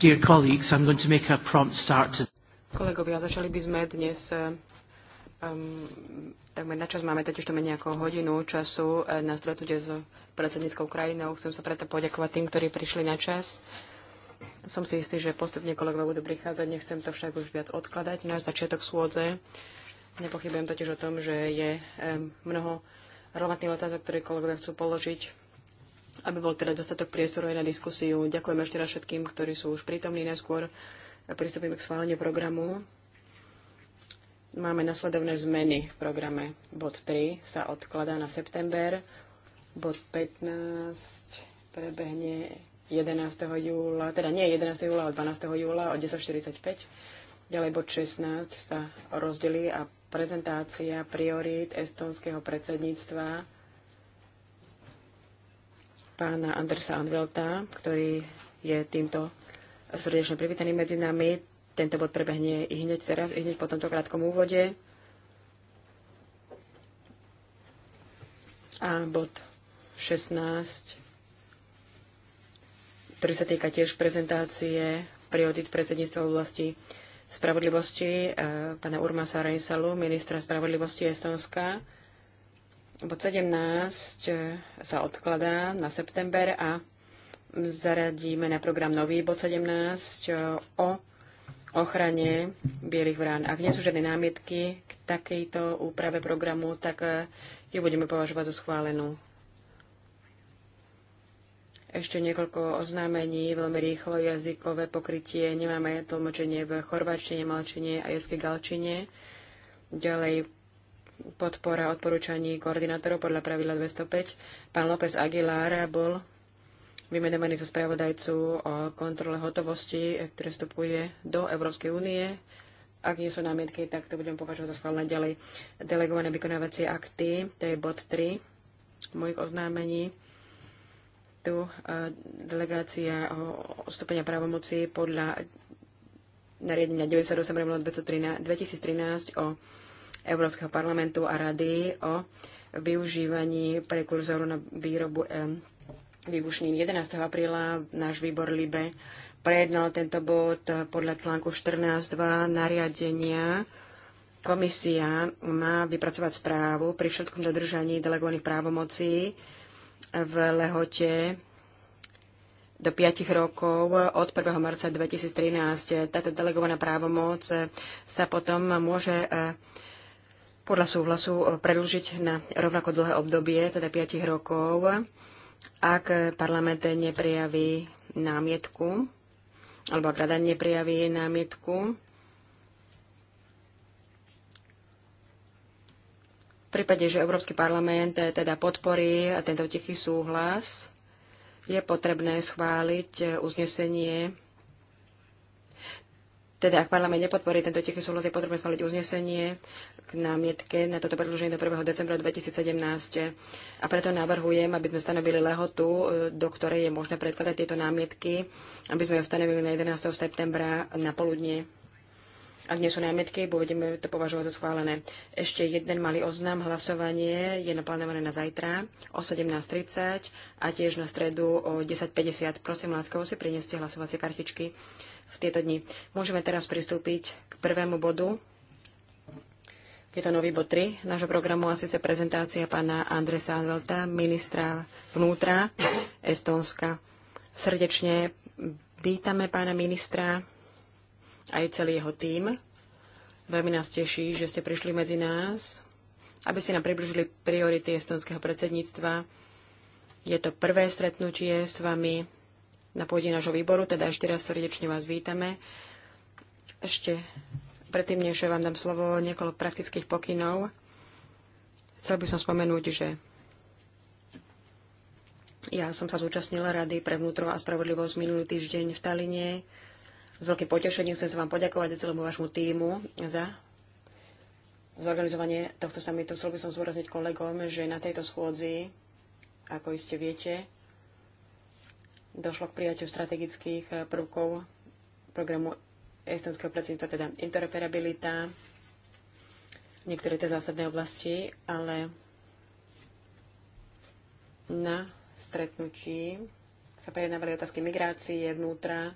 Dear colleagues, I'm going to make a prompt start to... Kolegovia, začali by sme dnes um, takmer na čas. Máme totiž to menej ako hodinu času eh, na stretnutie s predsedníckou krajinou. Chcem sa preto poďakovať tým, ktorí prišli na čas. Som si istý, že postupne kolegovia budú prichádzať. Nechcem to však už viac odkladať na začiatok schôdze. Nepochybujem totiž o tom, že je um, mnoho relevantných otázok, ktoré kolegovia chcú položiť aby bol teda dostatok priestoru aj na diskusiu. Ďakujem ešte raz všetkým, ktorí sú už prítomní neskôr. Pristúpime k schváleniu programu. Máme nasledovné zmeny v programe. Bod 3 sa odkladá na september, bod 15 prebehne 11. júla, teda nie 11. júla, ale 12. júla o 10.45. Ďalej bod 16 sa rozdelí a prezentácia priorít estonského predsedníctva pána Andersa Anvelta, ktorý je týmto srdečne privítaný medzi nami. Tento bod prebehne i hneď teraz, i hneď po tomto krátkom úvode. A bod 16, ktorý sa týka tiež prezentácie priorít predsedníctva oblasti spravodlivosti e, pána Urmasa Reinsalu, ministra spravodlivosti Estonska Bod 17 e, sa odkladá na september a zaradíme na program nový bod 17 e, o ochrane bielých vrán. Ak nie sú žiadne námietky k takejto úprave programu, tak e, ju budeme považovať za schválenú. Ešte niekoľko oznámení, veľmi rýchlo jazykové pokrytie. Nemáme tlmočenie v chorváčtine, malčine a jesky galčine. Ďalej podpora odporúčaní koordinátorov podľa pravidla 205. Pán López Aguilar bol vymenovaný zo spravodajcu o kontrole hotovosti, ktoré vstupuje do Európskej únie. Ak nie sú námietky, tak to budem považovať za schválené ďalej. Delegované vykonávacie akty, to je bod 3 mojich oznámení. Tu eh, delegácia o stupenia právomoci podľa nariadenia 98 2013 o Európskeho parlamentu a rady o využívaní prekurzoru na výrobu eh, výbušnín. 11. apríla náš výbor LIBE prejednal tento bod podľa článku 14.2 nariadenia. Komisia má vypracovať správu pri všetkom dodržaní delegovaných právomocí v lehote do 5 rokov od 1. marca 2013. Táto delegovaná právomoc sa potom môže eh, podľa súhlasu e, predlžiť na rovnako dlhé obdobie, teda 5 rokov, ak parlament neprijaví námietku, alebo ak rada neprijaví námietku. V prípade, že Európsky parlament e, teda podporí tento tichý súhlas, je potrebné schváliť e, uznesenie teda, ak parlament nepodporí tento tichý súhlas, je potrebné schváliť uznesenie k námietke na toto predloženie do 1. decembra 2017. A preto navrhujem, aby sme stanovili lehotu, e, do ktorej je možné predkladať tieto námietky, aby sme ju stanovili na 11. septembra na poludne. Ak nie sú námietky, budeme to považovať za schválené. Ešte jeden malý oznam. Hlasovanie je naplánované na zajtra o 17.30 a tiež na stredu o 10.50. Prosím, láskavo si prineste hlasovacie kartičky v tieto dni. Môžeme teraz pristúpiť k prvému bodu. Je to nový bod 3 nášho programu a síce prezentácia pána Andresa Anvelta, ministra vnútra Estónska. Srdečne vítame pána ministra aj celý jeho tím. Veľmi nás teší, že ste prišli medzi nás, aby ste nám približili priority estonského predsedníctva. Je to prvé stretnutie s vami na pôde nášho výboru. Teda ešte raz srdečne vás vítame. Ešte predtým, než vám dám slovo, niekoľko praktických pokynov. Chcel by som spomenúť, že ja som sa zúčastnila Rady pre vnútro a spravodlivosť minulý týždeň v Taline. S veľkým potešením chcem sa vám poďakovať a celému vášmu týmu za zorganizovanie tohto samitu. Chcel by som zúrazniť kolegom, že na tejto schôdzi, ako iste viete, došlo k prijaťu strategických eh, prvkov programu estonského predsedníctva, teda interoperabilita, niektoré tie zásadné oblasti, ale na stretnutí sa prejednávali otázky migrácie vnútra,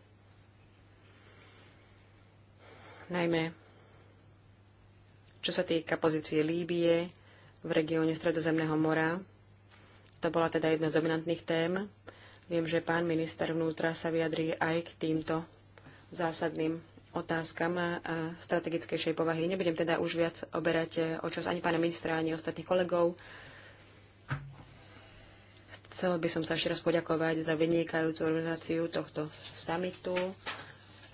najmä čo sa týka pozície Líbie v regióne Stredozemného mora. To bola teda jedna z dominantných tém Viem, že pán minister vnútra sa vyjadrí aj k týmto zásadným otázkam a strategickejšej povahy. Nebudem teda už viac oberať e, o čas ani pána ministra, ani ostatných kolegov. Chcel by som sa ešte raz poďakovať za vynikajúcu organizáciu tohto samitu e,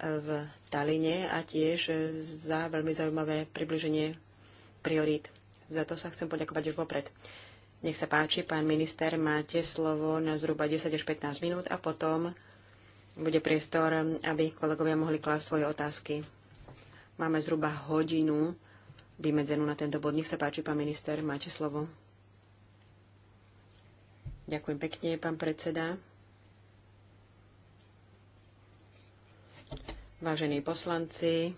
v Taline a tiež e, za veľmi zaujímavé približenie priorít. Za to sa chcem poďakovať už vopred. Nech sa páči, pán minister, máte slovo na zhruba 10 až 15 minút a potom bude priestor, aby kolegovia mohli klásť svoje otázky. Máme zhruba hodinu vymedzenú na tento bod. Nech sa páči, pán minister, máte slovo. Ďakujem pekne, pán predseda. Vážení poslanci,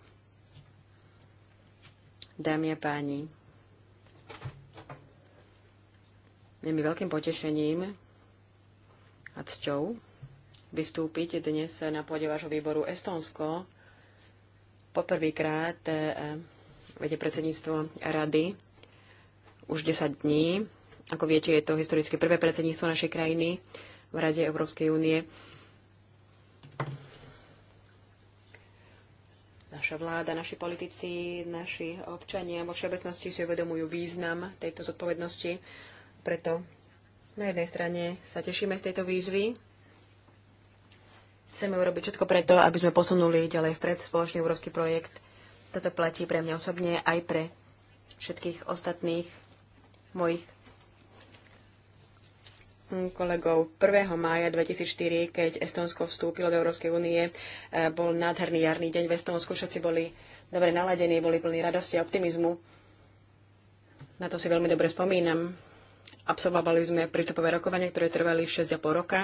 dámy a páni, Je mi veľkým potešením a cťou vystúpiť dnes na pôde vášho výboru Estonsko. Poprvýkrát eh, vedie predsedníctvo rady už 10 dní. Ako viete, je to historicky prvé predsedníctvo našej krajiny v Rade Európskej únie. naša vláda, naši politici, naši občania vo všeobecnosti si uvedomujú význam tejto zodpovednosti, preto na jednej strane sa tešíme z tejto výzvy. Chceme urobiť všetko preto, aby sme posunuli ďalej vpred spoločný európsky projekt. Toto platí pre mňa osobne aj pre všetkých ostatných mojich mm, kolegov 1. mája 2004, keď Estonsko vstúpilo do Európskej únie. E, bol nádherný jarný deň v Estonsku, všetci boli dobre naladení, boli plní radosti a optimizmu. Na to si veľmi dobre spomínam. Absolvovali sme prístupové rokovania, ktoré trvali 6,5 roka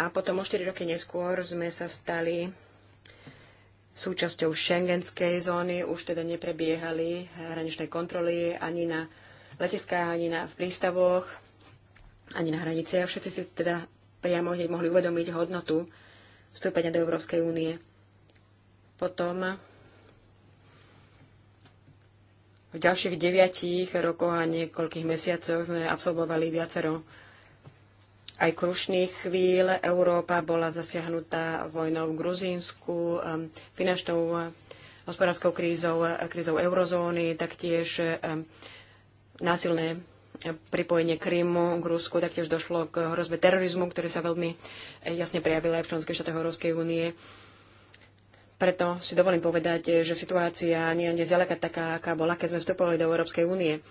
a potom o 4 roky neskôr sme sa stali súčasťou šengenskej zóny. Už teda neprebiehali hraničné kontroly ani na letiskách, ani na, v prístavoch, ani na hranici. A všetci si teda priamo hneď mohli uvedomiť hodnotu vstúpenia do Európskej únie. Potom v ďalších deviatich rokoch a niekoľkých mesiacoch sme absolvovali viacero aj krušných chvíľ. Európa bola zasiahnutá vojnou v Gruzínsku, finančnou hospodárskou krízou, krízou eurozóny, taktiež násilné pripojenie Krymu k Rusku, taktiež došlo k hrozbe terorizmu, ktorý sa veľmi eh, jasne prejavil aj v členských štátoch Európskej únie. Preto si dovolím povedať, že situácia nie je zďaleka taká, aká bola, keď sme vstupovali do Európskej únie.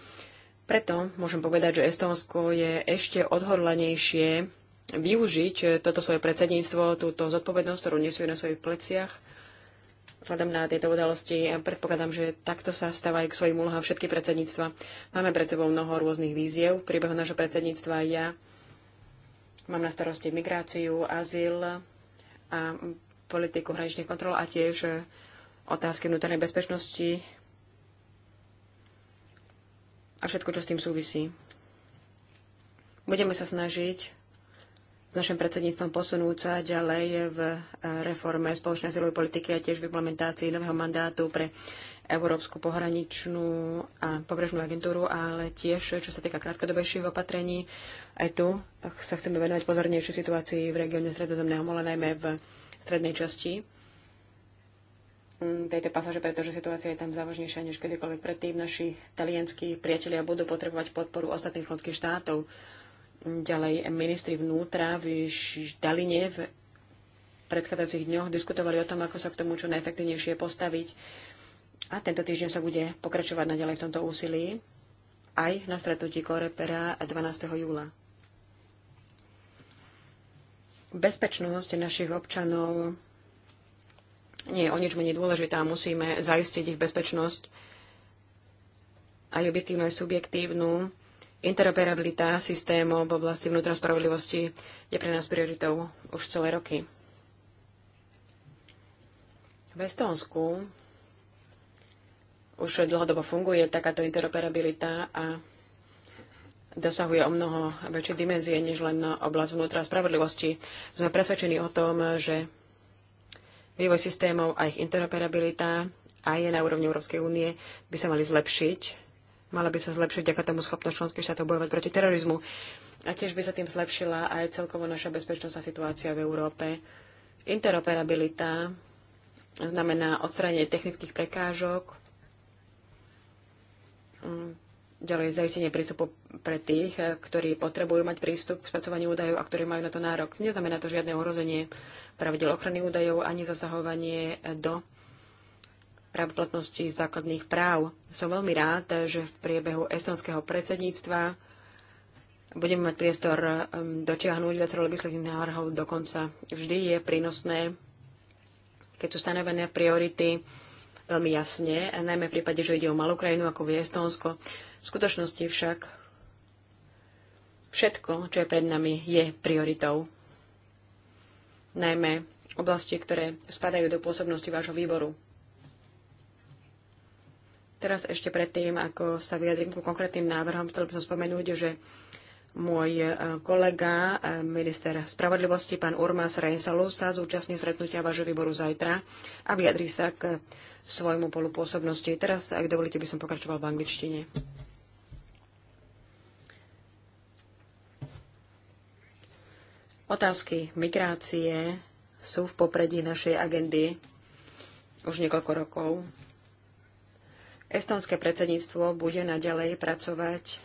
Preto môžem povedať, že Estónsko je ešte odhodlanejšie využiť toto svoje predsedníctvo, túto zodpovednosť, ktorú nesú na svojich pleciach. Vzhľadom na tieto udalosti ja predpokladám, že takto sa stáva aj k svojim úlohám všetky predsedníctva. Máme pred sebou mnoho rôznych víziev. V priebehu nášho predsedníctva ja mám na starosti migráciu, azyl a politiku hraničných kontrol a tiež e, otázky vnútornej bezpečnosti a všetko, čo s tým súvisí. Budeme sa snažiť s našim predsedníctvom posunúť sa ďalej v e, reforme spoločnej silovej politiky a tiež v implementácii nového mandátu pre Európsku pohraničnú a pobrežnú agentúru, ale tiež, čo sa týka krátkodobejších opatrení, aj tu sa chceme venovať pozornejšej situácii v regióne Sredozemného mola, najmä v strednej časti mm, tejto pasáže, pretože situácia je tam závažnejšia než kedykoľvek predtým. Naši talianskí priatelia budú potrebovať podporu ostatných členských štátov. Mm, Ďalej ministri vnútra v Daline v predchádzajúcich dňoch diskutovali o tom, ako sa k tomu čo najefektívnejšie postaviť. A tento týždeň sa bude pokračovať naďalej v tomto úsilí aj na stretnutí Korepera 12. júla bezpečnosť našich občanov nie je o nič menej dôležitá. Musíme zaistiť ich bezpečnosť aj objektívnu, aj subjektívnu. Interoperabilita systémov v oblasti vnútra spravodlivosti je pre nás prioritou už celé roky. V Estónsku už dlhodobo funguje takáto interoperabilita a dosahuje o mnoho väčšie dimenzie než len oblasť vnútra spravodlivosti. Sme presvedčení o tom, že vývoj systémov a ich interoperabilita aj na úrovni Európskej únie by sa mali zlepšiť. Mala by sa zlepšiť ďaká tomu schopnosť členských štátov bojovať proti terorizmu. A tiež by sa tým zlepšila aj celkovo naša bezpečnostná situácia v Európe. Interoperabilita znamená odstranenie technických prekážok, mm, Ďalej zaistenie prístupu pre tých, eh, ktorí potrebujú mať prístup k spracovaniu údajov a ktorí majú na to nárok. Neznamená to žiadne ohrozenie pravidel ochrany údajov ani zasahovanie do právoplatnosti základných práv. Som veľmi rád, že v priebehu estonského predsedníctva budeme mať priestor dotiahnuť viacero legislatívnych návrhov dokonca Vždy je prínosné, keď sú stanovené priority veľmi jasne, najmä v prípade, že ide o malú krajinu, ako je Estónsko, v skutočnosti však všetko, čo je pred nami, je prioritou. Najmä oblasti, ktoré spadajú do pôsobnosti vášho výboru. Teraz ešte predtým, ako sa vyjadrím ku konkrétnym návrhom, chcel by som spomenúť, že môj e, kolega, e, minister spravodlivosti, pán Urmas Reinsalu, sa zúčastní stretnutia vášho výboru zajtra a vyjadrí sa k svojmu polupôsobnosti. Teraz, ak dovolíte, by som pokračoval v angličtine. Otázky migrácie sú v popredí našej agendy už niekoľko rokov. Estonské predsedníctvo bude naďalej pracovať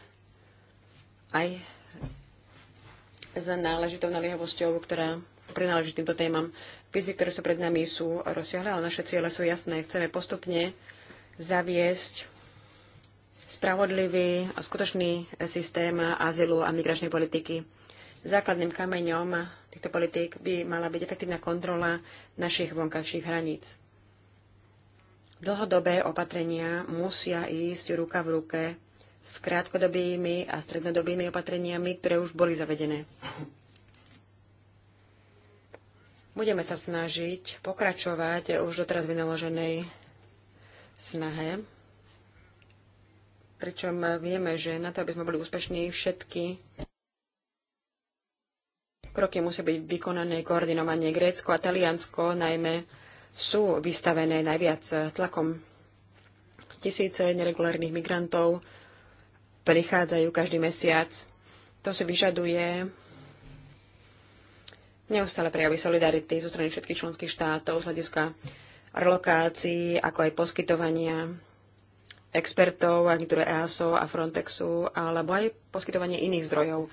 aj s náležitou naliehavosťou, ktorá prináleží týmto témam. Výzvy, ktoré sú pred nami, sú rozsiahle, ale naše ciele sú jasné. Chceme postupne zaviesť spravodlivý a skutočný systém azylu a migračnej politiky Základným kameňom týchto politík by mala byť efektívna kontrola našich vonkajších hraníc. Dlhodobé opatrenia musia ísť ruka v ruke s krátkodobými a strednodobými opatreniami, ktoré už boli zavedené. Budeme sa snažiť pokračovať už doteraz vynaloženej snahe, pričom vieme, že na to, aby sme boli úspešní, všetky Kroky musí byť vykonané koordinovanie Grécko a Taliansko najmä sú vystavené najviac tlakom. Tisíce neregulárnych migrantov prichádzajú každý mesiac. To si vyžaduje neustále prejavy solidarity zo strany všetkých členských štátov z hľadiska relokácií, ako aj poskytovania expertov, agentúre EASO a Frontexu, alebo aj poskytovanie iných zdrojov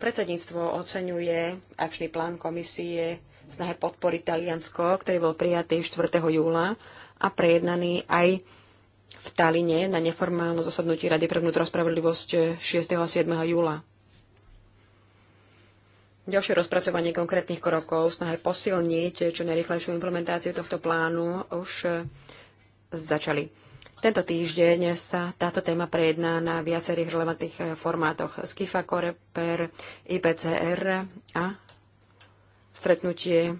Predsedníctvo oceňuje akčný plán komisie v snahe podporiť Taliansko, ktorý bol prijatý 4. júla a prejednaný aj v Taline na neformálnom zasadnutí Rady pre vnútro spravodlivosť 6. a 7. júla. Ďalšie rozpracovanie konkrétnych krokov v snahe posilniť čo najrychlejšiu implementáciu tohto plánu už začali. Tento týždeň sa táto téma prejedná na viacerých relevantných eh, formátoch Skifa, Koreper, IPCR a stretnutie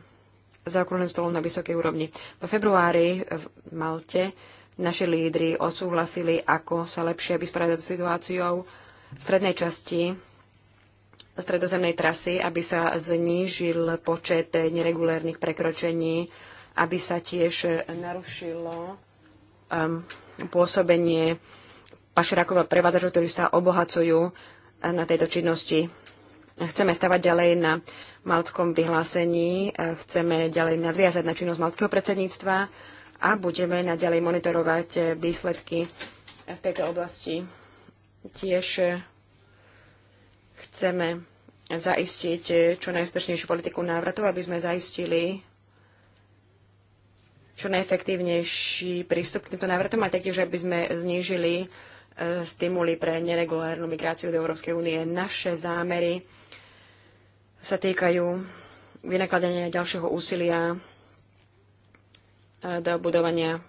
za okrúhlym stolom na vysokej úrovni. V februári v Malte naši lídry odsúhlasili, ako sa lepšie vysporiadať s situáciou v strednej časti stredozemnej trasy, aby sa znížil počet neregulérnych prekročení, aby sa tiež narušilo um, pôsobenie pašerákov a prevádzačov, ktorí sa obohacujú eh, na tejto činnosti. Chceme stavať ďalej na malckom vyhlásení, eh, chceme ďalej nadviazať na činnosť malckého predsedníctva a budeme naďalej monitorovať eh, výsledky v tejto oblasti. Tiež chceme zaistiť čo najspešnejšiu politiku návratu, aby sme zaistili čo najefektívnejší prístup k týmto návratom a taktiež, aby sme znížili e, stimuly pre neregulárnu migráciu do Európskej únie. Naše zámery sa týkajú vynakladania ďalšieho úsilia e, do budovania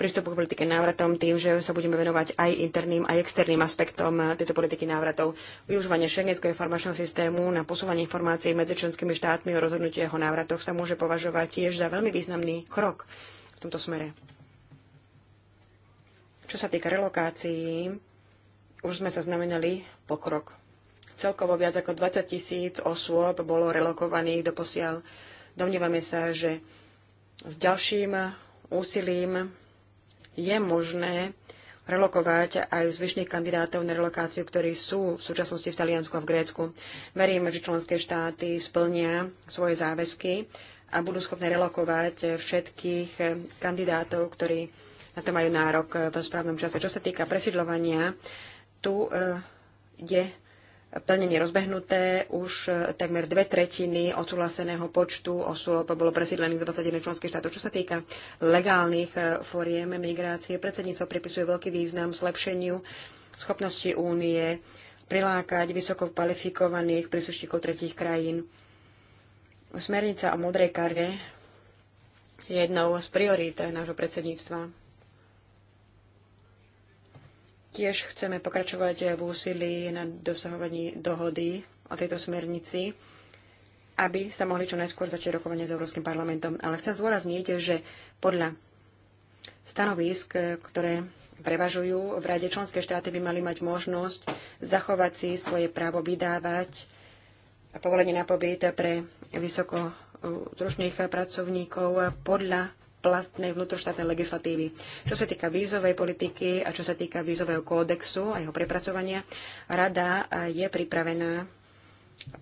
prístupu k politike návratom tým, že sa budeme venovať aj interným, aj externým aspektom eh, tejto politiky návratov. Využívanie šengenského informačného systému na posúvanie informácií medzi členskými štátmi o rozhodnutí o návratoch sa môže považovať tiež za veľmi významný krok v tomto smere. Čo sa týka relokácií, už sme sa znamenali pokrok. Celkovo viac ako 20 tisíc osôb bolo relokovaných do posiaľ. Domnívame sa, že s ďalším úsilím je možné relokovať aj zvyšných kandidátov na relokáciu, ktorí sú v súčasnosti v Taliansku a v Grécku. Veríme, že členské štáty splnia svoje záväzky a budú schopné relokovať všetkých kandidátov, ktorí na to majú nárok v správnom čase. Čo sa týka presidľovania, tu eh, je plne rozbehnuté. Už e, takmer dve tretiny odsúhlaseného počtu osôb bolo presídlených do 21 členských štátov. Čo sa týka legálnych e, fóriem migrácie, predsedníctvo pripisuje veľký význam zlepšeniu schopnosti únie prilákať vysoko kvalifikovaných príslušníkov tretích krajín. Smernica o modrej karve je jednou z priorít nášho predsedníctva. Tiež chceme pokračovať v úsilí na dosahovaní dohody o tejto smernici, aby sa mohli čo najskôr začať rokovanie s Európskym parlamentom. Ale chcem zúrazniť, že podľa stanovisk, ktoré prevažujú, v rade členské štáty by mali mať možnosť zachovať si svoje právo vydávať povolenie na pobyt pre vysoko pracovníkov podľa platnej vnútroštátnej legislatívy. Čo sa týka vízovej politiky a čo sa týka vízového kódexu a jeho prepracovania, rada je pripravená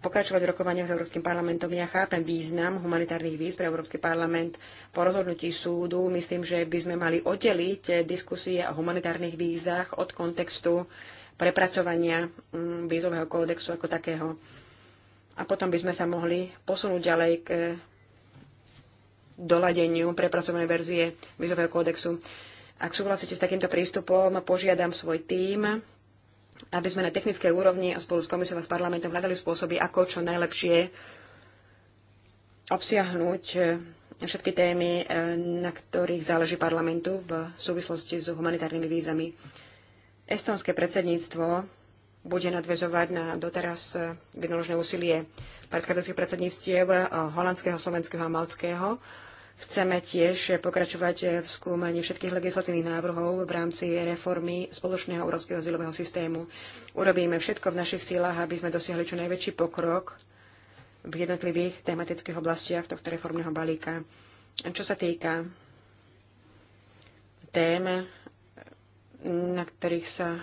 pokračovať v rokovaniach s Európskym parlamentom. Ja chápem význam humanitárnych víz pre Európsky parlament. Po rozhodnutí súdu myslím, že by sme mali oddeliť diskusie o humanitárnych vízach od kontextu prepracovania mm, vízového kódexu ako takého. A potom by sme sa mohli posunúť ďalej k doladeniu prepracovanej verzie vizového kódexu. Ak súhlasíte s takýmto prístupom, požiadam svoj tím, aby sme na technickej úrovni a spolu s komisiou a s parlamentom hľadali spôsoby, ako čo najlepšie obsiahnuť všetky témy, e, na ktorých záleží parlamentu v súvislosti s humanitárnymi vízami. Estonské predsedníctvo bude nadvezovať na doteraz eh, vynaložené úsilie predchádzajúcich predsedníctiev eh, holandského, slovenského a malckého. Chceme tiež pokračovať eh, v skúmaní všetkých legislatívnych návrhov v rámci reformy spoločného európskeho azylového systému. Urobíme všetko v našich sílach, aby sme dosiahli čo najväčší pokrok v jednotlivých tematických oblastiach tohto reformného balíka. Čo sa týka tém, na ktorých sa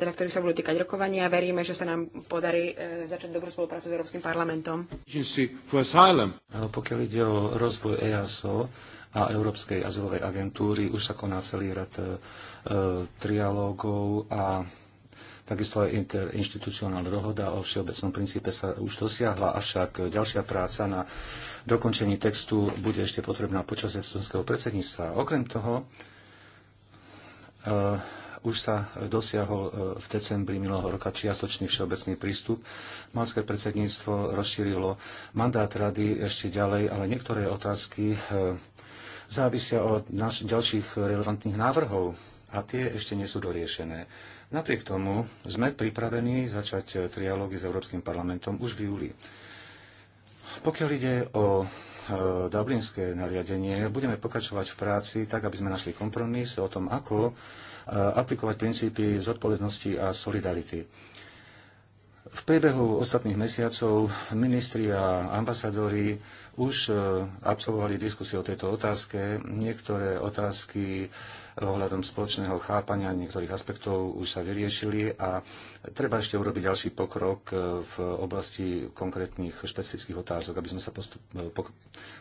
teda ktorých sa budú týkať rokovania. Veríme, že sa nám podarí e, začať dobrú spoluprácu s Európskym parlamentom. Ano, pokiaľ ide o rozvoj EASO a Európskej azylovej agentúry, už sa koná celý rad e, trialógov a Takisto aj interinstitucionálna dohoda o všeobecnom princípe sa už dosiahla, avšak ďalšia práca na dokončení textu bude ešte potrebná počas estonského predsedníctva. Okrem toho, e, už sa dosiahol e, v decembri minulého roka čiastočný všeobecný prístup. Malské predsedníctvo rozšírilo mandát rady ešte ďalej, ale niektoré otázky e, závisia od naš- ďalších relevantných návrhov a tie ešte nie sú doriešené. Napriek tomu sme pripravení začať e, trialógy s Európskym parlamentom už v júli. Pokiaľ ide o dublinské nariadenie, budeme pokračovať v práci tak, aby sme našli kompromis o tom, ako aplikovať princípy zodpovednosti a solidarity. V priebehu ostatných mesiacov ministri a ambasadori už e, absolvovali diskusie o tejto otázke. Niektoré otázky e, ohľadom spoločného chápania niektorých aspektov už sa vyriešili a treba ešte urobiť ďalší pokrok e, v oblasti konkrétnych špecifických otázok, aby sme sa postup,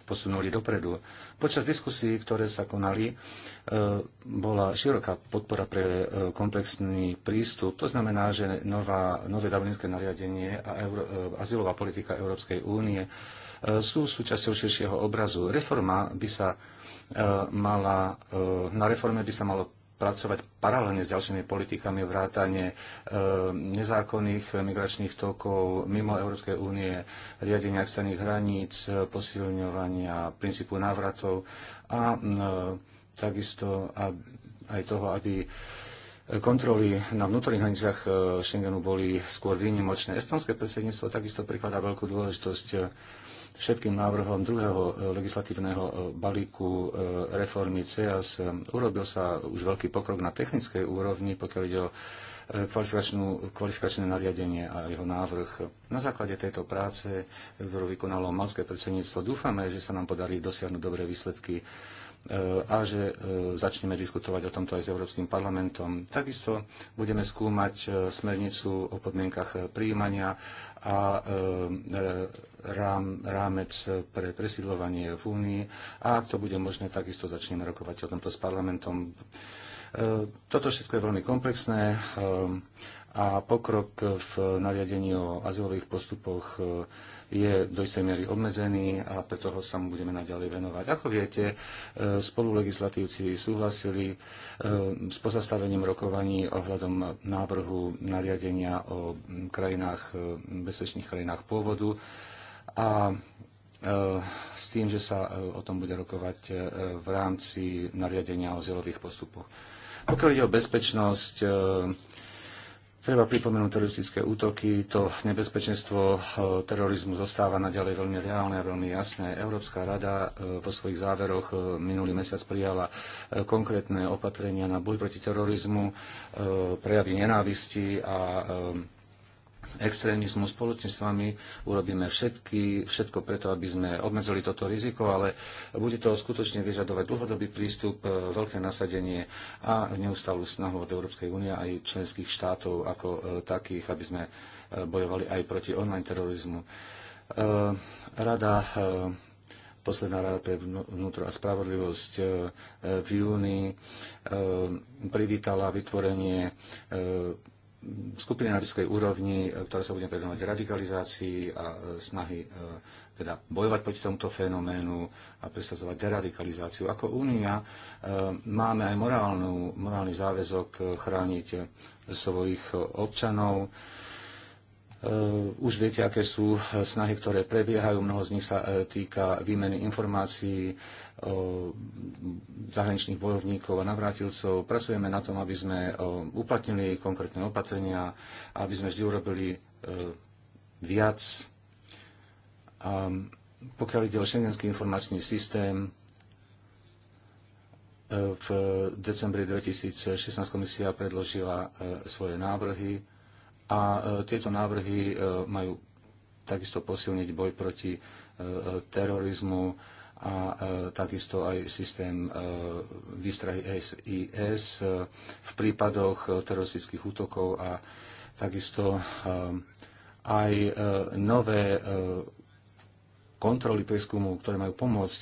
posunuli dopredu. Počas diskusí, ktoré sa konali, bola široká podpora pre komplexný prístup. To znamená, že nová, nové dublinské nariadenie a euro, azylová politika Európskej únie sú súčasťou širšieho obrazu. Reforma by sa e, mala, e, na reforme by sa malo pracovať paralelne s ďalšími politikami vrátanie e, nezákonných migračných tokov mimo Európskej únie, riadenia externých hraníc, posilňovania princípu návratov a takisto aj toho, aby kontroly na vnútorných hraniciach Schengenu boli skôr výnimočné. Estonské predsedníctvo takisto prikladá veľkú dôležitosť všetkým návrhom druhého e, legislatívneho e, balíku e, reformy CEAS. Urobil sa už veľký pokrok na technickej úrovni, pokiaľ ide o kvalifikačné nariadenie a jeho návrh. Na základe tejto práce, ktorú vykonalo malské predsedníctvo, dúfame, že sa nám podarí dosiahnuť dobré výsledky a že začneme diskutovať o tomto aj s Európskym parlamentom. Takisto budeme skúmať smernicu o podmienkach príjmania a rám, rámec pre presídľovanie v Únii a ak to bude možné, takisto začneme rokovať o tomto s parlamentom. E, toto všetko je veľmi komplexné e, a pokrok v nariadení o azylových postupoch e, je do istej miery obmedzený a preto ho sa mu budeme naďalej venovať. Ako viete, spolulegislatívci súhlasili s pozastavením rokovaní ohľadom návrhu nariadenia o krajinách, bezpečných krajinách pôvodu a e, s tým, že sa e, o tom bude rokovať e, v rámci nariadenia o zielových postupoch. Pokiaľ ide o bezpečnosť, treba pripomenúť teroristické útoky. To nebezpečenstvo terorizmu zostáva naďalej veľmi reálne a veľmi jasné. Európska rada vo svojich záveroch minulý mesiac prijala konkrétne opatrenia na boj proti terorizmu, prejavy nenávisti a extrémizmu. Spoločne s vami urobíme všetky, všetko preto, aby sme obmedzili toto riziko, ale bude to skutočne vyžadovať dlhodobý prístup, e, veľké nasadenie a neustalú snahu od Európskej únie aj členských štátov ako e, takých, aby sme e, bojovali aj proti online terorizmu. Rada posledná rada pre vnútro a spravodlivosť v júni privítala vytvorenie skupiny na vysokej úrovni, e, ktorá sa bude venovať radikalizácii a e, snahy e, teda bojovať proti tomuto fenoménu a presadzovať deradikalizáciu. Ako únia máme aj morálnu, morálny záväzok chrániť svojich občanov. Už viete, aké sú snahy, ktoré prebiehajú. Mnoho z nich sa týka výmeny informácií zahraničných bojovníkov a navrátilcov. Pracujeme na tom, aby sme uplatnili konkrétne opatrenia, aby sme vždy urobili e, viac. pokiaľ ide o šengenský informačný systém, e, v decembri 2016 komisia predložila e, svoje návrhy a tieto návrhy majú takisto posilniť boj proti terorizmu, a e, takisto aj systém e, výstrahy SIS e, v prípadoch teroristických útokov a takisto aj nové kontroly prieskumu, ktoré majú pomôcť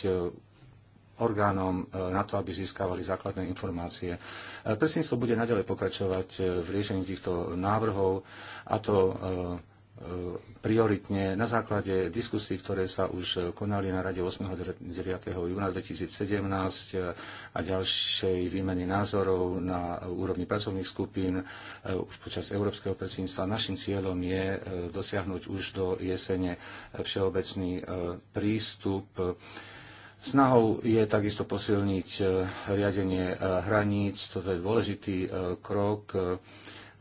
orgánom na to, aby získavali základné informácie. Predsedníctvo bude naďalej pokračovať v riešení týchto návrhov a to E, prioritne na základe diskusí, ktoré sa už konali na Rade 8. 9. júna 2017 e, a ďalšej výmeny názorov na úrovni pracovných skupín e, už počas Európskeho predsedníctva. Našim cieľom je dosiahnuť už do jesene všeobecný prístup Snahou je takisto posilniť riadenie hraníc, toto je dôležitý krok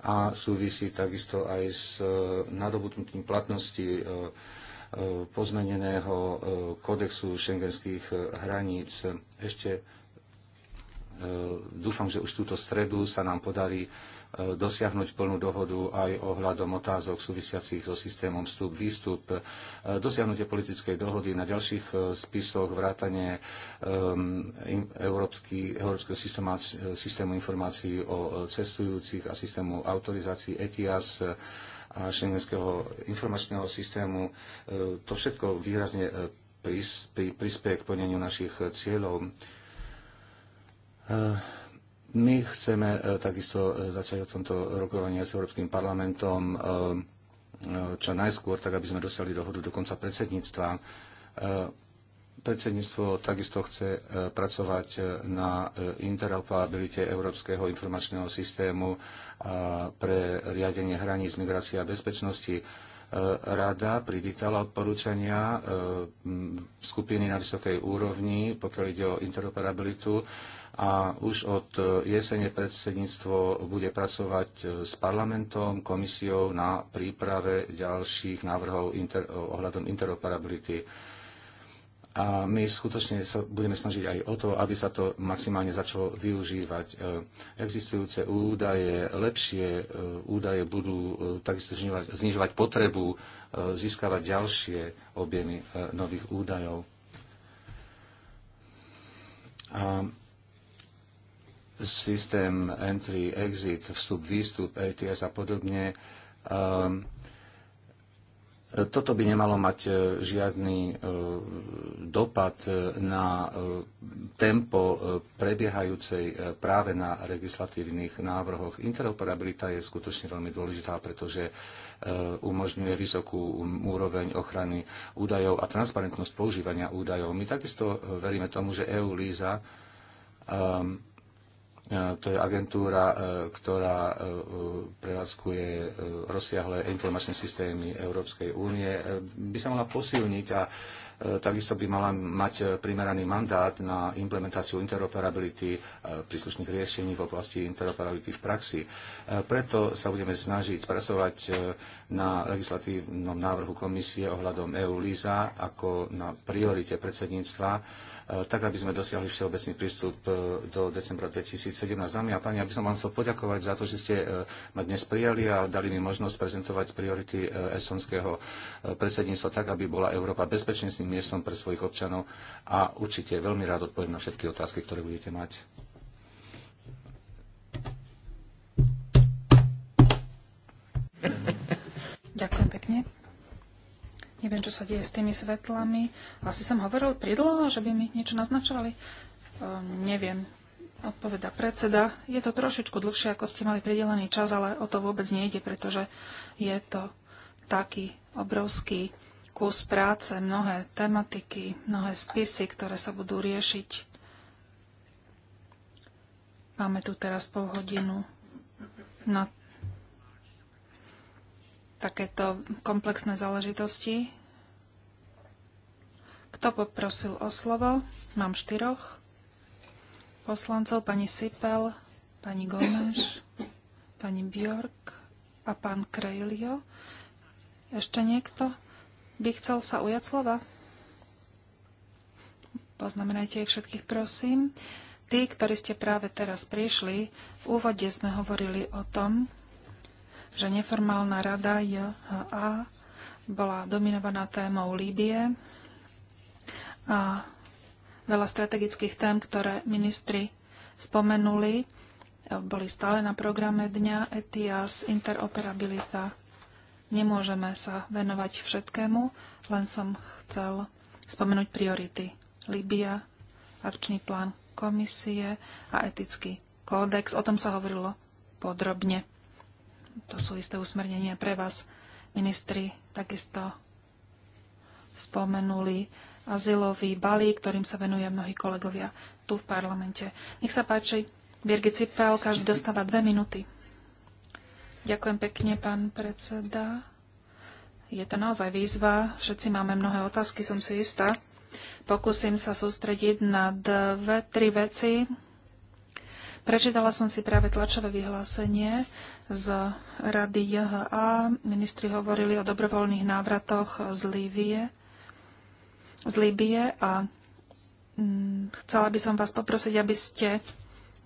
a súvisí takisto aj s e, nadobudnutím platnosti e, e, pozmeneného kodexu šengenských hraníc. Ešte dúfam, že už túto stredu sa nám podarí E, dosiahnuť plnú dohodu aj ohľadom otázok súvisiacich so systémom vstup-výstup, e, dosiahnutie politickej dohody na ďalších e, spisoch, vrátanie európsky, európskeho systému informácií o cestujúcich a systému autorizácií ETIAS a šengenského informačného systému. To všetko výrazne prispieje k plneniu našich cieľov. My chceme e, takisto e, začať o tomto rokovania s Európskym parlamentom e, čo najskôr, tak aby sme dosiahli dohodu do konca predsedníctva. Predsedníctvo takisto chce pracovať na interoperabilite Európskeho informačného systému pre riadenie hraníc migrácie a bezpečnosti. Rada privítala odporúčania skupiny na vysokej úrovni, pokiaľ ide o interoperabilitu a už od e, jesene predsedníctvo bude pracovať e, s parlamentom, komisiou na príprave ďalších návrhov inter, e, ohľadom interoperability. A my skutočne sa budeme snažiť aj o to, aby sa to maximálne začalo využívať. Existujúce údaje, lepšie údaje budú takisto znižovať, znižovať potrebu získavať ďalšie objemy nových údajov. A systém entry, exit, vstup, výstup, ATS a podobne. Ehm, toto by nemalo mať e, žiadny e, dopad e, na tempo prebiehajúcej práve na legislatívnych návrhoch. Interoperabilita je skutočne veľmi dôležitá, pretože umožňuje vysokú um, úroveň ochrany údajov a transparentnosť používania údajov. My takisto veríme tomu, že EU-LISA ehm, E, to je agentúra, e, ktorá e, prevádzkuje rozsiahle informačné systémy Európskej únie. By sa mala posilniť a takisto by mala mať primeraný mandát na implementáciu interoperability príslušných riešení v oblasti interoperability v praxi. Preto sa budeme snažiť pracovať na legislatívnom návrhu komisie ohľadom EU-LISA ako na priorite predsedníctva E, tak aby sme dosiahli všeobecný prístup e, do decembra 2017. Dámy a páni, aby som vám chcel poďakovať za to, že ste e, ma dnes prijali a dali mi možnosť prezentovať priority estonského predsedníctva tak, aby bola Európa bezpečným miestom pre svojich občanov a určite veľmi rád odpoviem na všetky otázky, ktoré budete mať. Ďakujem pekne. Neviem, čo sa deje s tými svetlami. Asi som hovoril pridlho, že by mi niečo naznačovali. Um, neviem, odpoveda predseda. Je to trošičku dlhšie, ako ste mali pridelený čas, ale o to vôbec nejde, pretože je to taký obrovský kus práce, mnohé tematiky, mnohé spisy, ktoré sa budú riešiť. Máme tu teraz pol hodinu na takéto komplexné záležitosti. Kto poprosil o slovo? Mám štyroch poslancov, pani Sipel, pani Gomes, pani Bjork a pán Krejlio. Ešte niekto by chcel sa ujať slova? Poznamenajte ich všetkých, prosím. Tí, ktorí ste práve teraz prišli, v úvode sme hovorili o tom, že neformálna rada JHA bola dominovaná témou Líbie a veľa strategických tém, ktoré ministri spomenuli, boli stále na programe dňa ETIAS, interoperabilita. Nemôžeme sa venovať všetkému, len som chcel spomenúť priority. Libia, akčný plán komisie a etický kódex. O tom sa hovorilo podrobne. To sú isté usmernenia pre vás. Ministri takisto spomenuli azylový balík, ktorým sa venuje mnohí kolegovia tu v parlamente. Nech sa páči, Birgit Cipel, každý dostáva dve minúty. Ďakujem pekne, pán predseda. Je to naozaj výzva. Všetci máme mnohé otázky, som si istá. Pokúsim sa sústrediť na dve, tri veci, Prečítala som si práve tlačové vyhlásenie z Rady JHA. Ministri hovorili o dobrovoľných návratoch z Líbie. Z Líbie a mm, chcela by som vás poprosiť, aby ste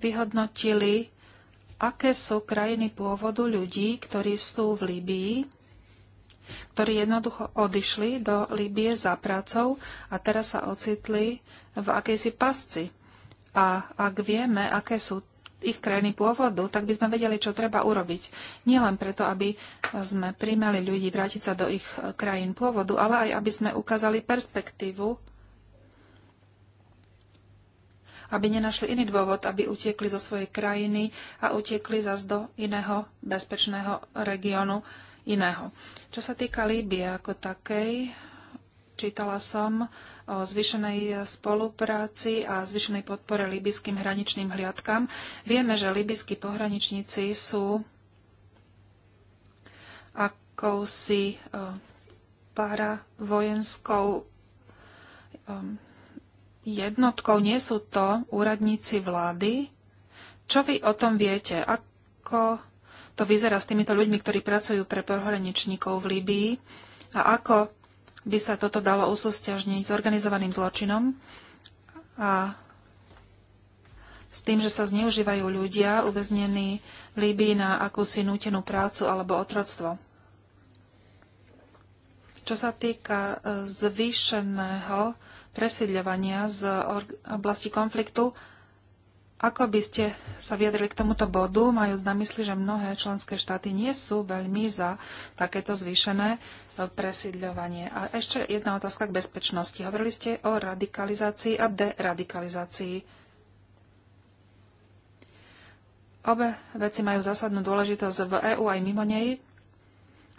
vyhodnotili, aké sú krajiny pôvodu ľudí, ktorí sú v Líbii, ktorí jednoducho odišli do Líbie za prácou a teraz sa ocitli v akejsi pasci a ak vieme, aké sú ich krajiny pôvodu, tak by sme vedeli, čo treba urobiť. Nielen preto, aby sme primali ľudí vrátiť sa do ich eh, krajín pôvodu, ale aj aby sme ukázali perspektívu, aby nenašli iný dôvod, aby utiekli zo svojej krajiny a utiekli zase do iného bezpečného regiónu iného. Čo sa týka Líbie ako takej, čítala som, o zvyšenej spolupráci a zvyšenej podpore libyským hraničným hliadkam. Vieme, že libyskí pohraničníci sú akousi e, vojenskou. E, jednotkou. Nie sú to úradníci vlády. Čo vy o tom viete? Ako to vyzerá s týmito ľuďmi, ktorí pracujú pre pohraničníkov v Líbii a ako by sa toto dalo usústiažniť s organizovaným zločinom a s tým, že sa zneužívajú ľudia uväznení v Líbii na akúsi nútenú prácu alebo otroctvo. Čo sa týka e, zvýšeného presídľovania z oblasti konfliktu, ako by ste sa vyjadrili k tomuto bodu, majúc na mysli, že mnohé členské štáty nie sú veľmi za takéto zvýšené presídľovanie. A ešte jedna otázka k bezpečnosti. Hovorili ste o radikalizácii a deradikalizácii. Obe veci majú zásadnú dôležitosť v EÚ aj mimo nej.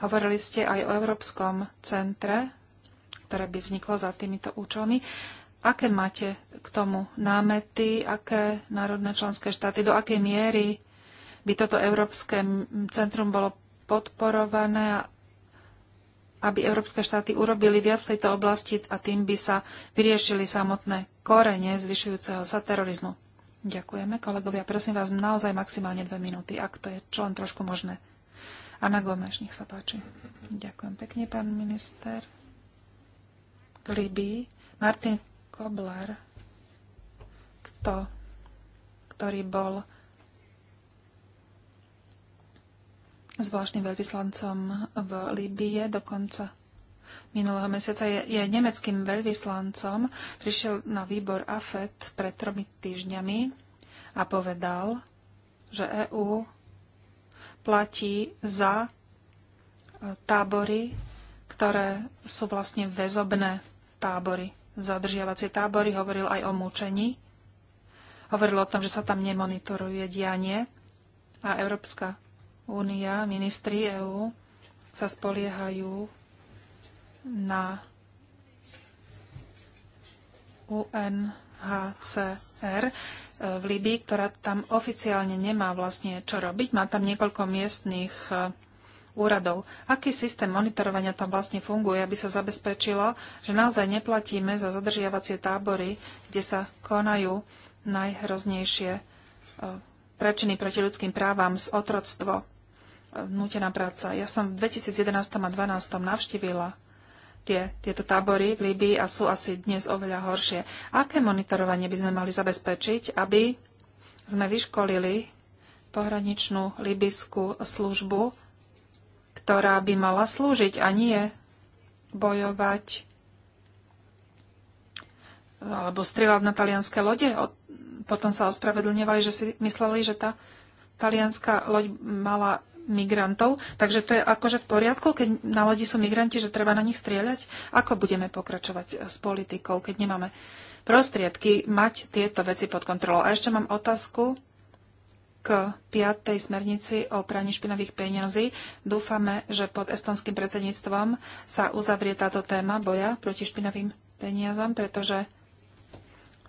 Hovorili ste aj o Európskom centre, ktoré by vzniklo za týmito účelmi. Aké máte k tomu námety, aké národné členské štáty, do akej miery by toto Európske centrum bolo podporované aby európske štáty urobili viac v tejto oblasti a tým by sa vyriešili samotné korene zvyšujúceho sa terorizmu. Ďakujeme, kolegovia. Prosím vás, naozaj maximálne dve minúty, ak to je čo len trošku možné. Anna Gomeš, nech sa páči. Ďakujem pekne, pán minister. K Martin Kobler, kto, ktorý bol zvláštnym veľvyslancom v Líbie dokonca minulého mesiaca je, je nemeckým veľvyslancom, prišiel na výbor AFET pred tromi týždňami a povedal, že EÚ platí za e, tábory, ktoré sú vlastne väzobné tábory, zadržiavacie tábory. Hovoril aj o mučení. Hovoril o tom, že sa tam nemonitoruje dianie a Európska Únia, ministri EÚ sa spoliehajú na UNHCR e, v Libii, ktorá tam oficiálne nemá vlastne čo robiť. Má tam niekoľko miestných e, úradov. Aký systém monitorovania tam vlastne funguje, aby sa zabezpečilo, že naozaj neplatíme za zadržiavacie tábory, kde sa konajú najhroznejšie e, prečiny proti ľudským právam z otroctvo nutená práca. Ja som v 2011 a 2012 navštívila tie, tieto tábory v Líbii a sú asi dnes oveľa horšie. Aké monitorovanie by sme mali zabezpečiť, aby sme vyškolili pohraničnú libyskú službu, ktorá by mala slúžiť a nie bojovať alebo strieľať na talianské lode. Potom sa ospravedlňovali, že si mysleli, že tá talianská loď mala migrantov. Takže to je akože v poriadku, keď na lodi sú migranti, že treba na nich strieľať? Ako budeme pokračovať eh, s politikou, keď nemáme prostriedky mať tieto veci pod kontrolou? A ešte mám otázku k piatej smernici o praní špinavých peňazí. Dúfame, že pod estonským predsedníctvom sa uzavrie táto téma boja proti špinavým peniazom, pretože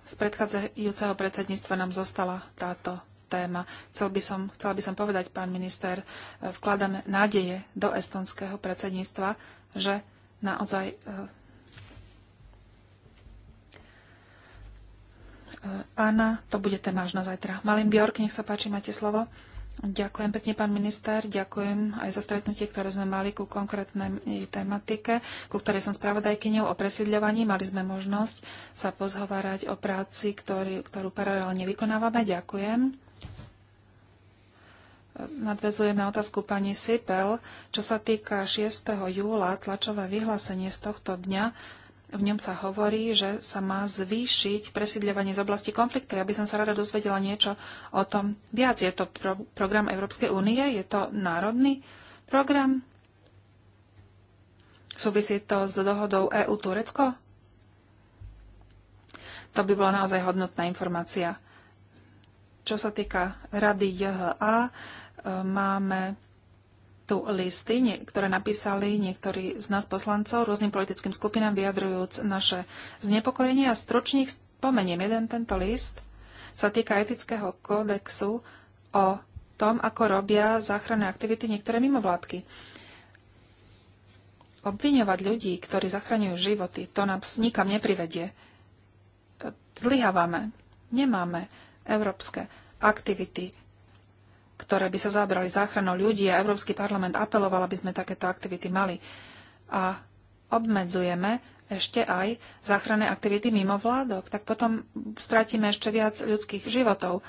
z predchádzajúceho predsedníctva nám zostala táto téma. Chcel by som, chcela by som povedať, pán minister, e, vkladáme nádeje do estonského predsedníctva, že naozaj Áno, e, e, to bude téma až na zajtra. Malin Bjork, nech sa páči, máte slovo. Ďakujem pekne, pán minister. Ďakujem aj za stretnutie, ktoré sme mali ku konkrétnej tematike, ku ktorej som spravodajkyňou o presiedľovaní. Mali sme možnosť sa pozhovárať o práci, ktorý, ktorú paralelne vykonávame. Ďakujem nadvezujem na otázku pani Sipel. Čo sa týka 6. júla, tlačové vyhlásenie z tohto dňa, v ňom sa hovorí, že sa má zvýšiť presídľovanie z oblasti konfliktu. Ja by som sa rada dozvedela niečo o tom viac. Je to pro- program Európskej únie? Je to národný program? Súvisí to s dohodou EU-Turecko? To by bola naozaj hodnotná informácia. Čo sa týka rady JHA, Máme tu listy, ktoré napísali niektorí z nás poslancov rôznym politickým skupinám, vyjadrujúc naše znepokojenie. A stručne ich spomeniem. Jeden tento list sa týka etického kódexu o tom, ako robia záchranné aktivity niektoré mimovládky. Obviňovať ľudí, ktorí zachraňujú životy, to nám nikam neprivedie. Zlyhávame. Nemáme európske aktivity ktoré by sa zabrali záchranou ľudí a Európsky parlament apeloval, aby sme takéto aktivity mali. A obmedzujeme ešte aj záchranné aktivity mimo vládok, tak potom stratíme ešte viac ľudských životov.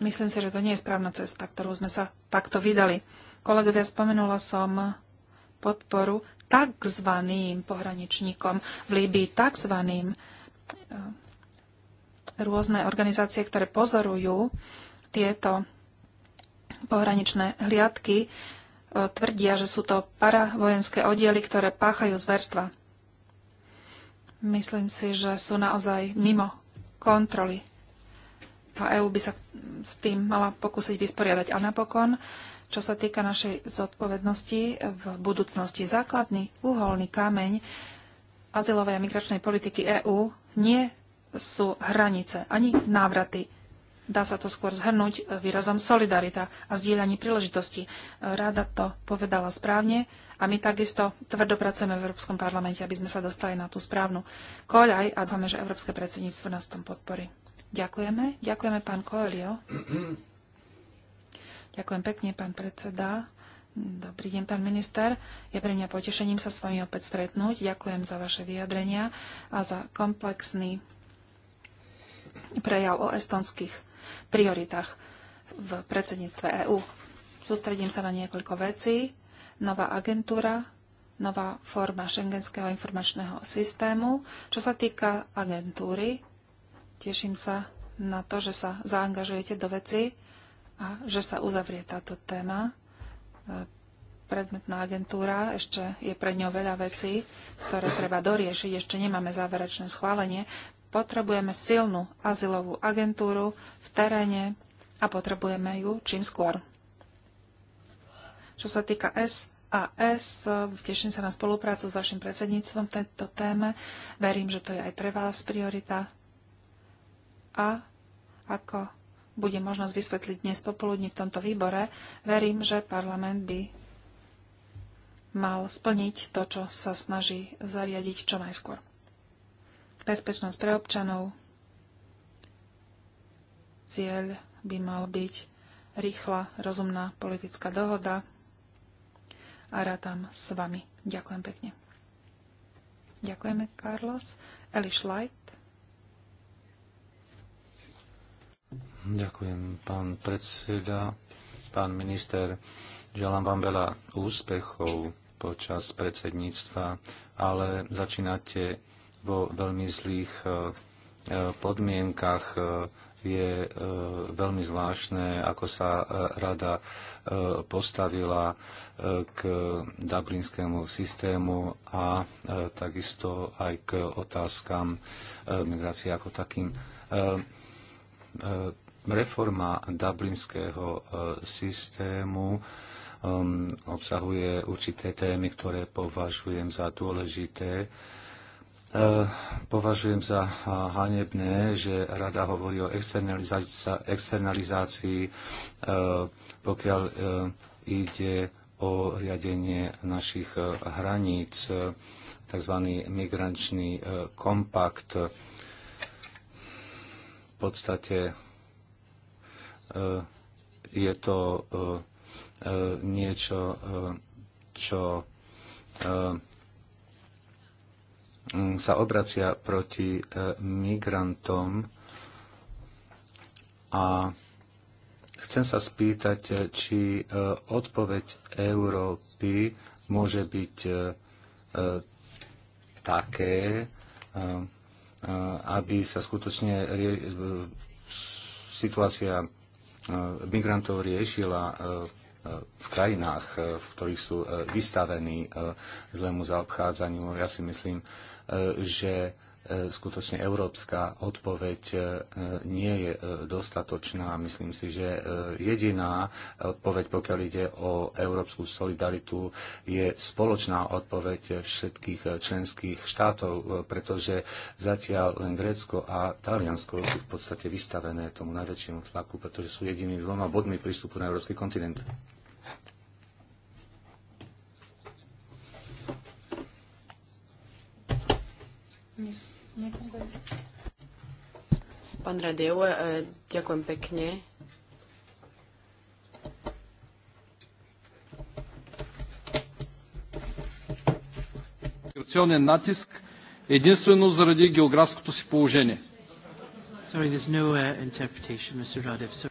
Myslím si, že to nie je správna cesta, ktorú sme sa takto vydali. Kolegovia, spomenula som podporu takzvaným pohraničníkom v Líbii, takzvaným eh, rôzne organizácie, ktoré pozorujú tieto pohraničné hliadky e, tvrdia, že sú to paravojenské oddiely, ktoré páchajú zverstva. Myslím si, že sú naozaj mimo kontroly. A EÚ by sa s tým mala pokúsiť vysporiadať. A napokon, čo sa týka našej zodpovednosti v budúcnosti, základný uholný kameň azylovej a migračnej politiky EÚ nie sú hranice ani návraty dá sa to skôr zhrnúť e, výrazom solidarita a zdieľanie príležitosti. E, Rada to povedala správne a my takisto tvrdo pracujeme v Európskom parlamente, aby sme sa dostali na tú správnu koľaj a dúfame, že Európske predsedníctvo nás tom podporí. Ďakujeme. Ďakujeme, pán Koelio. Ďakujem pekne, pán predseda. Dobrý deň, pán minister. Je pre mňa potešením sa s vami opäť stretnúť. Ďakujem za vaše vyjadrenia a za komplexný prejav o estonských prioritách v predsedníctve EÚ. Sústredím sa na niekoľko vecí. Nová agentúra, nová forma šengenského informačného systému. Čo sa týka agentúry, teším sa na to, že sa zaangažujete do veci a že sa uzavrie táto téma. Predmetná agentúra, ešte je pred ňou veľa vecí, ktoré treba doriešiť, ešte nemáme záverečné schválenie. Potrebujeme silnú azylovú agentúru v teréne a potrebujeme ju čím skôr. Čo sa týka SAS, teším sa na spoluprácu s vašim predsedníctvom v tejto téme. Verím, že to je aj pre vás priorita. A ako bude možnosť vysvetliť dnes popoludní v tomto výbore, verím, že parlament by mal splniť to, čo sa snaží zariadiť čo najskôr bezpečnosť pre občanov. Cieľ by mal byť rýchla, rozumná politická dohoda a rátam s vami. Ďakujem pekne. Ďakujeme, Carlos. Eliš Light. Ďakujem, pán predseda, pán minister. Želám vám veľa úspechov počas predsedníctva, ale začínate vo veľmi zlých e, e, podmienkach. E, je veľmi zvláštne, ako sa rada postavila k dublinskému systému a takisto aj k otázkam migrácie ako takým. Reforma dublinského systému um, obsahuje určité témy, ktoré považujem za dôležité Eh, považujem za eh, hanebné, že rada hovorí o externalizácii, eh, pokiaľ ide o riadenie našich hraníc, tzv. migrančný kompakt. V podstate je to niečo, čo Mm, sa obracia proti e, migrantom a chcem sa spýtať, e, či e, odpoveď Európy môže byť také, aby sa skutočne situácia migrantov riešila v krajinách, v ktorých sú vystavení zlému zaobchádzaniu. Ja si myslím, E, že e, skutočne európska odpoveď e, nie je dostatočná. Myslím si, že jediná odpoveď, pokiaľ ide o európsku solidaritu, je spoločná odpoveď všetkých členských štátov, pretože zatiaľ len Grécko a Taliansko sú v podstate vystavené tomu najväčšiemu tlaku, pretože sú jedinými dvoma bodmi prístupu na európsky kontinent. Pán Radeu, e, ďakujem pekne. Миграционен натиск единствено заради географското си положение. Sorry, there's no uh, interpretation, Mr. Radev. Sorry.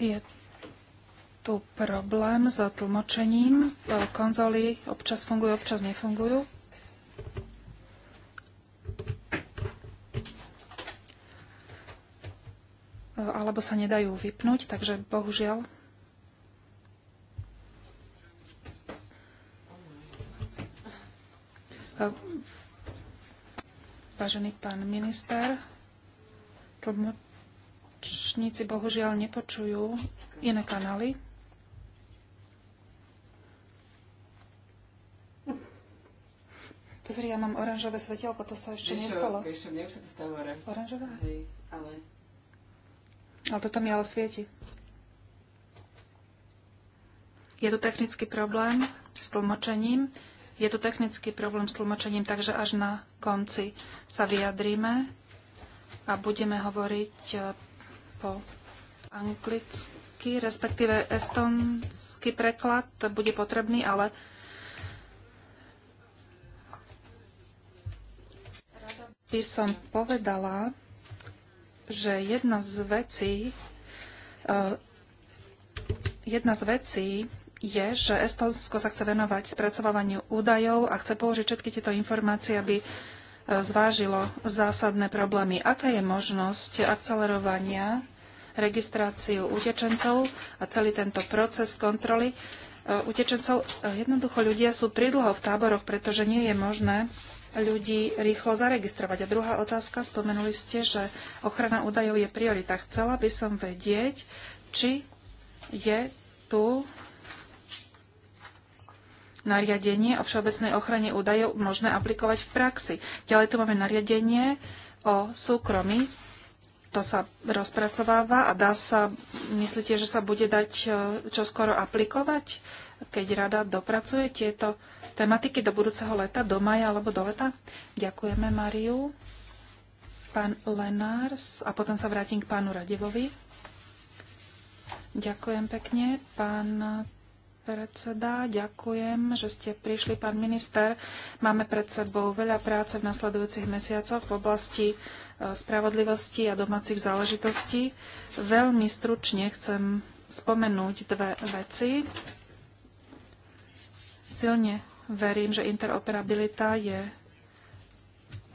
Je tu problém s tlmočením. E, konzoly občas fungujú, občas nefungujú. E, alebo sa nedajú vypnúť, takže bohužiaľ e, Vážený pán minister, tlmočníci bohužiaľ nepočujú iné kanály. oranžové svetelko, to sa ešte Víš, nestalo. Vieš čo, mne už sa to stalo raz. Oranžové? Hej, ale... Ale toto mi ale svieti. Je to technický problém s tlmočením. Je to technický problém s tlmočením, takže až na konci sa vyjadríme a budeme hovoriť e, po anglicky, respektíve estonský preklad bude potrebný, ale by som povedala, že jedna z vecí, e, jedna z vecí je, že Estonsko sa chce venovať spracovávaniu údajov a chce použiť všetky tieto informácie, aby e, zvážilo zásadné problémy. Aká je možnosť akcelerovania registráciu utečencov a celý tento proces kontroly e, utečencov? Jednoducho ľudia sú pridlho v táboroch, pretože nie je možné ľudí rýchlo zaregistrovať. A druhá otázka, spomenuli ste, že ochrana údajov je priorita. Chcela by som vedieť, či je tu nariadenie o všeobecnej ochrane údajov možné aplikovať v praxi. Ďalej tu máme nariadenie o súkromí. To sa rozpracováva a dá sa, myslíte, že sa bude dať e, čoskoro aplikovať? keď rada dopracuje tieto tematiky do budúceho leta, do maja alebo do leta? Ďakujeme, Mariu. Pán Lenárs a potom sa vrátim k pánu Radevovi. Ďakujem pekne, pán predseda. Ďakujem, že ste prišli, pán minister. Máme pred sebou veľa práce v nasledujúcich mesiacoch v oblasti e, spravodlivosti a domácich záležitostí. Veľmi stručne chcem spomenúť dve veci. Silne verím, že interoperabilita je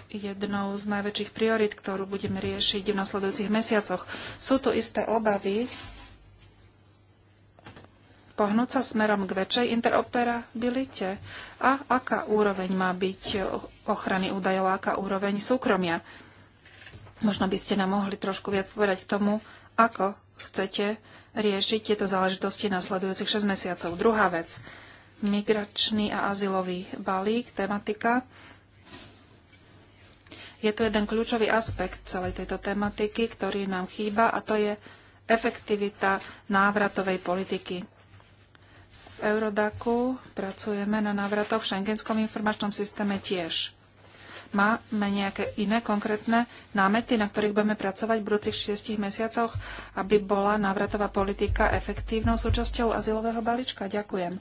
jednou z najväčších priorit, ktorú budeme riešiť v nasledujúcich mesiacoch. Sú tu isté obavy pohnúť sa smerom k väčšej interoperabilite a aká úroveň má byť ochrany údajov, aká úroveň súkromia. Možno by ste nám mohli trošku viac povedať k tomu, ako chcete riešiť tieto záležitosti nasledujúcich 6 mesiacov. Druhá vec migračný a azylový balík, tematika. Je to jeden kľúčový aspekt celej tejto tematiky, ktorý nám chýba, a to je efektivita návratovej politiky. V Eurodaku pracujeme na návratoch v Schengenskom informačnom systéme tiež. Máme nejaké iné konkrétne námety, na ktorých budeme pracovať v budúcich šiestich mesiacoch, aby bola návratová politika efektívnou súčasťou azylového balíčka? Ďakujem.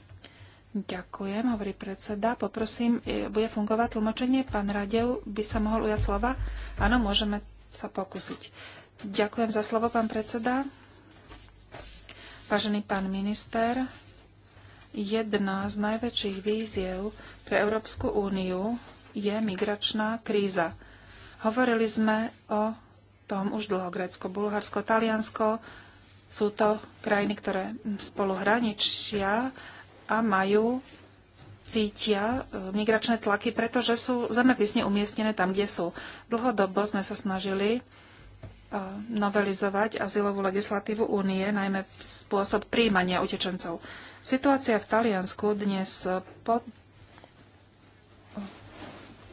Ďakujem, hovorí predseda. Poprosím, e, bude fungovať tlmočenie? Pán Radev by sa mohol ujať slova? Áno, môžeme sa pokúsiť. Ďakujem za slovo, pán predseda. Vážený pán minister, jedna z najväčších víziev pre Európsku úniu je migračná kríza. Hovorili sme o tom už dlho. Grécko, Bulharsko, Taliansko sú to krajiny, ktoré spolu hraničia a majú, cítia e, migračné tlaky, pretože sú zemepisne umiestnené tam, kde sú. Dlhodobo sme sa snažili e, novelizovať azylovú legislatívu únie, najmä spôsob príjmania utečencov. Situácia v Taliansku dnes e,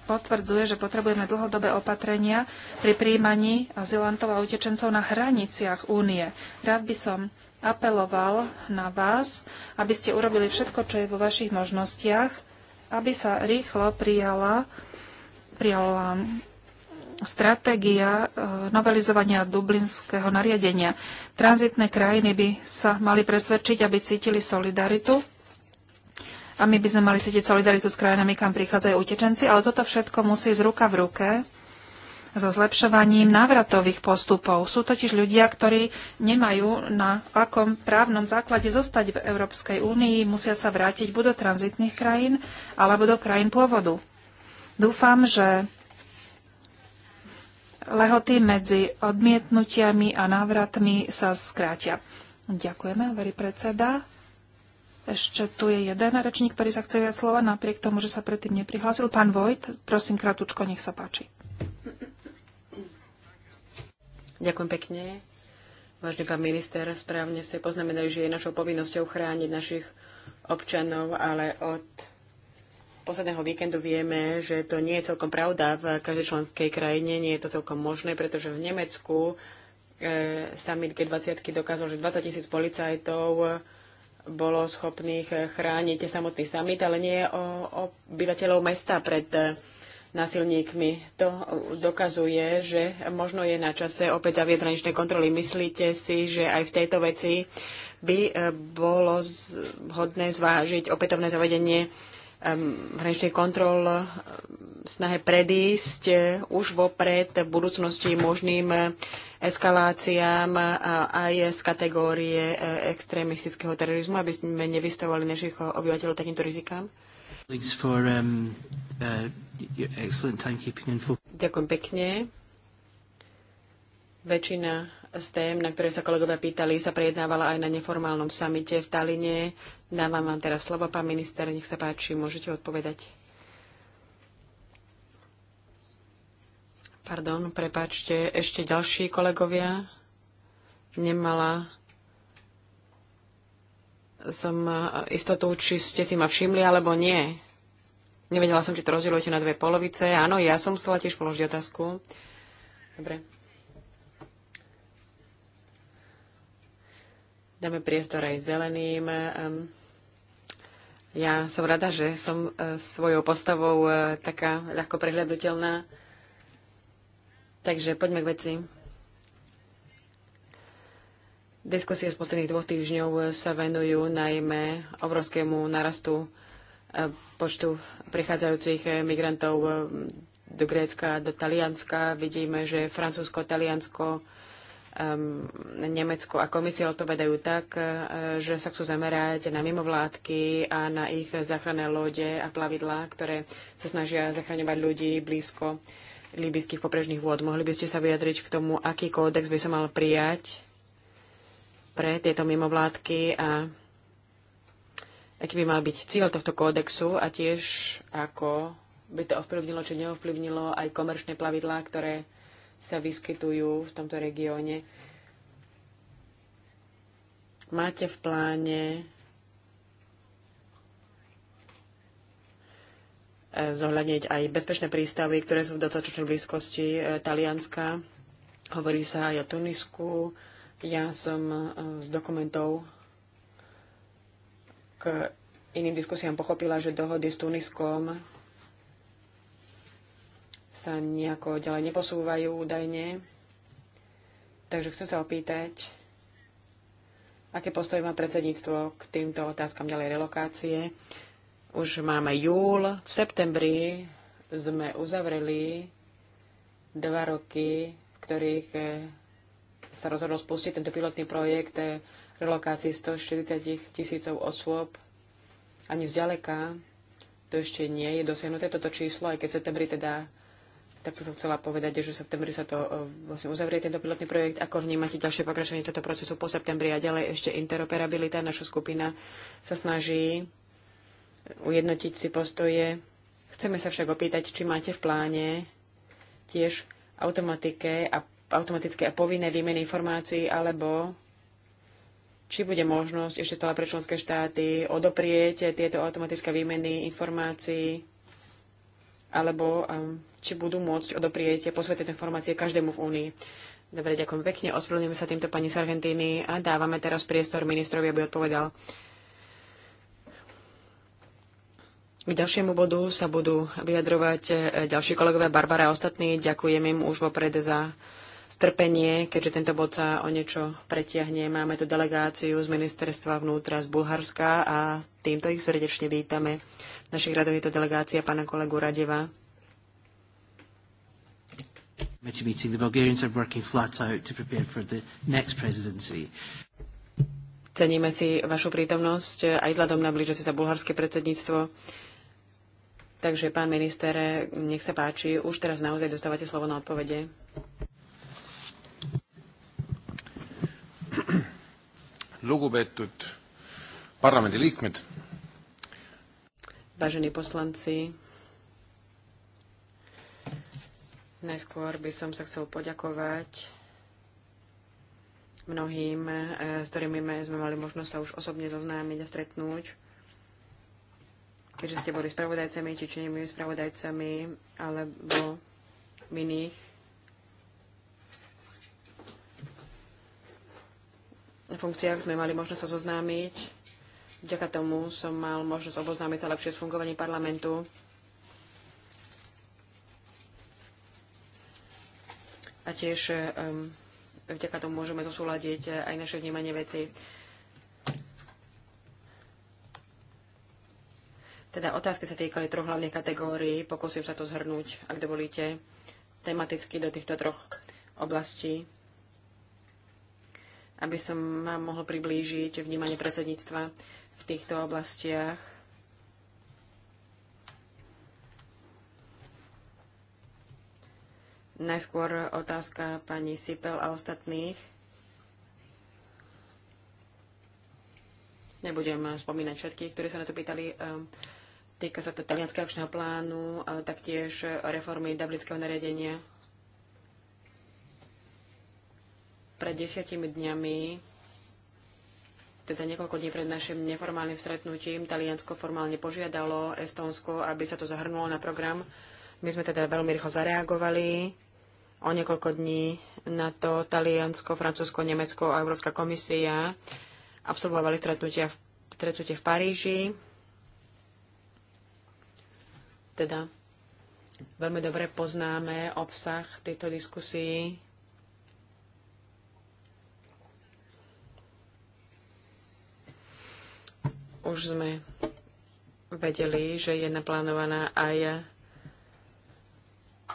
potvrdzuje, že potrebujeme dlhodobé opatrenia pri príjmaní azylantov a utečencov na hraniciach únie. Rád by som apeloval na vás, aby ste urobili všetko, čo je vo vašich možnostiach, aby sa rýchlo prijala, prijala stratégia e, novelizovania dublinského nariadenia. Tranzitné krajiny by sa mali presvedčiť, aby cítili solidaritu a my by sme mali cítiť solidaritu s krajinami, kam prichádzajú utečenci, ale toto všetko musí z ruka v ruke so zlepšovaním návratových postupov. Sú totiž ľudia, ktorí nemajú na akom právnom základe zostať v Európskej únii, musia sa vrátiť buď do tranzitných krajín alebo do krajín pôvodu. Dúfam, že lehoty medzi odmietnutiami a návratmi sa skrátia. Ďakujeme, hovorí predseda. Ešte tu je jeden rečník, ktorý sa chce viac slova, napriek tomu, že sa predtým neprihlásil. Pán Vojt, prosím, kratučko, nech sa páči. Ďakujem pekne. Vážený pán minister, správne ste poznamenali, že je našou povinnosťou chrániť našich občanov, ale od posledného víkendu vieme, že to nie je celkom pravda v každej členskej krajine, nie je to celkom možné, pretože v Nemecku e, summit G20 dokázal, že 20 tisíc policajtov bolo schopných chrániť samotný summit, ale nie o, obyvateľov mesta pred násilníkmi. To dokazuje, že možno je na čase opäť zaviesť hraničné kontroly. Myslíte si, že aj v tejto veci by eh, bolo hodné zvážiť opätovné zavedenie ehm, hraničnej kontrol ehm, snahe predísť eh, už vopred v budúcnosti možným eh, eskaláciám aj z kategórie extrémistického terorizmu, aby sme nevystavovali našich obyvateľov takýmto rizikám? For, um, uh... Ďakujem pekne. Väčšina z tém, na ktoré sa kolegovia pýtali, sa prejednávala aj na neformálnom samite v Taline. Dávam vám teraz slovo, pán minister, nech sa páči, môžete odpovedať. Pardon, prepáčte, ešte ďalší kolegovia. Nemala som istotu, či ste si ma všimli alebo nie. Nevedela som, či to rozdielujete na dve polovice. Áno, ja som chcela tiež položiť otázku. Dobre. Dáme priestor aj zeleným. Ehm, ja som rada, že som e, svojou postavou e, taká ľahko prehľadutelná. Takže poďme k veci. Diskusie z posledných dvoch týždňov sa venujú najmä obrovskému narastu počtu prichádzajúcich migrantov eh, do Grécka, do Talianska. Vidíme, že Francúzsko, Taliansko, Nemecko a Komisie odpovedajú tak, eh, že sa chcú zamerať na mimovládky a na ich záchranné lode a plavidlá, ktoré sa snažia zachraňovať ľudí blízko líbyských pobrežných vôd. Mohli by ste sa vyjadriť k tomu, aký kódex by sa mal prijať pre tieto mimovládky a aký by mal byť cieľ tohto kódexu a tiež ako by to ovplyvnilo či neovplyvnilo aj komerčné plavidlá, ktoré sa vyskytujú v tomto regióne. Máte v pláne eh, zohľadniť aj bezpečné prístavy, ktoré sú v dostatočnej blízkosti eh, Talianska. Hovorí sa aj o Tunisku. Ja som eh, z dokumentov k iným diskusiám pochopila, že dohody s Tuniskom sa nejako ďalej neposúvajú údajne. Takže chcem sa opýtať, aké postoje má predsedníctvo k týmto otázkam ďalej relokácie. Už máme júl, v septembri sme uzavreli dva roky, v ktorých eh, sa rozhodol spustiť tento pilotný projekt eh, relokácii 140 tisícov osôb ani zďaleka to ešte nie je dosiahnuté toto číslo, aj keď v septembri teda tak to som chcela povedať, že v septembri sa to e, vlastne uzavrie tento pilotný projekt. Ako vnímate ďalšie pokračovanie tohto procesu po septembri a ďalej ešte interoperabilita? Naša skupina sa snaží ujednotiť si postoje. Chceme sa však opýtať, či máte v pláne tiež automatike a automatické a povinné výmeny informácií, alebo či bude možnosť ešte stále pre členské štáty odoprieť tieto automatické výmeny informácií, alebo um, či budú môcť odoprieť posvetné informácie každému v Únii. Dobre, ďakujem pekne. Ospravedlňujeme sa týmto pani Sargentini a dávame teraz priestor ministrovi, aby odpovedal. K ďalšiemu bodu sa budú vyjadrovať eh, ďalší kolegovia Barbara a ostatní. Ďakujem im už vopred za strpenie, keďže tento bod sa o niečo pretiahne. Máme tu delegáciu z ministerstva vnútra z Bulharska a týmto ich srdečne vítame. V našich radoch je to delegácia pána kolegu Radeva. Ceníme si vašu prítomnosť aj vzhľadom na blíže si sa bulharské predsedníctvo. Takže, pán minister, nech sa páči, už teraz naozaj dostávate slovo na odpovede. lugupeetud Vážení poslanci, najskôr by som sa chcel poďakovať mnohým, eh, s ktorými sme mali možnosť sa už osobne zoznámiť a stretnúť, keďže ste boli spravodajcami, či činnými spravodajcami, alebo v iných funkciách sme mali možnosť sa zoznámiť. Vďaka tomu som mal možnosť oboznámiť sa lepšie s fungovaním parlamentu. A tiež um, vďaka tomu môžeme zosúľadiť eh, aj naše vnímanie veci. Teda otázky sa týkali troch hlavných kategórií, pokúsim sa to zhrnúť, ak dovolíte, tematicky do týchto troch oblastí aby som vám mohol priblížiť vnímanie predsedníctva v týchto oblastiach. Najskôr otázka pani Sipel a ostatných. Nebudem spomínať všetkých, ktorí sa na to pýtali. Ehm, týka sa to talianského akčného plánu, taktiež reformy dublinského nariadenia Pred desiatimi dňami, teda niekoľko dní pred našim neformálnym stretnutím, Taliansko formálne požiadalo Estónsko, aby sa to zahrnulo na program. My sme teda veľmi rýchlo zareagovali. O niekoľko dní na to Taliansko, Francúzsko, Nemecko a Európska komisia absolvovali stretnutia v, stretnutie v Paríži. Teda veľmi dobre poznáme obsah tejto diskusii už sme vedeli, že je naplánovaná aj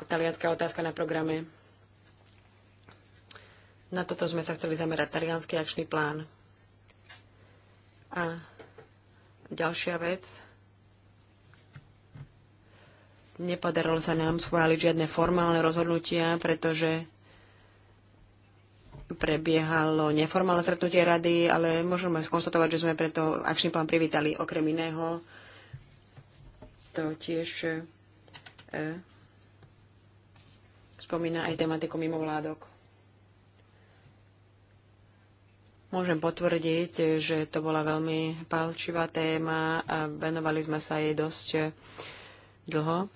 talianská otázka na programe. Na toto sme sa chceli zamerať, talianský akčný plán. A ďalšia vec. Nepodarilo sa nám schváliť žiadne formálne rozhodnutia, pretože prebiehalo neformálne stretnutie rady, ale môžeme skonstatovať, že sme preto akčný plán privítali okrem iného. To tiež eh, spomína aj tematiku mimovládok. Môžem potvrdiť, že to bola veľmi palčivá téma a venovali sme sa jej dosť dlho.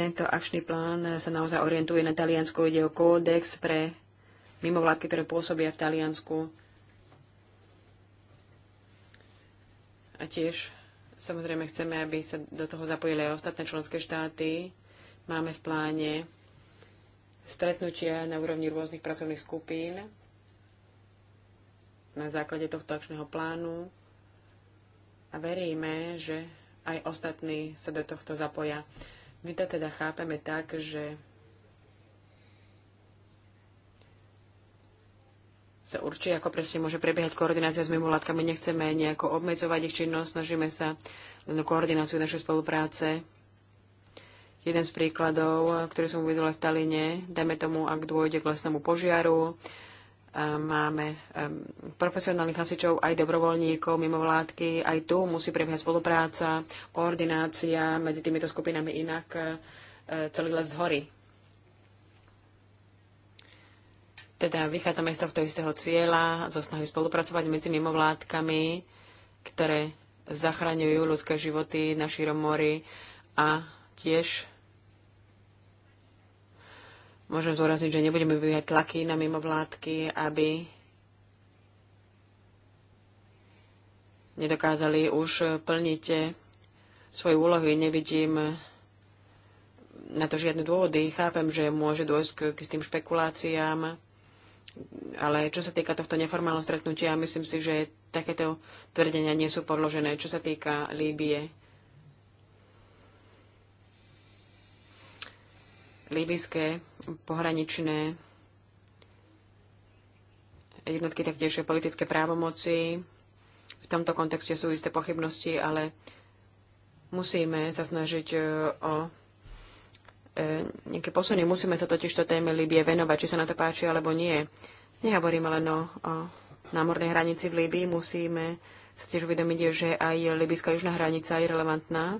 Tento akčný plán sa naozaj orientuje na Taliansku. Ide o kódex pre mimovládky, ktoré pôsobia v Taliansku. A tiež samozrejme chceme, aby sa do toho zapojili aj ostatné členské štáty. Máme v pláne stretnutia na úrovni rôznych pracovných skupín na základe tohto akčného plánu a veríme, že aj ostatní sa do tohto zapoja. My to teda chápeme tak, že sa určite ako presne môže prebiehať koordinácia s mimovládkami. Nechceme nejako obmedzovať ich činnosť, snažíme sa len koordináciu našej spolupráce. Jeden z príkladov, ktorý som uvedla v Taline, dajme tomu, ak dôjde k lesnému požiaru, máme profesionálnych hasičov, aj dobrovoľníkov, mimovládky. Aj tu musí prebiehať spolupráca, koordinácia medzi týmito skupinami, inak e, celý les zhorí. Teda vychádzame z tohto istého cieľa, zo snahy spolupracovať medzi mimovládkami, ktoré zachraňujú ľudské životy na šírom mori a tiež Môžem zúrazniť, že nebudeme vyvíjať tlaky na mimovládky, aby nedokázali už plniť svoje úlohy. Nevidím na to žiadne dôvody. Chápem, že môže dôjsť k, k tým špekuláciám, ale čo sa týka tohto neformálneho stretnutia, myslím si, že takéto tvrdenia nie sú podložené. Čo sa týka Líbie, líbyské pohraničné jednotky taktiež politické právomoci. V tomto kontexte sú isté pochybnosti, ale musíme sa snažiť e, o e, nejaké posuny. Musíme sa totiž to téme Líbie venovať, či sa na to páči alebo nie. Nehovoríme len o, o námornej hranici v Líbii, musíme si tiež uvedomiť, že aj libyská južná hranica je relevantná.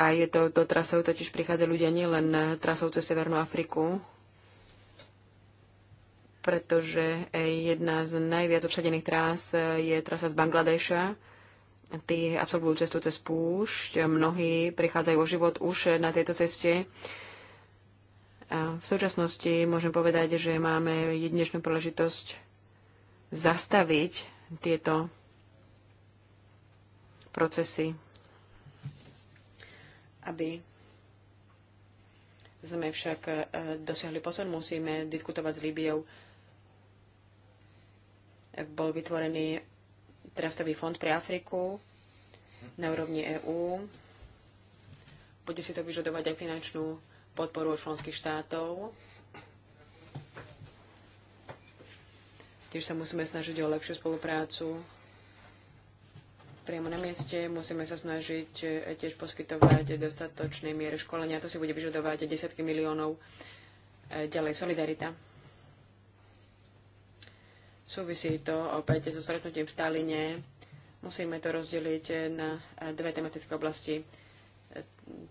A je to, to trasou totiž prichádzajú ľudia nielen trasou cez Severnú Afriku, pretože jedna z najviac obsadených trás e, je trasa z Bangladeša. Tí absolvujú cestu cez púšť, mnohí prichádzajú o život už na tejto ceste. A v súčasnosti môžem povedať, že máme jedinečnú príležitosť zastaviť tieto procesy. Aby sme však e, dosiahli posun, musíme diskutovať s Líbiou. Bol vytvorený trastový fond pre Afriku na úrovni EÚ. Bude si to vyžadovať aj finančnú podporu od členských štátov. Tiež sa musíme snažiť o lepšiu spoluprácu priamo na mieste. Musíme sa snažiť e, tiež poskytovať dostatočnej miery školenia. To si bude vyžadovať desiatky miliónov. E, ďalej solidarita. Súvisí to opäť so stretnutím v Taline. Musíme to rozdeliť e, na dve tematické oblasti.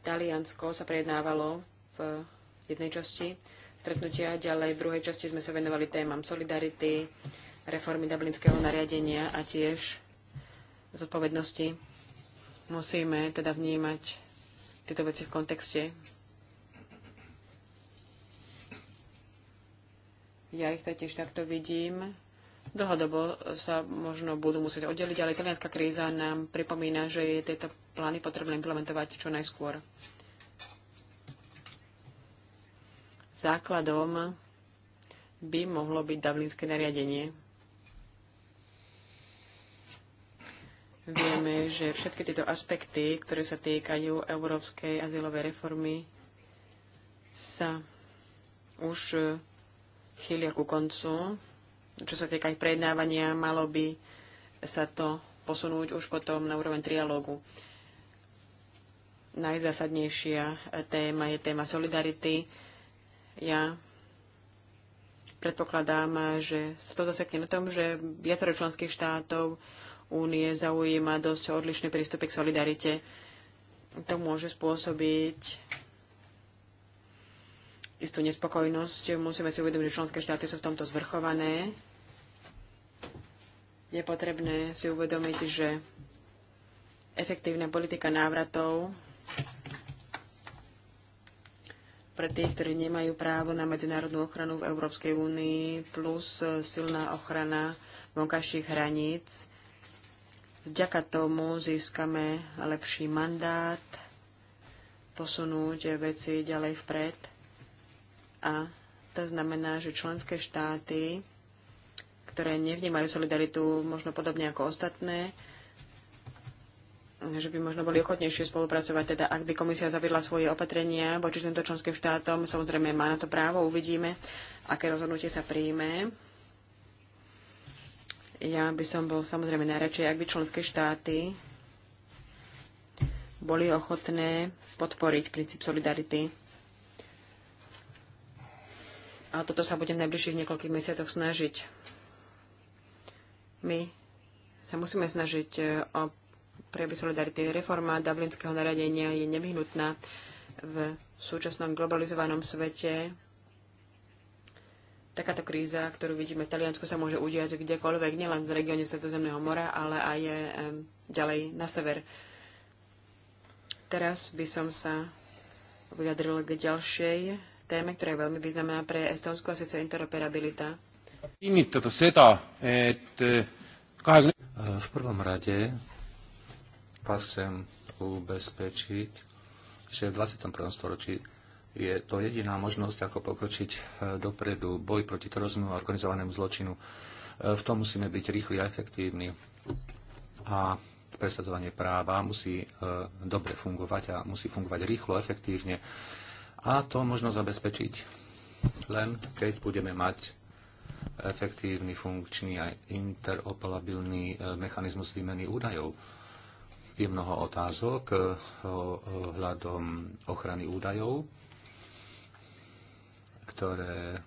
Taliansko sa prejednávalo v jednej časti stretnutia, ďalej v druhej časti sme sa venovali témam solidarity, reformy dublinského nariadenia a tiež zodpovednosti. Musíme teda vnímať tieto veci v kontexte. Ja ich tiež takto vidím. Dlhodobo sa možno budú musieť oddeliť, ale italianská kríza nám pripomína, že je tieto plány potrebné implementovať čo najskôr. Základom by mohlo byť Dublinské nariadenie. Vieme, že všetky tieto aspekty, ktoré sa týkajú európskej azylovej reformy, sa už e, chýlia ku koncu. Čo sa týka ich prejednávania, malo by sa to posunúť už potom na úroveň trialógu. Najzásadnejšia e, téma je téma solidarity. Ja predpokladám, e, že sa to zasekne na tom, že viacero členských štátov únie zaujíma dosť odlišný prístupy k solidarite. To môže spôsobiť istú nespokojnosť. Musíme si uvedomiť, že členské štáty sú v tomto zvrchované. Je potrebné si uvedomiť, že efektívna politika návratov pre tých, ktorí nemajú právo na medzinárodnú ochranu v Európskej únii, plus silná ochrana vonkajších hraníc Vďaka tomu získame lepší mandát, posunúť veci ďalej vpred. A to znamená, že členské štáty, ktoré nevnímajú solidaritu možno podobne ako ostatné, že by možno boli ochotnejšie spolupracovať. Teda ak by komisia zaviedla svoje opatrenia voči týmto členským štátom, samozrejme má na to právo, uvidíme, aké rozhodnutie sa príjme. Ja by som bol samozrejme najradšej, ak by členské štáty boli ochotné podporiť princíp solidarity. A toto sa budem v najbližších niekoľkých mesiacoch snažiť. My sa musíme snažiť e, o prejavy solidarity. Reforma dublinského naradenia je nevyhnutná v súčasnom globalizovanom svete Takáto kríza, ktorú vidíme v Taliansku, sa môže udiať kdekoľvek, nielen v regióne Sredozemného mora, ale aj je, eh, ďalej na sever. Teraz by som sa vyjadril k ďalšej téme, ktorá je veľmi významná pre Estonsku, a sice interoperabilita. Eh, eh, v prvom rade vás chcem ubezpečiť, že v 21. storočí je to jediná možnosť, ako pokročiť e, dopredu boj proti terorizmu a organizovanému zločinu. E, v tom musíme byť rýchli a efektívni. A presadzovanie práva musí e, dobre fungovať a musí fungovať rýchlo, efektívne. A to možno zabezpečiť len, keď budeme mať efektívny, funkčný a interoperabilný mechanizmus výmeny údajov. Je mnoho otázok ohľadom ochrany údajov ktoré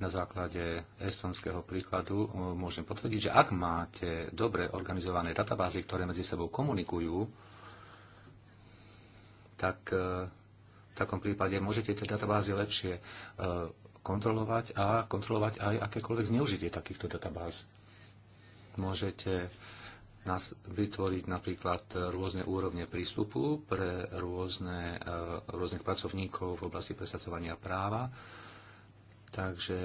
na základe estonského príkladu e, môžem potvrdiť, že ak máte dobre organizované databázy, ktoré medzi sebou komunikujú, tak e, v takom prípade môžete tie databázy lepšie e, kontrolovať a kontrolovať aj akékoľvek zneužitie takýchto databáz. Môžete vytvoriť napríklad rôzne úrovne prístupu pre rôzne, eh, rôznych pracovníkov v oblasti presadzovania práva. Takže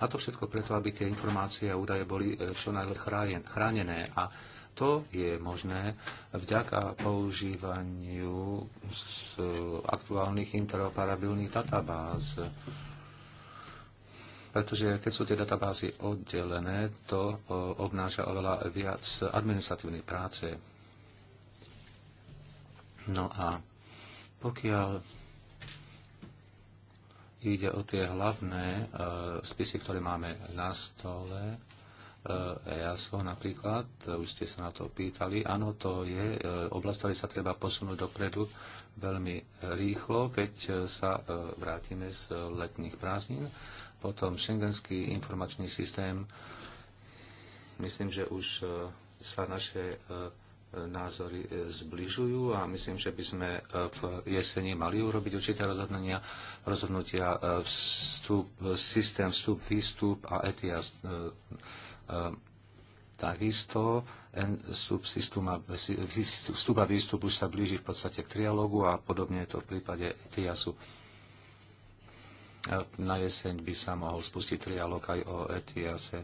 a to všetko preto, aby tie informácie a údaje boli eh, čo najlepšie chránené. A to je možné vďaka používaniu aktuálnych interoperabilných databáz pretože keď sú tie databázy oddelené, to e, obnáša oveľa viac administratívnej práce. No a pokiaľ ide o tie hlavné e, spisy, ktoré máme na stole, EASO e napríklad, už ste sa na to pýtali. Áno, to je oblasť, ktorej sa treba posunúť dopredu veľmi rýchlo, keď sa vrátime z letných prázdnin. Potom šengenský informačný systém. Myslím, že už e, sa naše e, názory e, zbližujú a myslím, že by sme v jeseni mali urobiť určité rozhodnutia, rozhodnutia vstup, systém vstup, výstup a ETIAS. Takisto vstup, vstup a výstup už sa blíži v podstate k trialogu a podobne je to v prípade ETIASu. Na jeseň by sa mohol spustiť trialog aj o ETIASe.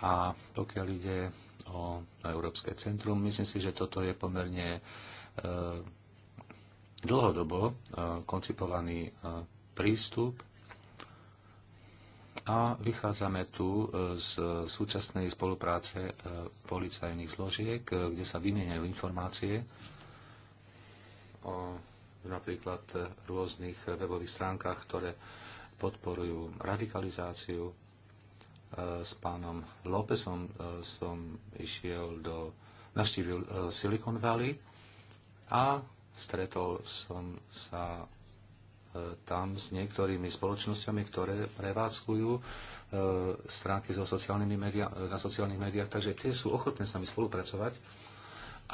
A pokiaľ ide o Európske centrum, myslím si, že toto je pomerne e, dlhodobo e, koncipovaný e, prístup a vychádzame tu z súčasnej spolupráce policajných zložiek, kde sa vymieňajú informácie o napríklad e, rôznych webových stránkach, ktoré podporujú radikalizáciu. E, s pánom Lópezom e, som išiel do, navštívil Silicon Valley a stretol som sa tam s niektorými spoločnosťami, ktoré prevádzkujú stránky so sociálnymi media, na sociálnych médiách, takže tie sú ochotné s nami spolupracovať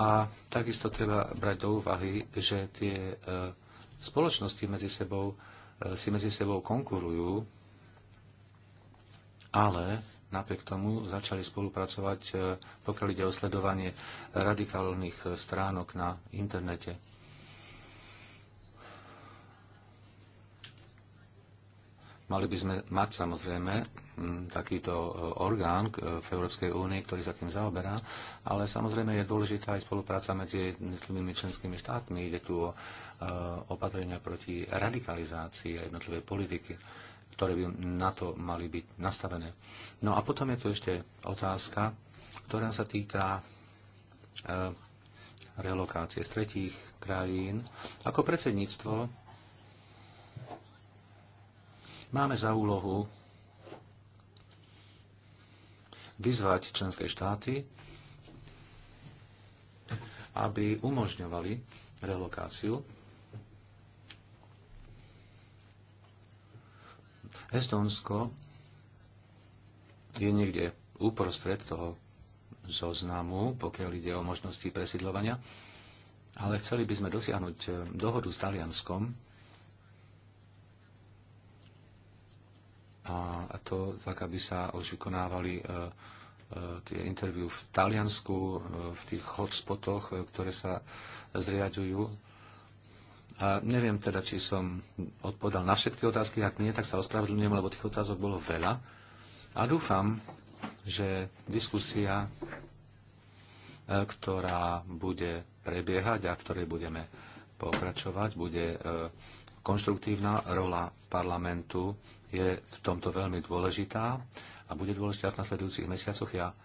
a takisto treba brať do úvahy, že tie e, spoločnosti medzi sebou e, si medzi sebou konkurujú, ale napriek tomu začali spolupracovať, e, pokiaľ ide o sledovanie radikálnych stránok na internete. Mali by sme mať samozrejme takýto e, orgán e, v Európskej únii, ktorý sa tým zaoberá, ale samozrejme je dôležitá aj spolupráca medzi jednotlivými členskými štátmi. Ide tu o e, opatrenia proti radikalizácii a jednotlivej politiky ktoré by na to mali byť nastavené. No a potom je tu ešte otázka, ktorá sa týka relokácie z tretích krajín. Ako predsedníctvo Máme za úlohu vyzvať členské štáty, aby umožňovali relokáciu. Estónsko je niekde uprostred toho zoznamu, pokiaľ ide o možnosti presídľovania, ale chceli by sme dosiahnuť dohodu s Talianskom, a to tak, aby sa už vykonávali e, e, tie interviu v Taliansku, e, v tých hotspotoch, ktoré sa zriadujú. A neviem teda, či som odpovedal na všetky otázky, ak nie, tak sa ospravedlňujem, lebo tých otázok bolo veľa. A dúfam, že diskusia, ktorá bude prebiehať a v ktorej budeme pokračovať, bude konštruktívna rola parlamentu je v tomto veľmi dôležitá a bude dôležitá v nasledujúcich mesiacoch. Ja e,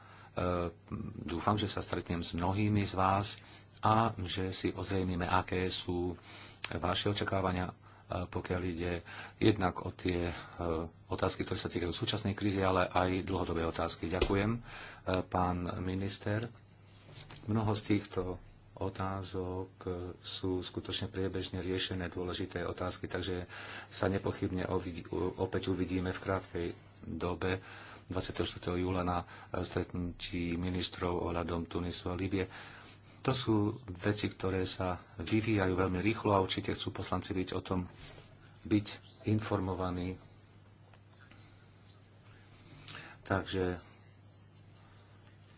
dúfam, že sa stretnem s mnohými z vás a že si ozrejmime, aké sú vaše očakávania, e, pokiaľ ide jednak o tie e, otázky, ktoré sa týkajú súčasnej krízy, ale aj dlhodobé otázky. Ďakujem, pán minister. Mnoho z týchto otázok sú skutočne priebežne riešené dôležité otázky, takže sa nepochybne opäť uvidíme v krátkej dobe 24. júla na eh, stretnutí ministrov ohľadom Tunisu a Libie. To sú veci, ktoré sa vyvíjajú veľmi rýchlo a určite chcú poslanci byť o tom byť informovaní. Takže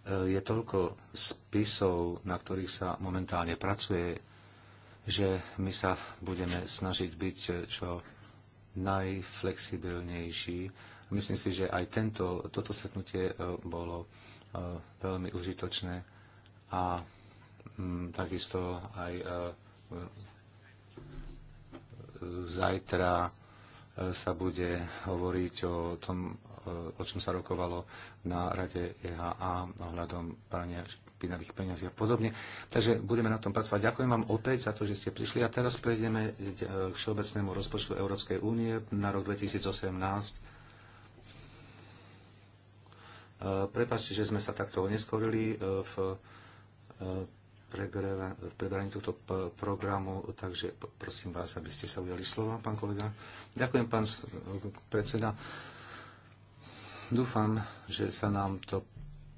E, je toľko spisov, na ktorých sa momentálne pracuje, že my sa budeme snažiť byť čo najflexibilnejší. Myslím si, že aj tento, toto stretnutie e, bolo e, veľmi užitočné a mm, takisto aj zajtra sa bude hovoriť o tom, e, o čom sa rokovalo na rade EHA ohľadom prania špinavých peniazí a podobne. Takže budeme na tom pracovať. Ďakujem vám opäť za to, že ste prišli. A teraz prejdeme k e, všeobecnému rozpočtu Európskej únie na rok 2018. E, prepačte, že sme sa takto oneskorili v preberaní tohto programu, takže prosím vás, aby ste sa ujali slova, pán kolega. Ďakujem, pán predseda. Dúfam, že sa nám to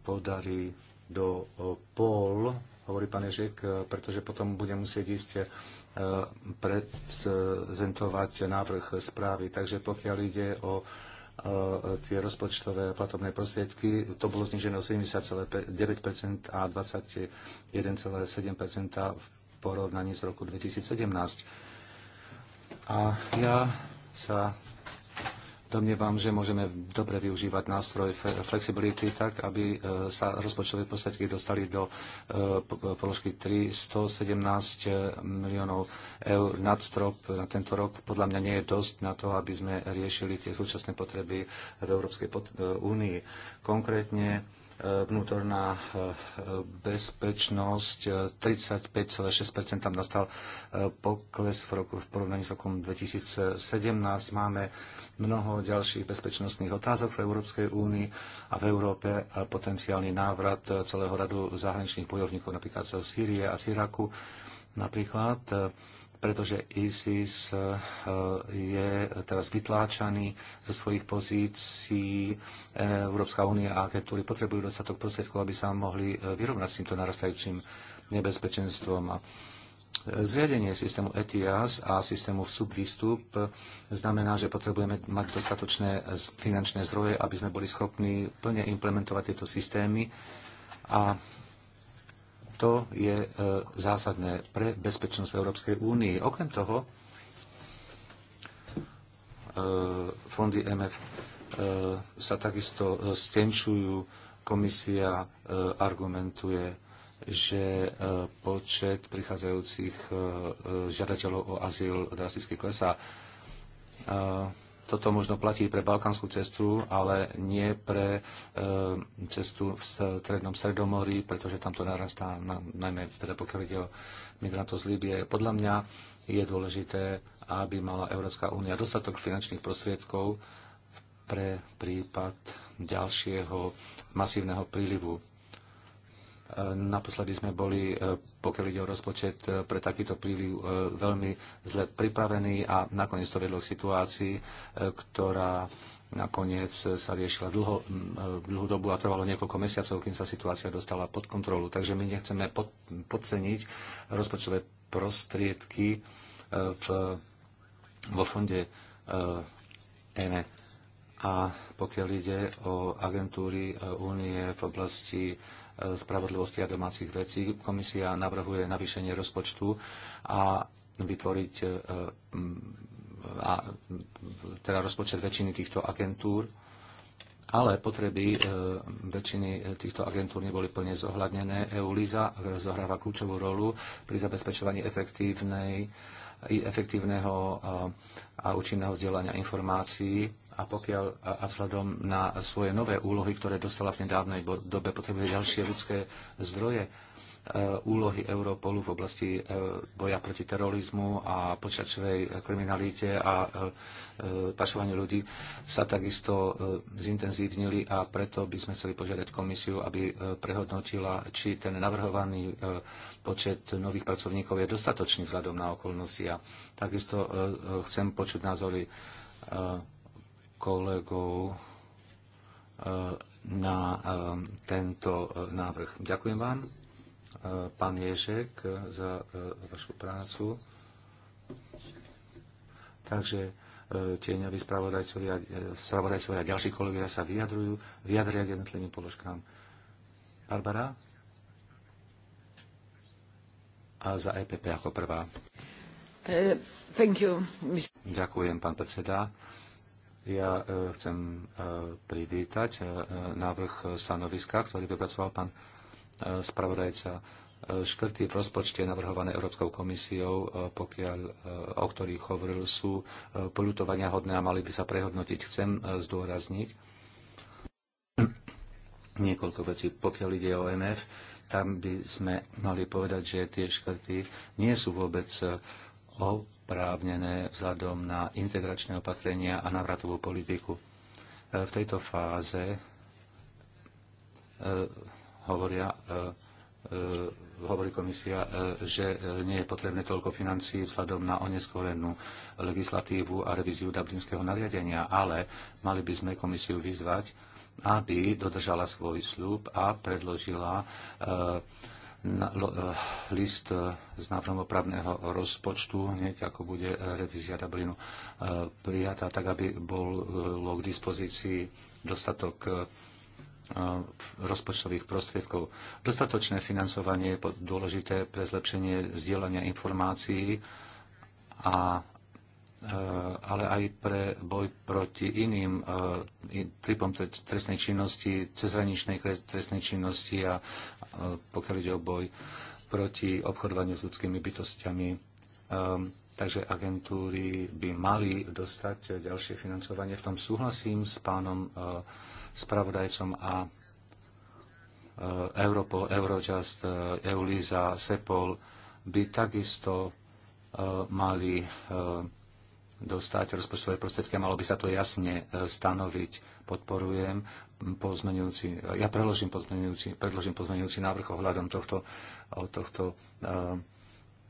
podarí do pol, hovorí pán Ježek, pretože potom budem musieť ísť e, prezentovať návrh správy. Takže pokiaľ ide o tie rozpočtové a platobné prostriedky, to bolo znižené o 70,9% a 21,7% v porovnaní s roku 2017. A ja sa Domnievam, že môžeme dobre využívať nástroj flexibility tak, aby e, sa rozpočtové prostriedky dostali do e, položky 3 117 e, miliónov eur nad strop na tento rok. Podľa mňa nie je dosť na to, aby sme riešili tie súčasné potreby v Európskej únii. Konkrétne vnútorná e, bezpečnosť 35,6% e, tam nastal e, pokles v, roku, v porovnaní s rokom 2017. Máme mnoho ďalších bezpečnostných otázok v Európskej únii a v Európe a potenciálny návrat celého radu zahraničných bojovníkov napríklad z Sýrie a Syraku napríklad pretože ISIS eh, je teraz vytláčaný zo svojich pozícií. Eh, Európska únia a agentúry potrebujú dostatok prostriedkov, aby sa mohli eh, vyrovnať s týmto narastajúcim nebezpečenstvom. Zriadenie systému ETIAS a systému vstup výstup znamená, že potrebujeme mať dostatočné finančné zdroje, aby sme boli schopní plne implementovať tieto systémy a to je e, zásadné pre bezpečnosť v Európskej únii. Okrem toho, e, fondy MF e, sa takisto stenčujú, komisia argumentuje, že počet prichádzajúcich žiadateľov o azyl drasticky klesá. Toto možno platí pre balkánsku cestu, ale nie pre e, cestu v strednom Sredomorí, pretože tam to narastá, najmä teda pokiaľ ide o migrantov z Líbie. Podľa mňa je dôležité, aby mala Európska únia dostatok finančných prostriedkov pre prípad ďalšieho masívneho prílivu Naposledy sme boli, e, pokiaľ ide o rozpočet, e, pre takýto príliv e, veľmi zle pripravení a nakoniec to vedlo k situácii, ktorá nakoniec sa riešila dlho, dlhú dobu a trvalo niekoľko mesiacov, kým sa situácia dostala pod kontrolu. Takže my nechceme pod, podceniť rozpočtové prostriedky v, vo fonde ENE. A pokiaľ ide o agentúry únie v oblasti spravodlivosti a domácich vecí. Komisia navrhuje navýšenie rozpočtu a vytvoriť e, a, teda rozpočet väčšiny týchto agentúr ale potreby e, väčšiny týchto agentúr neboli plne zohľadnené. EULISA e, zohráva kľúčovú rolu pri zabezpečovaní efektívnej, efektívneho a účinného vzdielania informácií a pokiaľ a vzhľadom na svoje nové úlohy, ktoré dostala v nedávnej dobe, potrebuje ďalšie ľudské zdroje, e, úlohy Europolu v oblasti e, boja proti terorizmu a počačovej kriminalite a e, pašovaniu ľudí sa takisto zintenzívnili a preto by sme chceli požiadať komisiu, aby prehodnotila, či ten navrhovaný počet nových pracovníkov je dostatočný vzhľadom na okolnosti. A takisto chcem počuť názory kolegov e, na e, tento e, návrh. Ďakujem vám, pán Ježek, za vašu prácu. Takže tieňoví spravodajcovia, spravodajcovia a ďalší kolegovia sa vyjadrujú, vyjadria k jednotlivým položkám. Barbara? A za EPP ako prvá. Thank you. Ďakujem, pán predseda. Ja e, chcem e, privítať e, návrh stanoviska, ktorý vypracoval pán spravodajca škrty v rozpočte navrhované Európskou komisiou, pokiaľ, o ktorých hovoril, sú polutovania hodné a mali by sa prehodnotiť. Chcem zdôrazniť niekoľko vecí. Pokiaľ ide o MF, tam by sme mali povedať, že tie škrty nie sú vôbec o oprávnené vzhľadom na integračné opatrenia a navratovú politiku. E, v tejto fáze e, hovoria e, hovorí komisia, že nie je potrebné toľko financií vzhľadom na oneskorenú legislatívu a revíziu dublinského nariadenia, ale mali by sme komisiu vyzvať, aby dodržala svoj sľub a predložila Eh, list eh, z návrhom opravného rozpočtu, hneď ako bude eh, revízia Dublinu prijatá, tak aby bolo k dispozícii dostatok rozpočtových prostriedkov. Dostatočné financovanie je dôležité pre zlepšenie zdieľania informácií, a, ale aj pre boj proti iným typom trestnej činnosti, cezhraničnej trestnej činnosti a E, pokiaľ ide o boj proti obchodovaniu s ľudskými bytostiami. E, takže agentúry by mali dostať ďalšie financovanie. V tom súhlasím s pánom e, spravodajcom a Europol, Eurojust, Eulisa, Sepol by takisto mali dostať rozpočtové prostriedky, malo by sa to jasne stanoviť. Podporujem pozmenujúci, ja preložím pozmenujúci, predložím pozmenujúci návrh ohľadom tohto, tohto eh,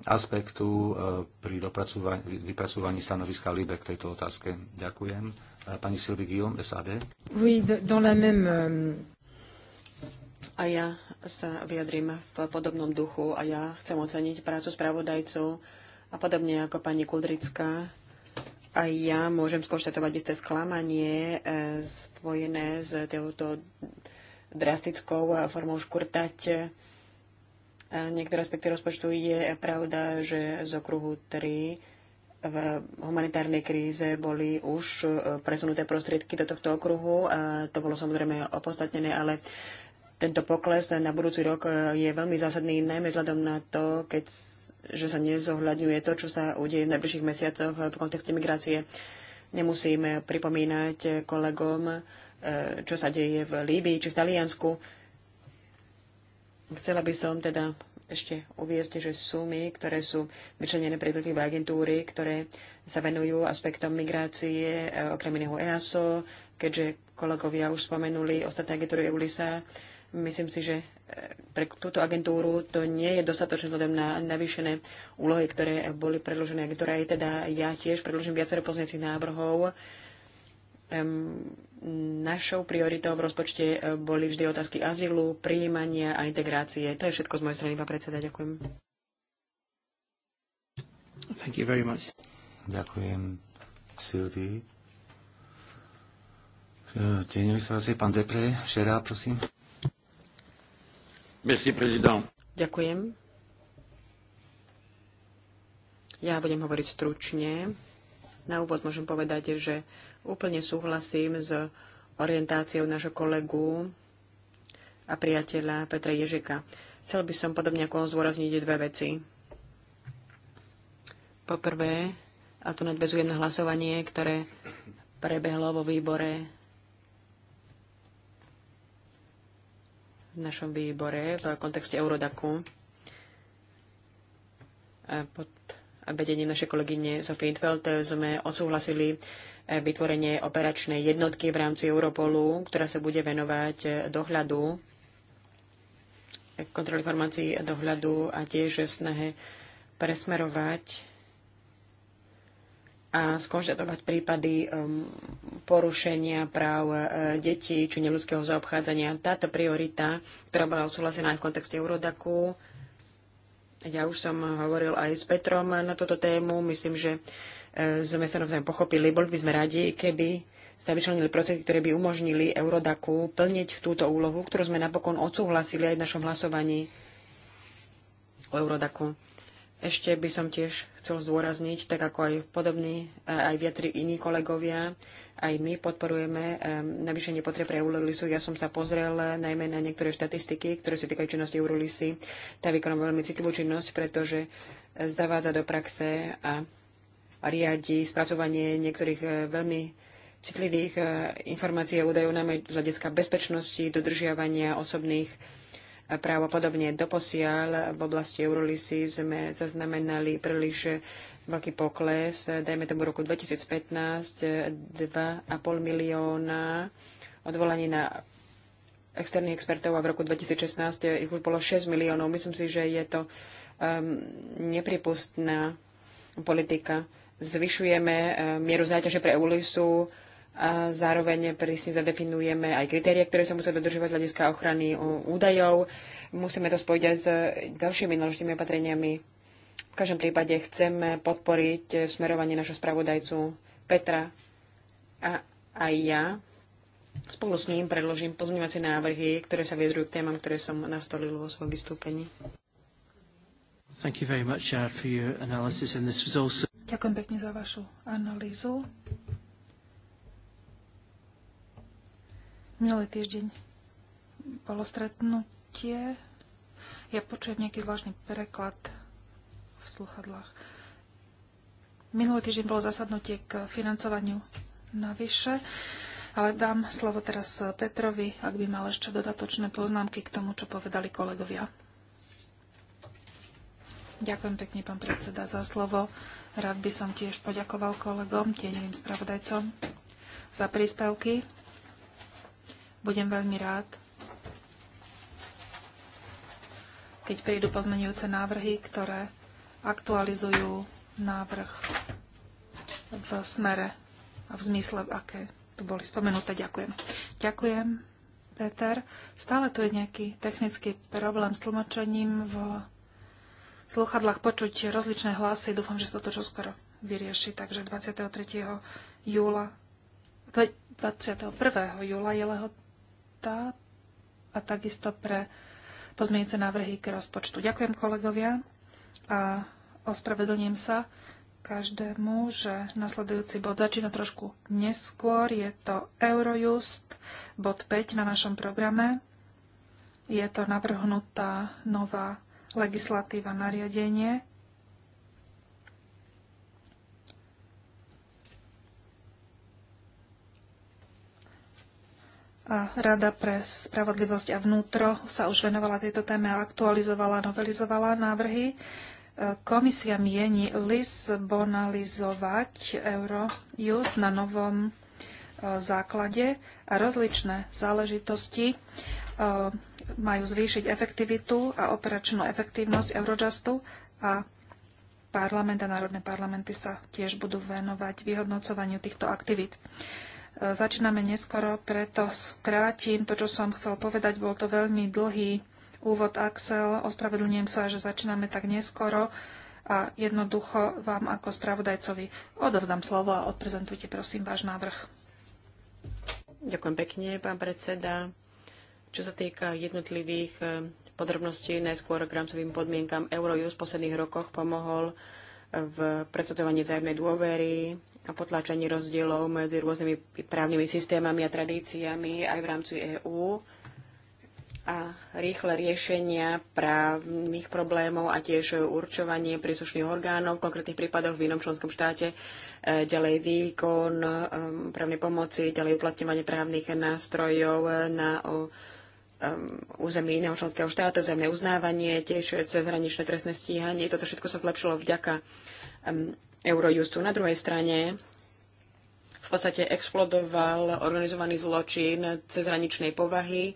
aspektu eh, pri vypracovaní stanoviska LIBE k tejto otázke. Ďakujem. Eh, pani Sylvie Guillaume, SAD. Oui, dans la même... A ja sa vyjadrím v podobnom duchu a ja chcem oceniť prácu spravodajcu a podobne ako pani Kudrická aj ja môžem skonštatovať isté sklamanie e, spojené s touto drastickou e, formou škurtať e, niektoré aspekty rozpočtu. Je pravda, že z okruhu 3 v humanitárnej kríze boli už presunuté prostriedky do tohto okruhu. A to bolo samozrejme opodstatnené, ale tento pokles na budúci rok je veľmi zásadný, najmä vzhľadom na to, keď že sa nezohľadňuje to, čo sa udeje v najbližších mesiacoch v kontexte migrácie. Nemusím pripomínať kolegom, e, čo sa deje v Líbii či v Taliansku. Chcela by som teda ešte uviezť, že sumy, ktoré sú vyčlenené pre jednotlivé agentúry, ktoré sa venujú aspektom migrácie, e, okrem iného EASO, keďže kolegovia už spomenuli ostatné agentúry EULISA, Myslím si, že e, pre túto agentúru to nie je dostatočné vzhľadom na navýšené úlohy, ktoré boli predložené agentúra. Aj teda ja tiež predložím viacero pozniacich návrhov. Našou prioritou v rozpočte e, boli vždy otázky azylu, príjmania a integrácie. To je všetko z mojej strany, pán predseda. Ďakujem. Thank you very much. Ďakujem, Silvii. E, tieňový sa pán Depre, Šerá, prosím. Ďakujem. Ja budem hovoriť stručne. Na úvod môžem povedať, že úplne súhlasím s orientáciou nášho kolegu a priateľa Petra Ježika. Chcel by som podobne ako on zdôrazniť dve veci. Poprvé, a tu nadvezujem na hlasovanie, ktoré prebehlo vo výbore v našom výbore v kontexte Eurodaku pod vedením našej kolegyne Sofie Intveld sme odsúhlasili e, vytvorenie operačnej jednotky v rámci Europolu, ktorá sa bude venovať dohľadu, kontroly informácií dohľadu a tiež snahe presmerovať a skonštatovať prípady um, porušenia práv uh, detí či neľudského zaobchádzania. Táto priorita, ktorá bola odsúhlasená aj v kontexte Eurodaku, ja už som hovoril aj s Petrom na túto tému, myslím, že uh, sme sa navzájom pochopili. Boli by sme radi, keby sa vyčlenili prostriedky, ktoré by umožnili Eurodaku plniť túto úlohu, ktorú sme napokon odsúhlasili aj v našom hlasovaní o Eurodaku. Ešte by som tiež chcel zdôrazniť, tak ako aj podobní, e, aj viatri iní kolegovia, aj my podporujeme e, navýšenie potreb pre Eurolisu. Ja som sa pozrel najmä na niektoré štatistiky, ktoré sa týkajú činnosti Eurolisy. Tá vykonáva veľmi citlivú činnosť, pretože zavádza do praxe a riadi spracovanie niektorých e, veľmi citlivých informácií a údajov, najmä z hľadiska bezpečnosti, dodržiavania osobných právo Doposiaľ v oblasti Eurolisy sme zaznamenali príliš veľký pokles, dajme tomu roku 2015, 2,5 milióna odvolaní na externých expertov a v roku 2016 ich už bolo 6 miliónov. Myslím si, že je to um, nepripustná politika. Zvyšujeme um, mieru záťaže pre Eurolisu a zároveň prísne zadefinujeme aj kritéria, ktoré sa musia dodržovať z hľadiska ochrany údajov. Musíme to spojiť aj s ďalšími náležitými opatreniami. V každom prípade chceme podporiť smerovanie našho spravodajcu Petra a aj ja. Spolu s ním predložím pozmeňovacie návrhy, ktoré sa viedrujú k témam, ktoré som nastolil vo svojom vystúpení. Uh, Ďakujem pekne za vašu analýzu. Minulý týždeň bolo stretnutie. Ja počujem nejaký zvláštny preklad v sluchadlách. Minulý týždeň bolo zasadnutie k financovaniu navyše, ale dám slovo teraz Petrovi, ak by mal ešte dodatočné poznámky k tomu, čo povedali kolegovia. Ďakujem pekne, pán predseda, za slovo. Rád by som tiež poďakoval kolegom, tieňovým spravodajcom za príspevky budem veľmi rád, keď prídu pozmenujúce návrhy, ktoré aktualizujú návrh v smere a v zmysle, aké tu boli spomenuté. Ďakujem. Ďakujem, Peter. Stále tu je nejaký technický problém s tlmočením v sluchadlách počuť rozličné hlasy. Dúfam, že sa to čoskoro vyrieši. Takže 23. júla 21. júla je leho lehota a takisto pre pozmeňujúce návrhy k rozpočtu. Ďakujem kolegovia a ospravedlňujem sa každému, že nasledujúci bod začína trošku neskôr. Je to Eurojust, bod 5 na našom programe. Je to navrhnutá nová legislatíva nariadenie Rada pre spravodlivosť a vnútro sa už venovala tejto téme a aktualizovala, novelizovala návrhy. E, komisia mieni lisbonalizovať Eurojust na novom e, základe a rozličné záležitosti e, majú zvýšiť efektivitu a operačnú efektívnosť Eurojustu a parlament a národné parlamenty sa tiež budú venovať vyhodnocovaniu týchto aktivít. Začíname neskoro, preto skrátim to, čo som chcel povedať. Bol to veľmi dlhý úvod Axel. Ospravedlňujem sa, že začíname tak neskoro a jednoducho vám ako spravodajcovi odovzdám slovo a odprezentujte prosím váš návrh. Ďakujem pekne, pán predseda. Čo sa týka jednotlivých eh, podrobností, najskôr k rámcovým podmienkam Eurojust v posledných rokoch pomohol eh, v predstavovaní zájemnej dôvery, a potláčanie rozdielov medzi rôznymi právnymi systémami a tradíciami aj v rámci EÚ a rýchle riešenia právnych problémov a tiež určovanie príslušných orgánov v konkrétnych prípadoch v inom členskom štáte, e, ďalej výkon e, právnej pomoci, ďalej uplatňovanie právnych nástrojov na e, území iného členského štátu, zemné uznávanie, tiež cezhraničné trestné stíhanie. Toto všetko sa zlepšilo vďaka Eurojustu. Na druhej strane v podstate explodoval organizovaný zločin cez hraničnej povahy,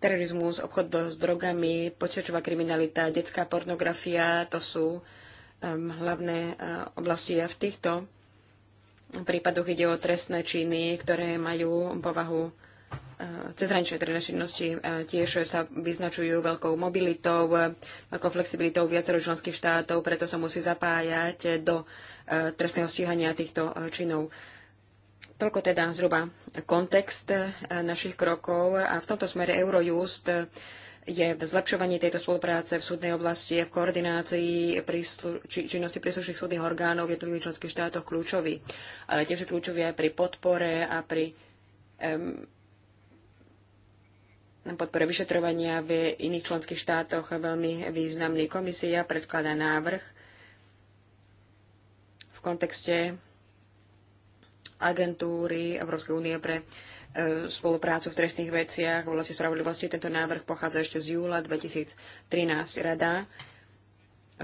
terorizmus, obchod s drogami, počačová kriminalita, detská pornografia, to sú um, hlavné uh, oblasti a v týchto prípadoch ide o trestné činy, ktoré majú povahu cezhraničnej treda činnosti e, tiež sa vyznačujú veľkou mobilitou, e, veľkou flexibilitou viacero členských štátov, preto sa musí zapájať do e, trestného stíhania týchto činov. Toľko teda zhruba kontext našich krokov a v tomto smere Eurojust je v zlepšovaní tejto spolupráce v súdnej oblasti, v koordinácii príslu- či- činnosti príslušných súdnych orgánov v jednotlivých členských štátoch kľúčový. Ale tiež je kľúčový aj pri podpore a pri um, podpore vyšetrovania v iných členských štátoch veľmi významný. Komisia predkladá návrh v kontexte agentúry Európskej únie pre e, spoluprácu v trestných veciach v oblasti spravodlivosti. Tento návrh pochádza ešte z júla 2013. Rada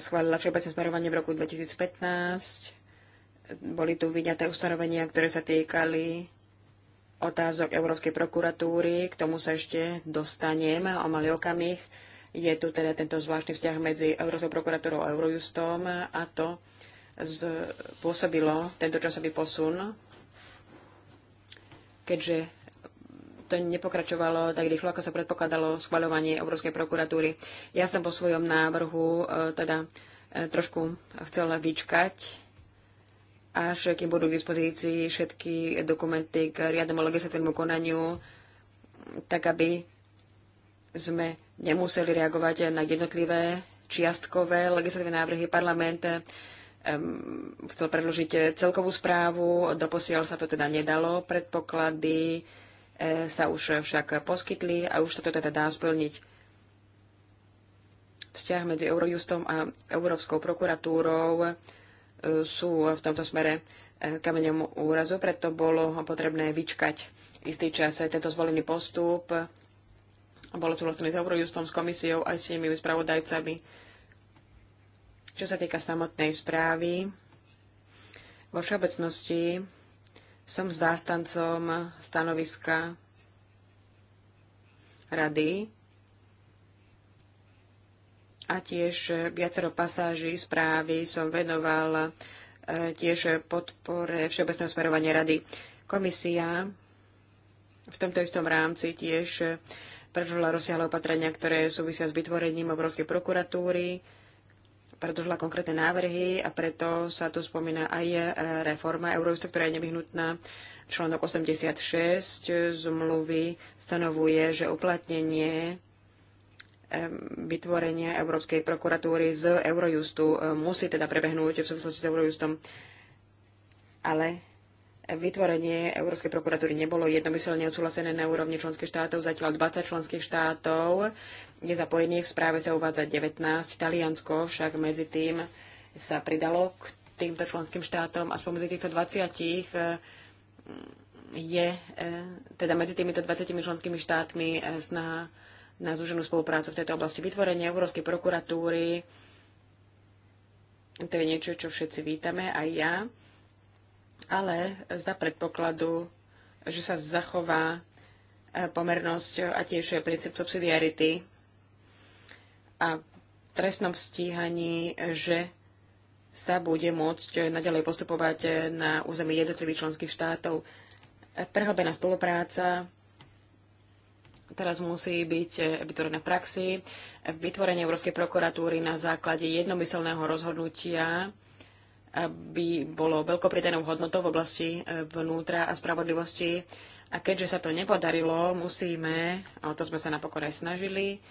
schválila všeobecné smerovanie v roku 2015. Boli tu vyňaté ustanovenia, ktoré sa týkali otázok Európskej prokuratúry, k tomu sa ešte dostanem o malý okamih. Je tu teda tento zvláštny vzťah medzi Európskou prokuratúrou a Eurojustom a to pôsobilo tento časový posun, keďže to nepokračovalo tak rýchlo, ako sa predpokladalo schvaľovanie Európskej prokuratúry. Ja som po svojom návrhu e, teda e, trošku chcela vyčkať a kým budú k dispozícii všetky dokumenty k riadnemu legislatívnemu konaniu, tak aby sme nemuseli reagovať na jednotlivé čiastkové legislatívne návrhy. Parlament um, chcel predložiť celkovú správu, doposiaľ sa to teda nedalo, predpoklady e, sa už však poskytli a už sa to teda dá splniť. Vzťah medzi Eurojustom a Európskou prokuratúrou sú v tomto smere eh, kameňom úrazu, preto bolo potrebné vyčkať istý čas tento zvolený postup. Bolo tu vlastne Eurojustom s komisiou aj s tými spravodajcami. Čo sa týka samotnej správy, vo všeobecnosti som zástancom stanoviska rady, a tiež e, viacero pasáží správy som venoval e, tiež podpore Všeobecného smerovania rady. Komisia v tomto istom rámci tiež e, predložila rozsiahle opatrenia, ktoré súvisia s vytvorením obrovskej prokuratúry, predložila konkrétne návrhy a preto sa tu spomína aj reforma Eurojustu, ktorá je nevyhnutná. Článok 86 zmluvy stanovuje, že uplatnenie Vytvorenie Európskej prokuratúry z Eurojustu. Musí teda prebehnúť v súvislosti s Eurojustom. Ale vytvorenie Európskej prokuratúry nebolo jednomyselne odsúhlasené na úrovni členských štátov. Zatiaľ 20 členských štátov je zapojených. V správe sa uvádza 19. Taliansko však medzi tým sa pridalo k týmto členským štátom a spomedzi týchto 20 je e, teda medzi týmito 20 členskými štátmi e, snaha na zúženú spoluprácu v tejto oblasti. Vytvorenie Európskej prokuratúry, to je niečo, čo všetci vítame, aj ja, ale za predpokladu, že sa zachová e, pomernosť a tiež princíp subsidiarity a v trestnom stíhaní, že sa bude môcť naďalej postupovať na území jednotlivých členských štátov. Prehlbená spolupráca teraz musí byť e, vytvorené v praxi. Vytvorenie Európskej prokuratúry na základe jednomyselného rozhodnutia by bolo veľkou pridanou hodnotou v oblasti e, vnútra a spravodlivosti. A keďže sa to nepodarilo, musíme, a o to sme sa napokon aj snažili,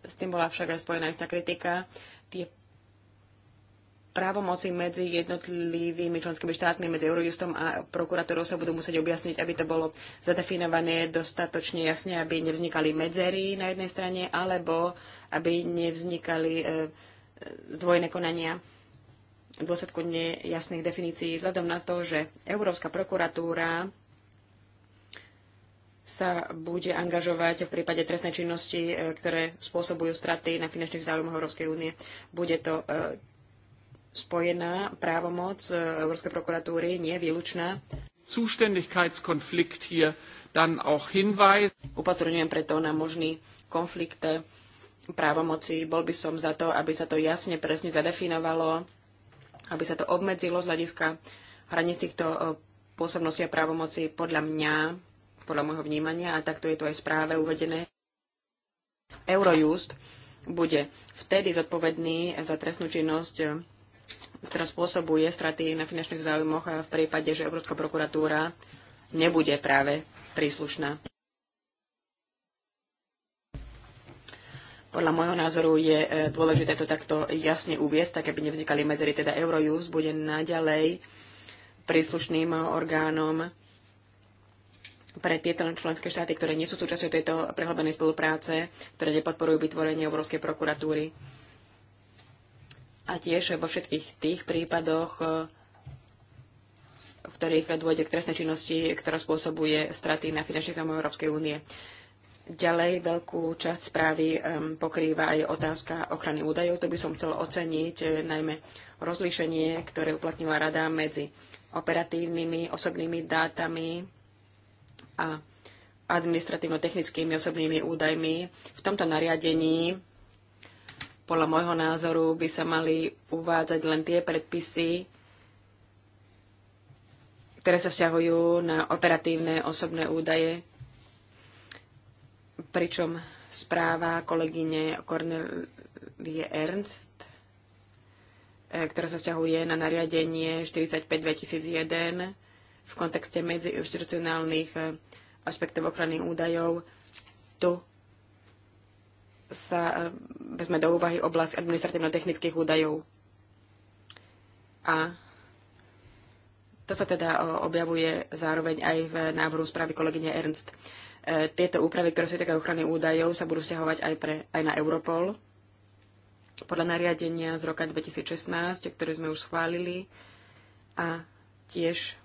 s tým bola však aj spojená istá kritika, tie právomoci medzi jednotlivými členskými štátmi, medzi Eurojustom a prokuratúrou sa budú musieť objasniť, aby to bolo zadefinované dostatočne jasne, aby nevznikali medzery na jednej strane, alebo aby nevznikali e, e zdvojené konania v dôsledku nejasných definícií, vzhľadom na to, že Európska prokuratúra sa bude angažovať v prípade trestnej činnosti, e, ktoré spôsobujú straty na finančných záujmoch Európskej únie. Bude to e, spojená právomoc e, Európskej prokuratúry, nie výlučná. Zuständigkeitskonflikt hier dann auch hinweis. Upozorňujem preto na možný konflikt právomoci. Bol by som za to, aby sa to jasne presne zadefinovalo, aby sa to obmedzilo z hľadiska hraníc týchto e, pôsobností a právomoci podľa mňa, podľa môjho vnímania, a takto je to aj správe uvedené. Eurojust bude vtedy zodpovedný za trestnú činnosť Teraz spôsobuje straty na finančných záujmoch v prípade, že Európska prokuratúra nebude práve príslušná. Podľa môjho názoru je e, dôležité to takto jasne uviesť, tak aby nevznikali medzery. Teda Eurojust bude naďalej príslušným orgánom pre tieto členské štáty, ktoré nie sú súčasťou tejto prehlbenej spolupráce, ktoré nepodporujú vytvorenie Európskej prokuratúry a tiež vo všetkých tých prípadoch, e, v ktorých dôjde k trestnej činnosti, ktorá spôsobuje straty na finančných domov Európskej únie. Ďalej veľkú časť správy e, pokrýva aj otázka ochrany údajov. To by som chcel oceniť, e, najmä rozlíšenie, ktoré uplatnila Rada medzi operatívnymi osobnými dátami a administratívno-technickými osobnými údajmi. V tomto nariadení podľa môjho názoru by sa mali uvádzať len tie predpisy, ktoré sa vzťahujú na operatívne osobné údaje, pričom správa kolegyne Cornelie Ernst e, ktorá sa vzťahuje na nariadenie 45-2001 v kontexte medziinstitucionálnych e, aspektov ochrany údajov. Tu sa e, vezme do úvahy oblasť administratívno-technických údajov. A to sa teda e, objavuje zároveň aj v návrhu správy kolegyne Ernst. E, tieto úpravy, ktoré sa týkajú ochrany údajov, sa budú stiahovať aj, pre, aj na Europol. Podľa nariadenia z roka 2016, ktoré sme už schválili, a tiež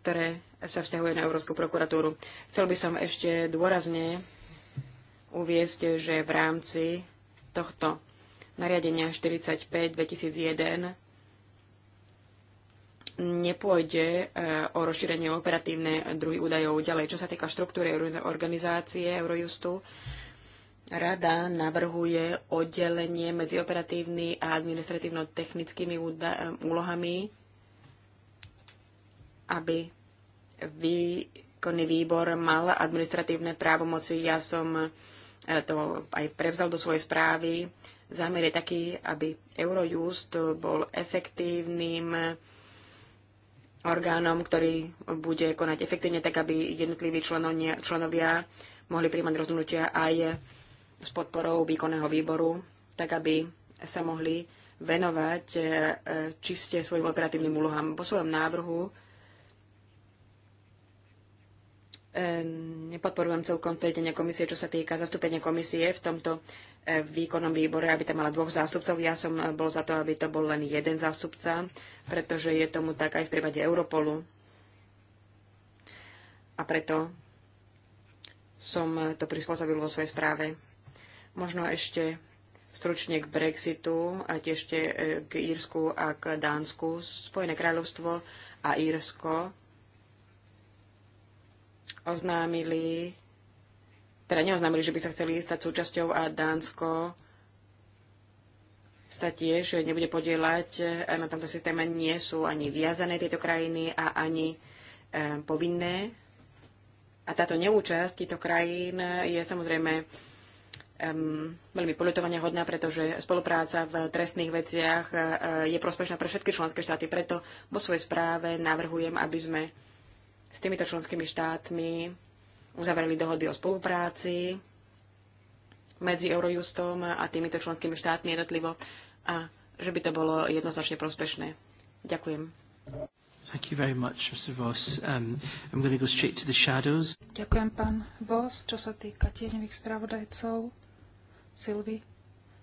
ktoré sa vzťahuje na Európsku prokuratúru. Chcel by som ešte dôrazne uviezť, že v rámci tohto nariadenia 45-2001 nepôjde e, o rozšírenie operatívne druhy údajov ďalej. Čo sa týka štruktúry organizácie Eurojustu, Rada navrhuje oddelenie medzi operatívny a administratívno-technickými úlohami, aby výkonný výbor mal administratívne právomoci. Ja som E, to aj prevzal do svojej správy. Zámer je taký, aby Eurojust bol efektívnym orgánom, ktorý bude konať efektívne, tak aby jednotliví členovia, mohli príjmať rozhodnutia aj s podporou výkonného výboru, tak aby sa mohli venovať e, čiste svojim operatívnym úlohám. Po svojom návrhu E, nepodporujem celkom tvrdenie komisie, čo sa týka zastúpenia komisie v tomto e, výkonnom výbore, aby tam mala dvoch zástupcov. Ja som e, bol za to, aby to bol len jeden zástupca, pretože je tomu tak aj v prípade Europolu. A preto som to prispôsobil vo svojej správe. Možno ešte stručne k Brexitu a tiež k Írsku a k Dánsku. Spojené kráľovstvo a Írsko oznámili, teda neoznámili, že by sa chceli stať súčasťou a Dánsko sa tiež nebude podielať e, na tomto systéme. Nie sú ani viazané tieto krajiny a ani e, povinné. A táto neúčasť týchto krajín je samozrejme um, veľmi politovania hodná, pretože spolupráca v trestných veciach e, je prospešná pre všetky členské štáty. Preto vo svojej správe navrhujem, aby sme s týmito členskými štátmi uzavreli dohody o spolupráci medzi Eurojustom a týmito členskými štátmi jednotlivo a že by to bolo jednoznačne prospešné. Ďakujem. Thank you very much, Mr. Voss. Um, I'm going to go straight to the shadows. Ďakujem, pán Voss. Čo sa týka tieňových spravodajcov, Sylvie,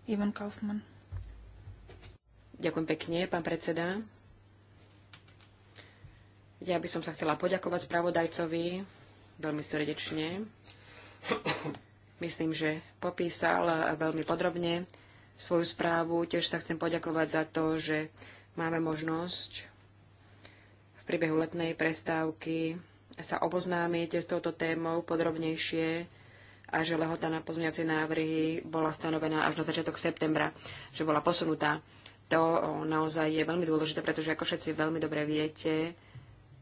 Ivan Kaufman. Ďakujem pekne, pán predseda. Ja by som sa chcela poďakovať spravodajcovi veľmi srdečne. Myslím, že popísal veľmi podrobne svoju správu. Tiež sa chcem poďakovať za to, že máme možnosť v priebehu letnej prestávky sa oboznámiť s touto témou podrobnejšie a že lehota na pozmeňovacie návrhy bola stanovená až na začiatok septembra, že bola posunutá. To naozaj je veľmi dôležité, pretože ako všetci veľmi dobre viete,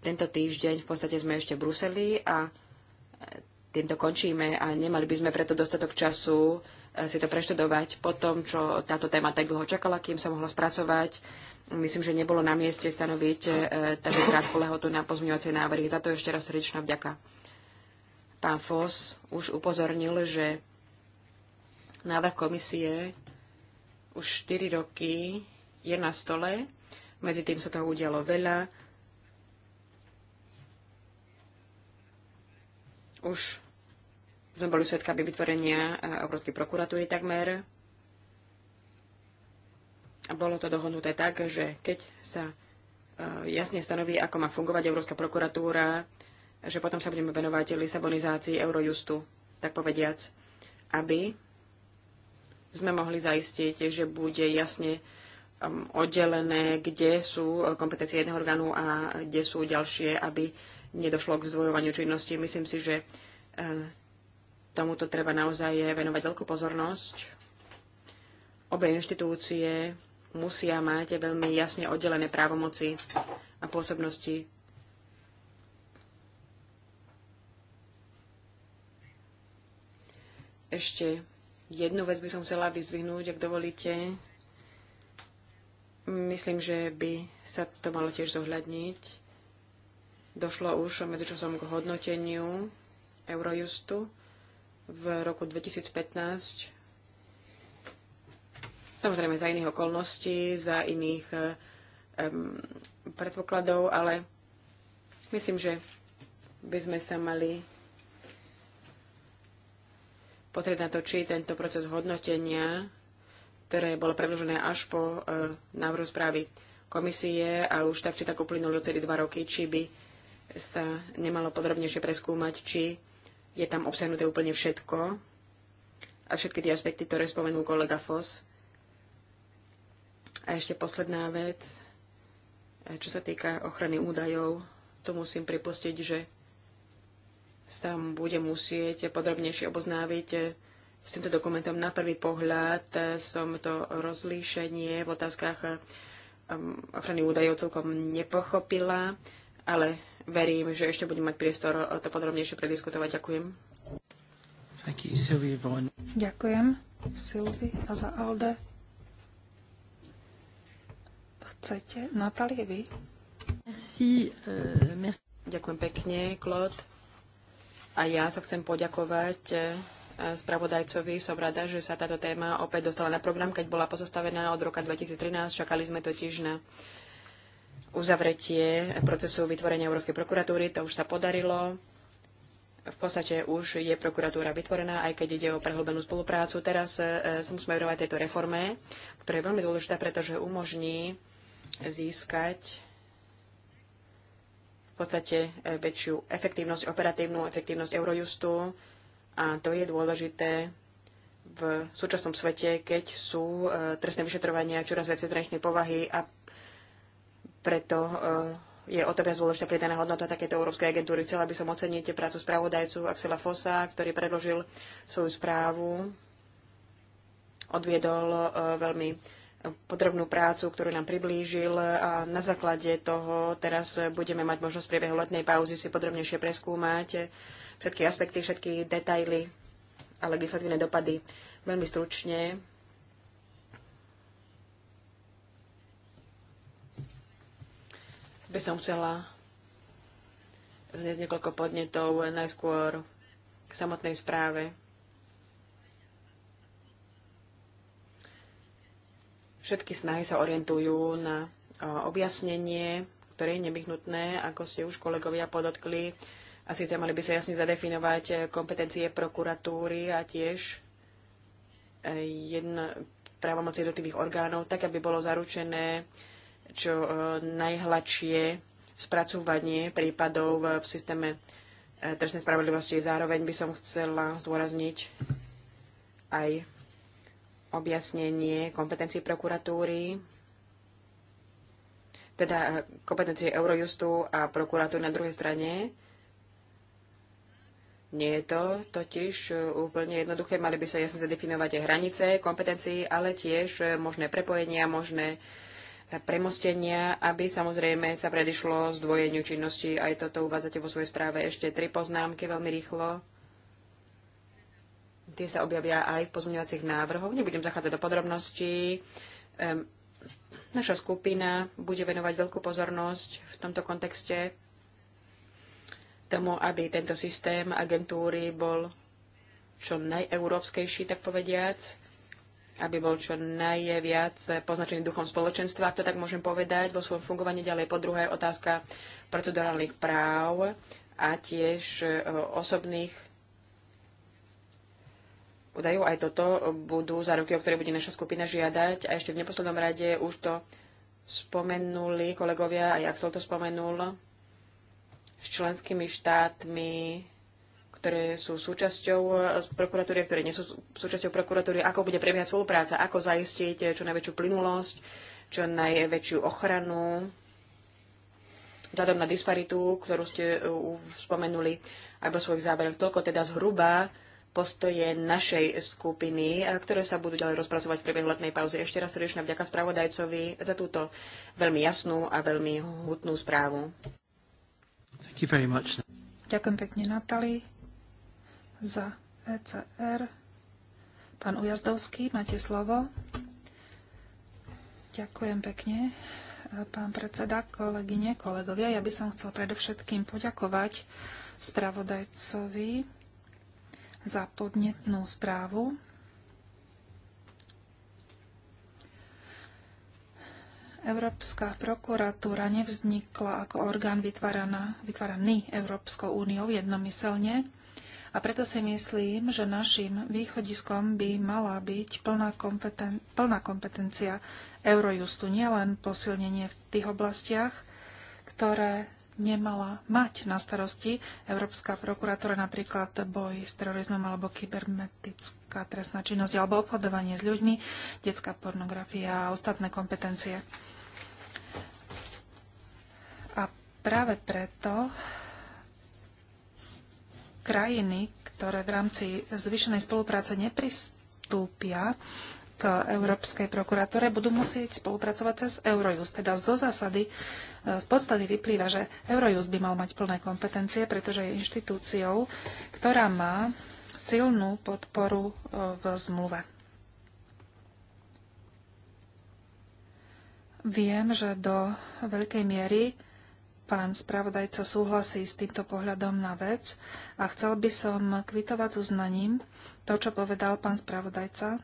tento týždeň v podstate sme ešte v Bruseli a týmto končíme a nemali by sme preto dostatok času eh, si to preštudovať po tom, čo táto téma tak dlho čakala, kým sa mohla spracovať. Myslím, že nebolo na mieste stanoviť eh, takú krátku lehotu na pozmeňovacie návrhy. Za to ešte raz srdečná vďaka. Pán Foss už upozornil, že návrh komisie už 4 roky je na stole. Medzi tým sa toho udialo veľa. Už sme boli svetkami vytvorenia e, Európskej prokuratúry takmer. A bolo to dohodnuté tak, že keď sa e, jasne stanoví, ako má fungovať Európska prokuratúra, že potom sa budeme venovať Lisabonizácii Eurojustu, tak povediac, aby sme mohli zaistiť, že bude jasne um, oddelené, kde sú e, kompetencie jedného orgánu a kde sú ďalšie, aby nedošlo k zdvojovaniu činnosti. Myslím si, že e, tomuto treba naozaj venovať veľkú pozornosť. Obe inštitúcie musia mať veľmi jasne oddelené právomoci a pôsobnosti. Ešte jednu vec by som chcela vyzdvihnúť, ak dovolíte. Myslím, že by sa to malo tiež zohľadniť Došlo už medzičasom k hodnoteniu Eurojustu v roku 2015. Samozrejme za iných okolností, za iných um, predpokladov, ale myslím, že by sme sa mali pozrieť na to, či tento proces hodnotenia, ktoré bolo predložené až po uh, návrhu správy komisie a už tak či tak uplynuli odtedy dva roky, či by sa nemalo podrobnejšie preskúmať, či je tam obsahnuté úplne všetko a všetky tie aspekty, ktoré spomenul kolega Foss. A ešte posledná vec, e, čo sa týka ochrany údajov, tu musím pripustiť, že sa bude musieť podrobnejšie oboznáviť e, s týmto dokumentom. Na prvý pohľad e, som to rozlíšenie v otázkach ochrany údajov celkom nepochopila, ale verím, že ešte budem mať priestor to podrobnejšie prediskutovať. Ďakujem. You, Ďakujem, Silvi a za Alde. Chcete? Natálie, vy? Merci, uh, merci. Ďakujem pekne, Klod. A ja sa chcem poďakovať e, spravodajcovi. Som rada, že sa táto téma opäť dostala na program, keď bola pozostavená od roka 2013. Čakali sme totiž na uzavretie procesu vytvorenia Európskej prokuratúry. To už sa podarilo. V podstate už je prokuratúra vytvorená, aj keď ide o prehlbenú spoluprácu. Teraz e, sa musíme venovať tejto reforme, ktorá je veľmi dôležitá, pretože umožní získať v podstate e, väčšiu efektívnosť, operatívnu efektívnosť Eurojustu a to je dôležité v súčasnom svete, keď sú e, trestné vyšetrovania čoraz viacej zraničnej povahy a preto eh, je o to viac dôležitá pridaná hodnota takéto Európskej agentúry. Chcela by som oceniť prácu spravodajcu Axela Fossa, ktorý predložil svoju správu. Odviedol eh, veľmi podrobnú prácu, ktorú nám priblížil a na základe toho teraz budeme mať možnosť v priebehu letnej pauzy si podrobnejšie preskúmať všetky aspekty, všetky detaily a legislatívne dopady. Veľmi stručne by som chcela znieť niekoľko podnetov najskôr k samotnej správe. Všetky snahy sa orientujú na objasnenie, ktoré je nevyhnutné, ako ste už kolegovia podotkli. A síce mali by sa jasne zadefinovať e, kompetencie prokuratúry a tiež e, jedna právomoci jednotlivých orgánov, tak aby bolo zaručené čo e, najhladšie spracúvanie prípadov v systéme e, trestnej spravodlivosti. Zároveň by som chcela zdôrazniť aj objasnenie kompetencií prokuratúry, teda e, kompetencie Eurojustu a prokuratúry na druhej strane. Nie je to totiž úplne jednoduché. Mali by sa jasne zadefinovať aj hranice kompetencií, ale tiež možné prepojenia, možné uh, E, premostenia, aby samozrejme sa predišlo zdvojeniu činnosti. Aj toto uvádzate vo svojej správe. Ešte tri poznámky veľmi rýchlo. Tie sa objavia aj v pozmeňovacích návrhoch. Nebudem zachádzať do podrobností. E, naša skupina bude venovať veľkú pozornosť v tomto kontexte tomu, aby tento systém agentúry bol čo najeurópskejší, tak povediac aby bol čo najviac poznačený duchom spoločenstva, ak to tak môžem povedať, vo svojom fungovaní ďalej. Po druhé, otázka procedurálnych práv a tiež e, osobných údajov. Aj toto budú za ruky, o ktoré bude naša skupina žiadať. A ešte v neposlednom rade už to spomenuli kolegovia, aj Axel to spomenul, s členskými štátmi ktoré sú súčasťou eh, prokuratúry ktoré nie sú súčasťou prokuratúry, ako bude prebiehať spolupráca, ako zaistiť eh, čo najväčšiu plynulosť, čo najväčšiu ochranu vzhľadom na disparitu, ktorú ste eh, spomenuli aj vo svojich záberoch. Toľko teda zhruba postoje našej skupiny, ktoré sa budú ďalej rozpracovať v priebehu letnej pauzy. Ešte raz srdečná vďaka spravodajcovi za túto veľmi jasnú a veľmi hutnú správu. Ďakujem pekne, Natali za ECR. Pán Ujazdovský, máte slovo. Ďakujem pekne, pán predseda, kolegyne, kolegovia. Ja by som chcel predovšetkým poďakovať spravodajcovi za podnetnú správu. Európska prokuratúra nevznikla ako orgán vytváraný Európskou úniou jednomyselne, a preto si myslím, že našim východiskom by mala byť plná, kompeten- plná kompetencia Eurojustu, nielen posilnenie v tých oblastiach, ktoré nemala mať na starosti Európska prokuratúra, napríklad boj s terorizmom alebo kybernetická trestná činnosť alebo obchodovanie s ľuďmi, detská pornografia a ostatné kompetencie. A práve preto krajiny, ktoré v rámci zvyšenej spolupráce nepristúpia k Európskej prokuratúre, budú musieť spolupracovať cez Eurojust. Teda zo zásady, e, z podstaty vyplýva, že Eurojust by mal mať plné kompetencie, pretože je inštitúciou, ktorá má silnú podporu e, v zmluve. Viem, že do veľkej miery pán spravodajca súhlasí s týmto pohľadom na vec a chcel by som kvitovať s uznaním to, čo povedal pán spravodajca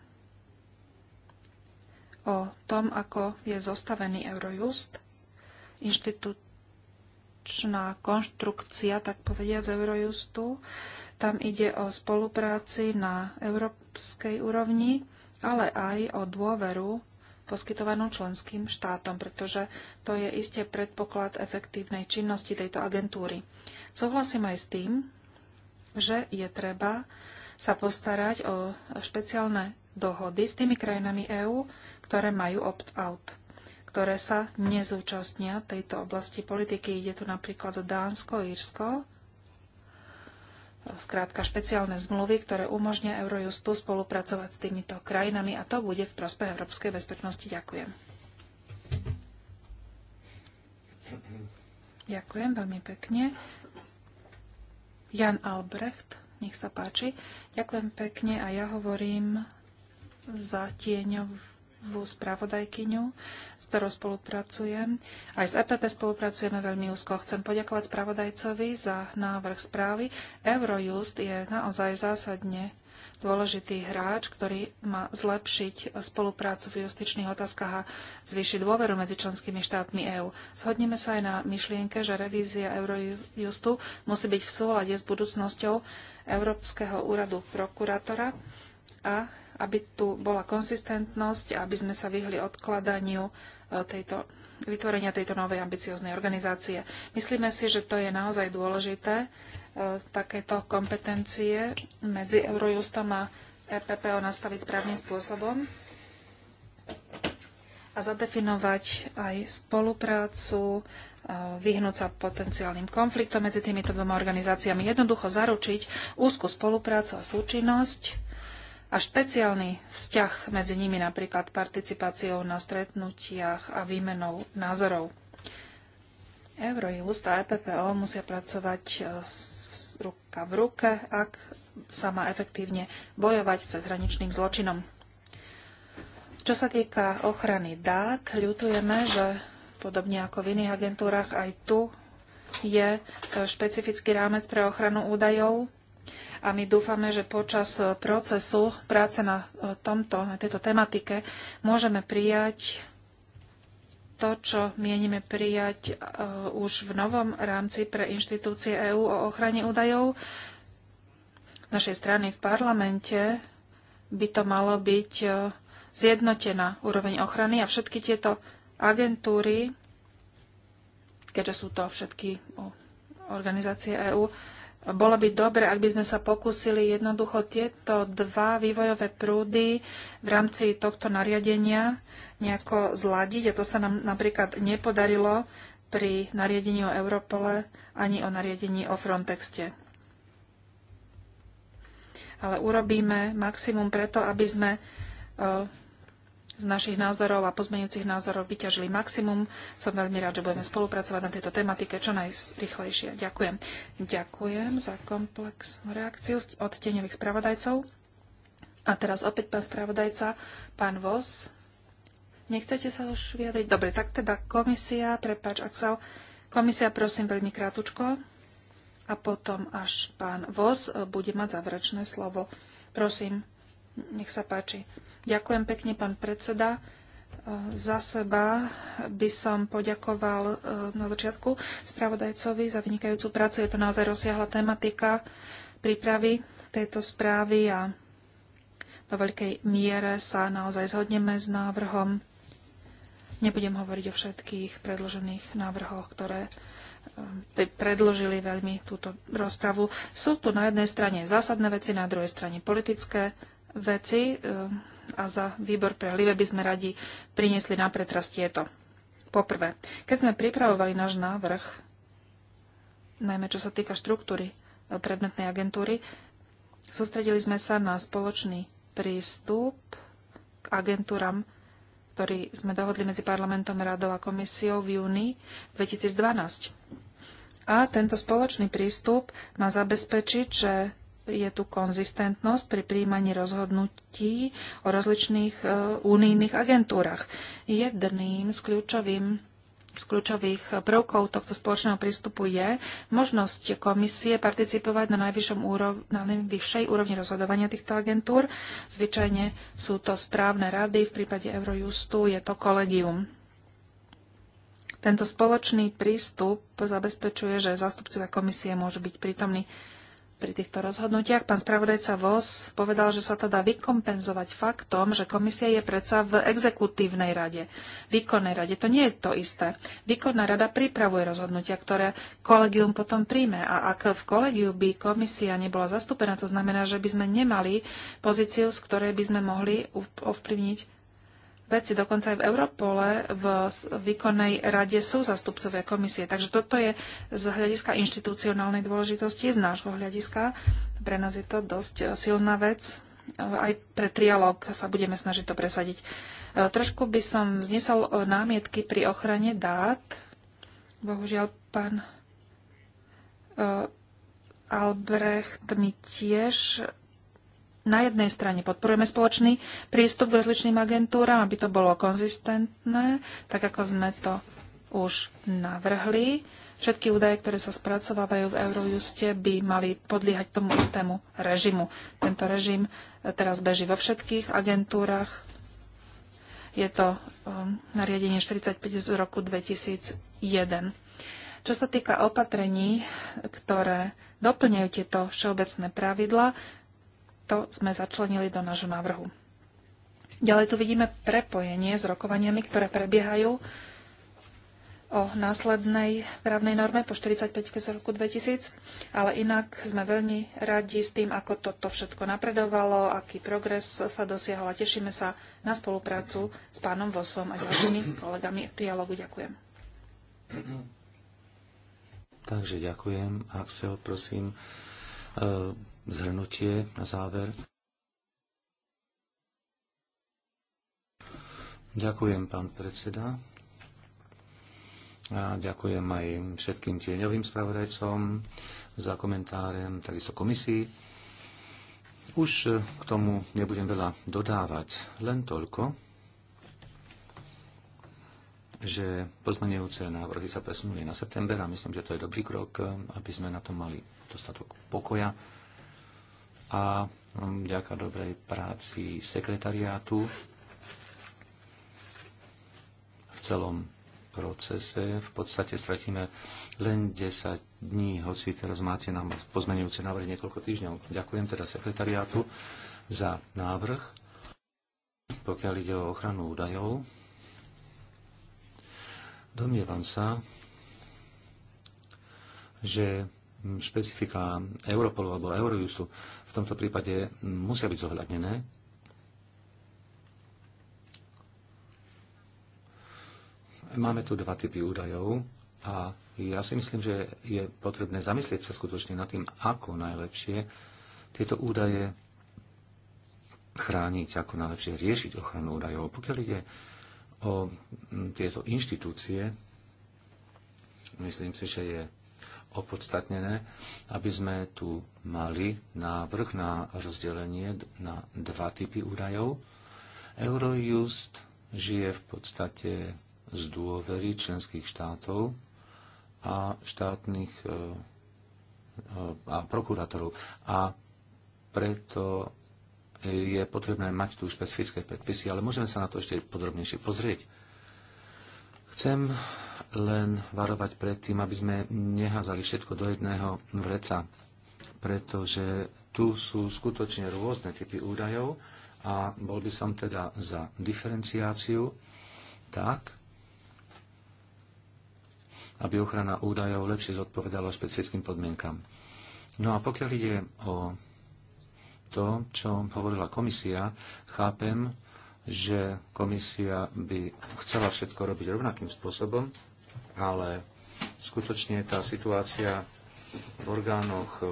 o tom, ako je zostavený Eurojust, inštitučná konštrukcia, tak povedia z Eurojustu. Tam ide o spolupráci na európskej úrovni, ale aj o dôveru poskytovanú členským štátom, pretože to je iste predpoklad efektívnej činnosti tejto agentúry. Súhlasím aj s tým, že je treba sa postarať o špeciálne dohody s tými krajinami EÚ, ktoré majú opt-out, ktoré sa nezúčastnia tejto oblasti politiky. Ide tu napríklad o Dánsko, Írsko, Zkrátka špeciálne zmluvy, ktoré umožnia Eurojustu spolupracovať s týmito krajinami a to bude v prospech európskej bezpečnosti. Ďakujem. Ďakujem veľmi pekne. Jan Albrecht, nech sa páči. Ďakujem pekne a ja hovorím za tieňov novú spravodajkyňu, s ktorou spolupracujem. Aj s EPP spolupracujeme veľmi úzko. Chcem poďakovať spravodajcovi za návrh správy. Eurojust je naozaj zásadne dôležitý hráč, ktorý má zlepšiť spoluprácu v justičných otázkach a zvýšiť dôveru medzi členskými štátmi EÚ. Shodneme sa aj na myšlienke, že revízia Eurojustu musí byť v súlade s budúcnosťou Európskeho úradu prokurátora a aby tu bola konsistentnosť, aby sme sa vyhli odkladaniu e, tejto, vytvorenia tejto novej ambicioznej organizácie. Myslíme si, že to je naozaj dôležité, e, takéto kompetencie medzi Eurojustom a EPPO nastaviť správnym spôsobom a zadefinovať aj spoluprácu, e, vyhnúť sa potenciálnym konfliktom medzi týmito dvoma organizáciami, jednoducho zaručiť úzku spoluprácu a súčinnosť a špeciálny vzťah medzi nimi napríklad participáciou na stretnutiach a výmenou názorov. Eurojust a EPPO musia pracovať e, ruka v ruke, ak sa má efektívne bojovať cez hraničným zločinom. Čo sa týka ochrany dák, ľutujeme, že podobne ako v iných agentúrach aj tu je e, špecifický rámec pre ochranu údajov a my dúfame, že počas e, procesu práce na e, tomto, na tejto tematike môžeme prijať to, čo mienime prijať e, už v novom rámci pre inštitúcie EÚ o ochrane údajov. Našej strany v parlamente by to malo byť zjednotená úroveň ochrany a všetky tieto agentúry, keďže sú to všetky organizácie EÚ, bolo by dobre, ak by sme sa pokúsili jednoducho tieto dva vývojové prúdy v rámci tohto nariadenia nejako zladiť. A to sa nám napríklad nepodarilo pri nariadení o Europole ani o nariadení o Frontexte. Ale urobíme maximum preto, aby sme e, z našich názorov a pozmeňujúcich názorov vyťažili maximum. Som veľmi rád, že budeme spolupracovať na tejto tematike čo najrychlejšie. Ďakujem. Ďakujem za komplexnú reakciu od tieňových spravodajcov. A teraz opäť pán spravodajca, pán Vos. Nechcete sa už vyjadriť? Dobre, tak teda komisia, prepáč Axel, komisia prosím veľmi krátučko a potom až pán Vos bude mať záverečné slovo. Prosím, nech sa páči. Ďakujem pekne, pán predseda. E, za seba by som poďakoval e, na začiatku spravodajcovi za vynikajúcu prácu. Je to naozaj rozsiahla tematika prípravy tejto správy a do veľkej miere sa naozaj zhodneme s návrhom. Nebudem hovoriť o všetkých predložených návrhoch, ktoré e, predložili veľmi túto rozpravu. Sú tu na jednej strane zásadné veci, na druhej strane politické veci a za výbor pre Live by sme radi priniesli na pretras tieto. Poprvé, keď sme pripravovali náš návrh, najmä čo sa týka štruktúry e, predmetnej agentúry, sústredili sme sa na spoločný prístup k agentúram, ktorý sme dohodli medzi parlamentom, radou a komisiou v júni 2012. A tento spoločný prístup má zabezpečiť, že je tu konzistentnosť pri príjmaní rozhodnutí o rozličných e, unijných agentúrach. Jedným z kľúčovým z kľúčových prvkov tohto spoločného prístupu je možnosť komisie participovať na, úrov, na najvyššej úrovni rozhodovania týchto agentúr. Zvyčajne sú to správne rady, v prípade Eurojustu je to kolegium. Tento spoločný prístup zabezpečuje, že zástupcovia komisie môžu byť prítomní pri týchto rozhodnutiach. Pán spravodajca Vos povedal, že sa to dá vykompenzovať faktom, že komisia je predsa v exekutívnej rade, výkonnej rade. To nie je to isté. Výkonná rada pripravuje rozhodnutia, ktoré kolegium potom príjme. A ak v kolegiu by komisia nebola zastúpená, to znamená, že by sme nemali pozíciu, z ktorej by sme mohli ovplyvniť veci. Dokonca aj v Europole, v výkonnej rade sú zastupcovia komisie. Takže toto je z hľadiska inštitucionálnej dôležitosti, z nášho hľadiska. Pre nás je to dosť e, silná vec. E, aj pre trialog sa budeme snažiť to presadiť. E, trošku by som vznesol námietky pri ochrane dát. Bohužiaľ, pán Albrecht mi tiež na jednej strane podporujeme spoločný prístup k rozličným agentúram, aby to bolo konzistentné, tak ako sme to už navrhli. Všetky údaje, ktoré sa spracovávajú v Eurojuste, by mali podliehať tomu istému režimu. Tento režim eh, teraz beží vo všetkých agentúrach. Je to eh, nariadenie 45 z roku 2001. Čo sa týka opatrení, ktoré doplňajú tieto všeobecné pravidla, to sme začlenili do nášho návrhu. Ďalej tu vidíme prepojenie s rokovaniami, ktoré prebiehajú o následnej právnej norme po 45 z roku 2000, ale inak sme veľmi radi s tým, ako toto všetko napredovalo, aký progres sa dosiahol a tešíme sa na spoluprácu s pánom Vosom a ďalšími kolegami v trialogu. Ďakujem. Takže ďakujem. Axel, prosím, e, zhrnutie na záver. Ďakujem, pán predseda. A ďakujem aj všetkým tieňovým spravodajcom za komentárem, takisto komisii. Už k tomu nebudem veľa dodávať, len toľko, že pozmenujúce návrhy sa presunuli na september a myslím, že to je dobrý krok, aby sme na to mali dostatok pokoja a hm, vďaka dobrej práci sekretariátu v celom procese v podstate stratíme len 10 dní, hoci teraz máte nám pozmenujúce návrhy niekoľko týždňov. Ďakujem teda sekretariátu za návrh, pokiaľ ide o ochranu údajov. Domnievam sa, že špecifika Europolu alebo Eurojusu v tomto prípade musia byť zohľadnené. Máme tu dva typy údajov a ja si myslím, že je potrebné zamyslieť sa skutočne nad tým, ako najlepšie tieto údaje chrániť, ako najlepšie riešiť ochranu údajov. Pokiaľ ide o tieto inštitúcie, myslím si, že je opodstatnené, aby sme tu mali návrh na rozdelenie na dva typy údajov. Eurojust žije v podstate z dôvery členských štátov a štátnych e, e, a prokurátorov. A preto je potrebné mať tu špecifické predpisy, ale môžeme sa na to ešte podrobnejšie pozrieť. Chcem len varovať pred tým, aby sme neházali všetko do jedného vreca, pretože tu sú skutočne rôzne typy údajov a bol by som teda za diferenciáciu tak, aby ochrana údajov lepšie zodpovedala špecifickým podmienkam. No a pokiaľ ide o to, čo hovorila komisia, chápem, že komisia by chcela všetko robiť rovnakým spôsobom, ale skutočne tá situácia v orgánoch e,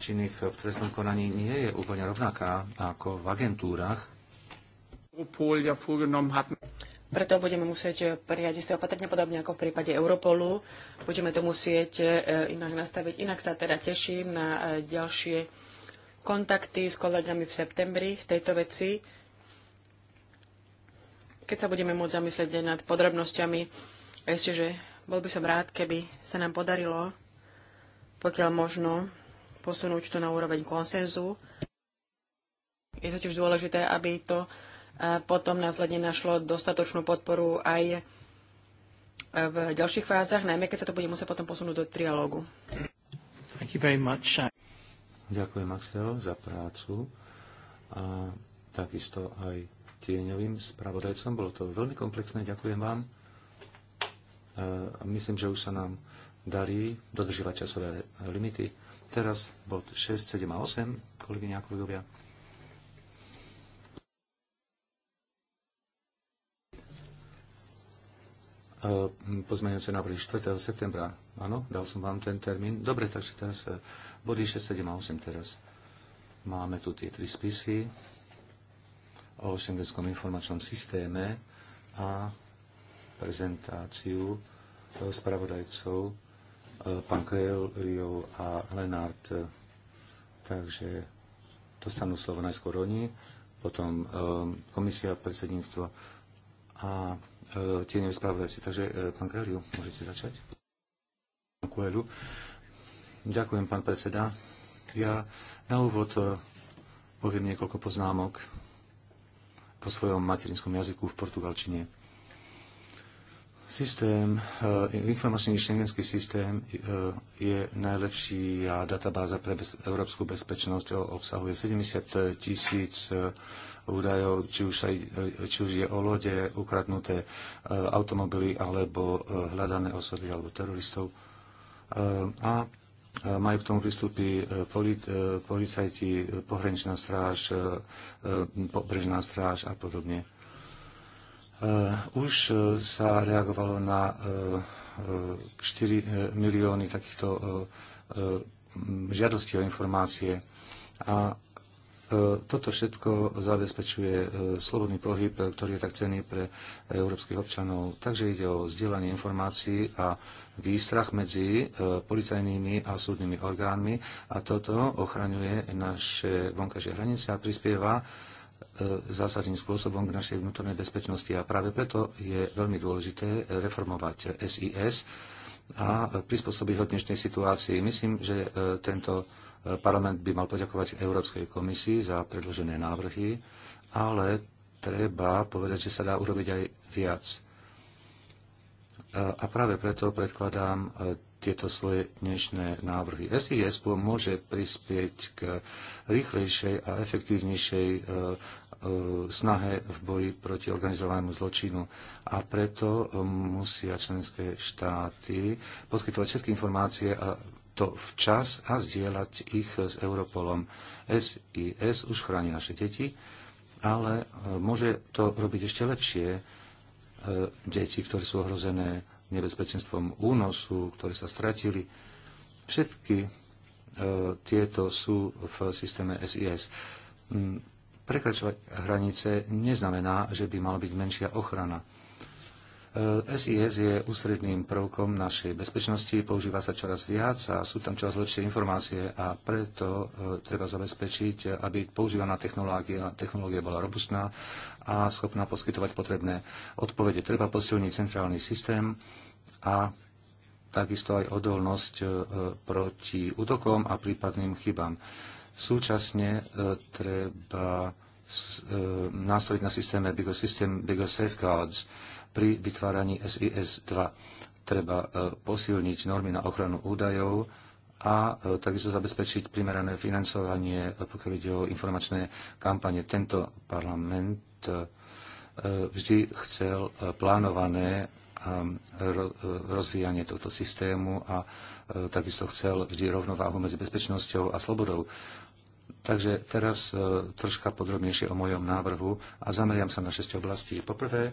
činných v trestnom konaní nie je úplne rovnaká ako v agentúrach. Preto budeme musieť prijať isté opatrne podobne ako v prípade Europolu. Budeme to musieť e, inak nastaviť. Inak sa teda teším na e, ďalšie kontakty s kolegami v septembri v tejto veci, keď sa budeme môcť zamyslieť nad podrobnosťami. Ešte, že bol by som rád, keby sa nám podarilo, pokiaľ možno, posunúť to na úroveň konsenzu. Je totiž dôležité, aby to potom následne našlo dostatočnú podporu aj v ďalších fázach, najmä keď sa to bude musieť potom posunúť do trialógu. Thank you very much. Ďakujem, Axel, za prácu a takisto aj tieňovým spravodajcom. Bolo to veľmi komplexné. Ďakujem vám. Myslím, že už sa nám darí dodržívať časové limity. Teraz bod 6, 7 a 8, kolegyne a kolegovia. pozmeňujúce návrhy 4. septembra. Áno, dal som vám ten termín. Dobre, takže teraz e, body 6, 7 a 8 teraz. Máme tu tie tri spisy o šengenskom informačnom systéme a prezentáciu e, spravodajcov e, pán Rio a Lenard. Takže dostanú slovo najskôr oni, potom e, komisia predsedníctva a tieňoví spravodajci. Takže pán Koeliov, môžete začať. Pán Koeliu. Ďakujem, pán predseda. Ja na úvod poviem niekoľko poznámok po svojom materinskom jazyku v portugalčine. Systém, eh, informačný šengenský systém eh, je najlepšia databáza pre bez, európsku bezpečnosť. Obsahuje 70 tisíc eh, údajov, či už, aj, či už je o lode, ukradnuté automobily alebo hľadané osoby alebo teroristov. A majú k tomu prístupy policajti, pohraničná stráž, pobrežná stráž a podobne. Eh, už eh, sa reagovalo na 4 eh, milióny takýchto žiadostí o informácie a toto všetko zabezpečuje slobodný pohyb, ktorý je tak cený pre európskych občanov. Takže ide o zdieľanie informácií a výstrach medzi policajnými a súdnymi orgánmi a toto ochraňuje naše vonkajšie hranice a prispieva E, zásadným spôsobom k našej vnútornej bezpečnosti. A práve preto je veľmi dôležité reformovať SIS a prispôsobiť ho dnešnej situácii. Myslím, že e, tento e, parlament by mal poďakovať Európskej komisii za predložené návrhy, ale treba povedať, že sa dá urobiť aj viac. A práve preto predkladám tieto svoje dnešné návrhy. SIS môže prispieť k rýchlejšej a efektívnejšej e, e, snahe v boji proti organizovanému zločinu. A preto e, musia členské štáty poskytovať všetky informácie a to včas a zdieľať ich s Europolom. SIS už chráni naše deti, ale môže to robiť ešte lepšie deti, ktoré sú ohrozené nebezpečenstvom únosu, ktoré sa stratili. Všetky e, tieto sú v systéme SIS. Mm, prekračovať hranice neznamená, že by mala byť menšia ochrana. SIS e, je ústredným prvkom našej bezpečnosti, používa sa čoraz viac a sú tam čoraz lepšie informácie a preto e, treba zabezpečiť, aby používaná technológia, technológia bola robustná a schopná poskytovať potrebné odpovede. Treba posilniť centrálny systém a takisto aj odolnosť e, proti útokom a prípadným chybám. Súčasne e, treba e, nástrojiť na systéme Bigger System, Bigger Safeguards pri vytváraní SIS-2. Treba posilniť normy na ochranu údajov a takisto zabezpečiť primerané financovanie, pokiaľ ide o informačné kampane. Tento parlament vždy chcel plánované rozvíjanie tohto systému a e, takisto chcel vždy rovnováhu medzi bezpečnosťou a slobodou. Takže teraz e, troška podrobnejšie o mojom návrhu a zameriam sa na 6 oblastí. Poprvé, e,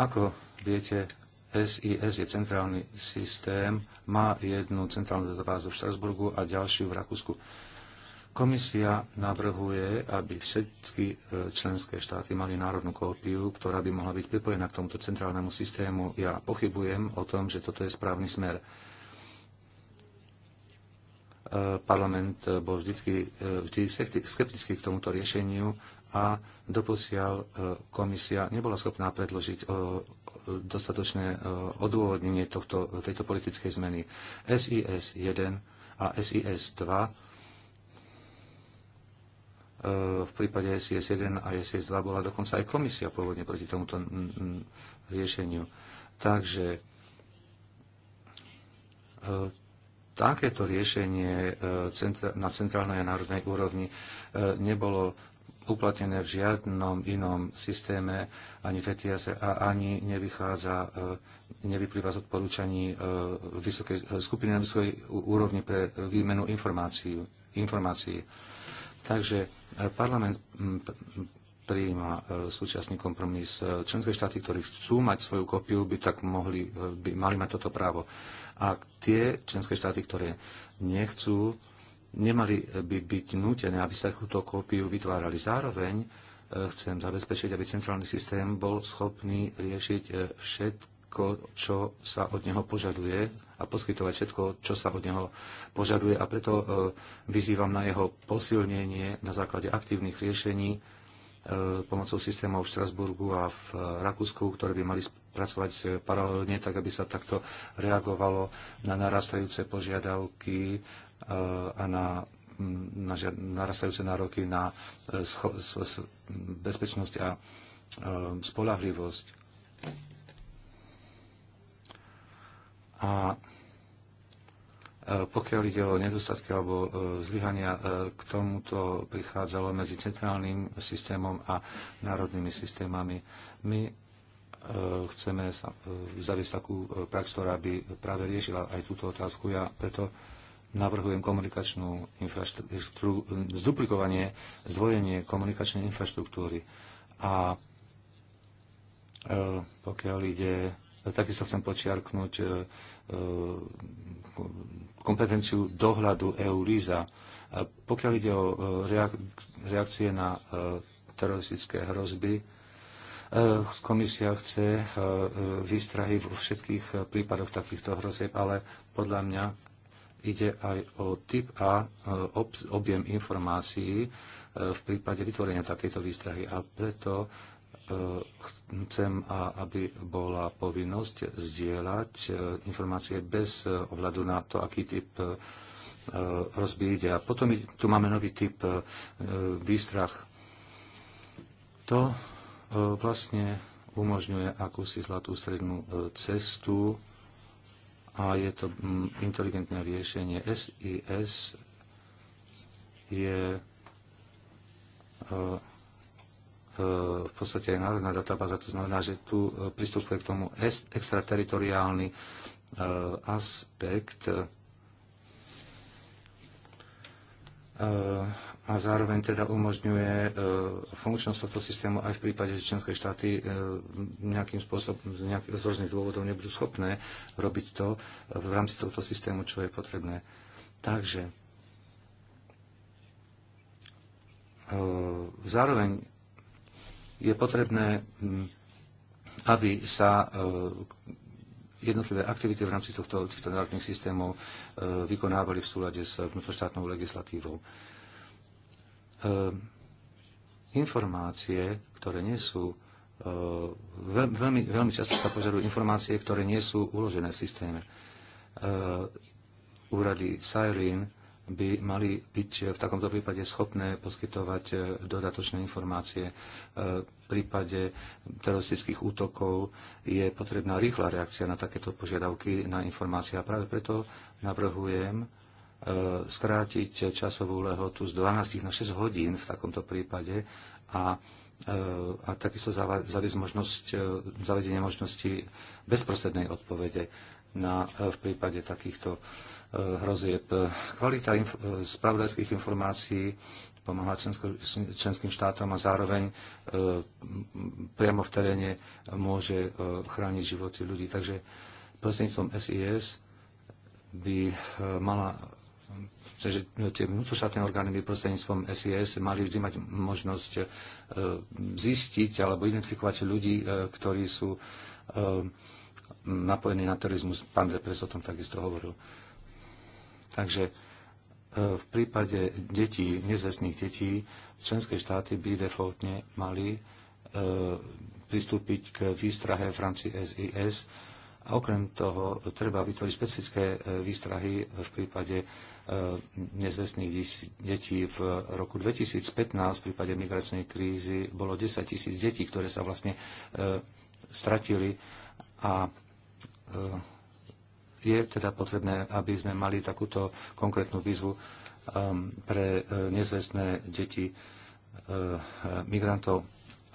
ako viete, SIS je centrálny systém, má jednu centrálnu databázu v Štrasburgu a ďalšiu v Rakúsku Komisia navrhuje, aby všetky e, členské štáty mali národnú kópiu, ktorá by mohla byť pripojená k tomuto centrálnemu systému. Ja pochybujem o tom, že toto je správny smer. E, parlament bol e, vždy, vždy skeptický k tomuto riešeniu a doposiaľ komisia nebola schopná predložiť dostatočné odôvodnenie tohto, tejto politickej zmeny. SIS 1 a SIS 2 v prípade SIS-1 a SIS-2 bola dokonca aj komisia pôvodne proti tomuto riešeniu. Takže e, takéto riešenie e, na centrálnej a národnej úrovni e, nebolo uplatnené v žiadnom inom systéme, ani v ETIASe, a ani nevychádza, nevyplýva z odporúčaní vysokej skupiny na vysokej úrovni pre výmenu informácií. informácií. Takže e, parlament prijíma e, súčasný kompromis. E, členské štáty, ktorí chcú mať svoju kopiu, by tak mohli, by mali mať toto právo. A tie členské štáty, ktoré nechcú, nemali by byť nútené, aby sa túto kópiu vytvárali. Zároveň chcem zabezpečiť, aby centrálny systém bol schopný riešiť všetko, čo sa od neho požaduje a poskytovať všetko, čo sa od neho požaduje. A preto e, vyzývam na jeho posilnenie na základe aktívnych riešení e, pomocou systémov v Štrasburgu a v Rakúsku, ktoré by mali pracovať paralelne, tak aby sa takto reagovalo na narastajúce požiadavky e, a na narastajúce nároky na bezpečnosť a spolahlivosť. A e, pokiaľ ide o nedostatky alebo e, zlyhania, e, k tomuto prichádzalo medzi centrálnym systémom a národnými systémami. My chceme zaviesť takú prax, ktorá by práve riešila aj túto otázku. Ja preto navrhujem komunikačnú infraštruktúru, zduplikovanie, zdvojenie komunikačnej infraštruktúry. A pokiaľ ide Takisto chcem počiarknúť e, e, kompetenciu dohľadu EURISA. E, pokiaľ ide o reakcie na teroristické hrozby, komisia chce výstrahy vo všetkých prípadoch takýchto hrozieb, ale podľa mňa ide aj o typ a objem informácií v prípade vytvorenia takejto výstrahy. A preto chcem, aby bola povinnosť zdieľať e, informácie bez e, ohľadu na to, aký typ e, rozby ide. A potom tu máme nový typ výstrach. To vlastne umožňuje akúsi zlatú strednú cestu a je to inteligentné riešenie. SIS je v podstate aj národná databáza, to znamená, že tu e, pristupuje k tomu extrateritoriálny e, aspekt e, a zároveň teda umožňuje funkčnosť tohto systému aj v prípade, že členské štáty nejakým spôsobom z nejakých rôznych dôvodov nebudú schopné robiť to v rámci tohto systému, čo je potrebné. Takže zároveň je potrebné, hm, aby sa eh, jednotlivé aktivity v rámci tohto, týchto národných systémov eh, vykonávali v súlade s vnútroštátnou legislatívou. Eh, informácie, ktoré nie sú veľmi, veľmi často sa požadujú informácie, ktoré nie sú uložené v systéme. Úrady Siren by mali byť eh, v takomto prípade schopné poskytovať eh, dodatočné informácie. Eh, v prípade teroristických útokov je potrebná rýchla reakcia na takéto požiadavky na informácie a práve preto navrhujem skrátiť časovú lehotu z 12 na 6 hodín v takomto prípade a a takisto zaviesť možnosť, zavedenie možnosti bezprostrednej odpovede na, v prípade takýchto Eh, hrozieb. Kvalita inf- eh, spravodajských informácií pomáha členským štátom a zároveň eh, priamo v teréne môže chrániť životy ľudí. Takže prostredníctvom SIS by mala že tie vnútroštátne orgány by prostredníctvom SIS mali vždy mať možnosť zistiť alebo identifikovať ľudí, ktorí sú napojení na terorizmus. Pán Depres o tom takisto hovoril. Takže e, v prípade detí, nezvestných detí, členské štáty by defaultne mali e, pristúpiť k výstrahe v rámci SIS a okrem toho treba vytvoriť špecifické e, výstrahy v prípade nezvestných detí. V roku 2015 v prípade migračnej krízy bolo 10 tisíc detí, ktoré sa vlastne stratili a je teda potrebné, aby sme mali takúto konkrétnu výzvu um, pre uh, nezvestné deti uh, migrantov.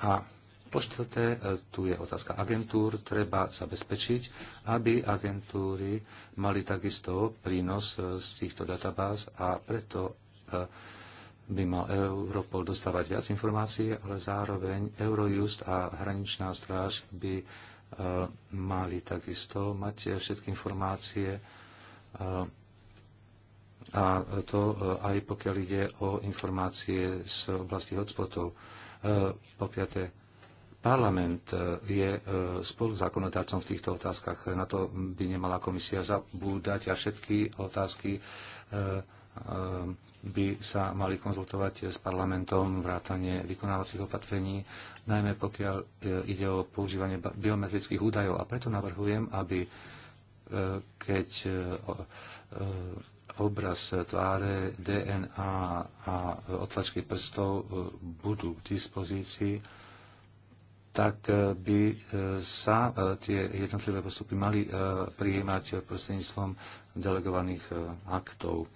A po štvrté, uh, tu je otázka agentúr. Treba zabezpečiť, aby agentúry mali takisto prínos z týchto databáz a preto by mal Europol dostávať viac informácií, ale zároveň Eurojust a hraničná stráž by Eh, mali takisto mať všetky informácie eh, a to eh, aj pokiaľ ide o informácie z oblasti hotspotov. Po piaté, parlament je spolu zákonodárcom v týchto otázkach. Na to by nemala komisia zabúdať a všetky otázky by sa mali konzultovať s parlamentom vrátanie vykonávacích opatrení, najmä pokiaľ e, ide o používanie biometrických údajov. A preto navrhujem, aby e, keď e, obraz tváre, DNA a otlačky prstov budú k dispozícii, tak by sa tie jednotlivé postupy mali prijímať prostredníctvom delegovaných aktov.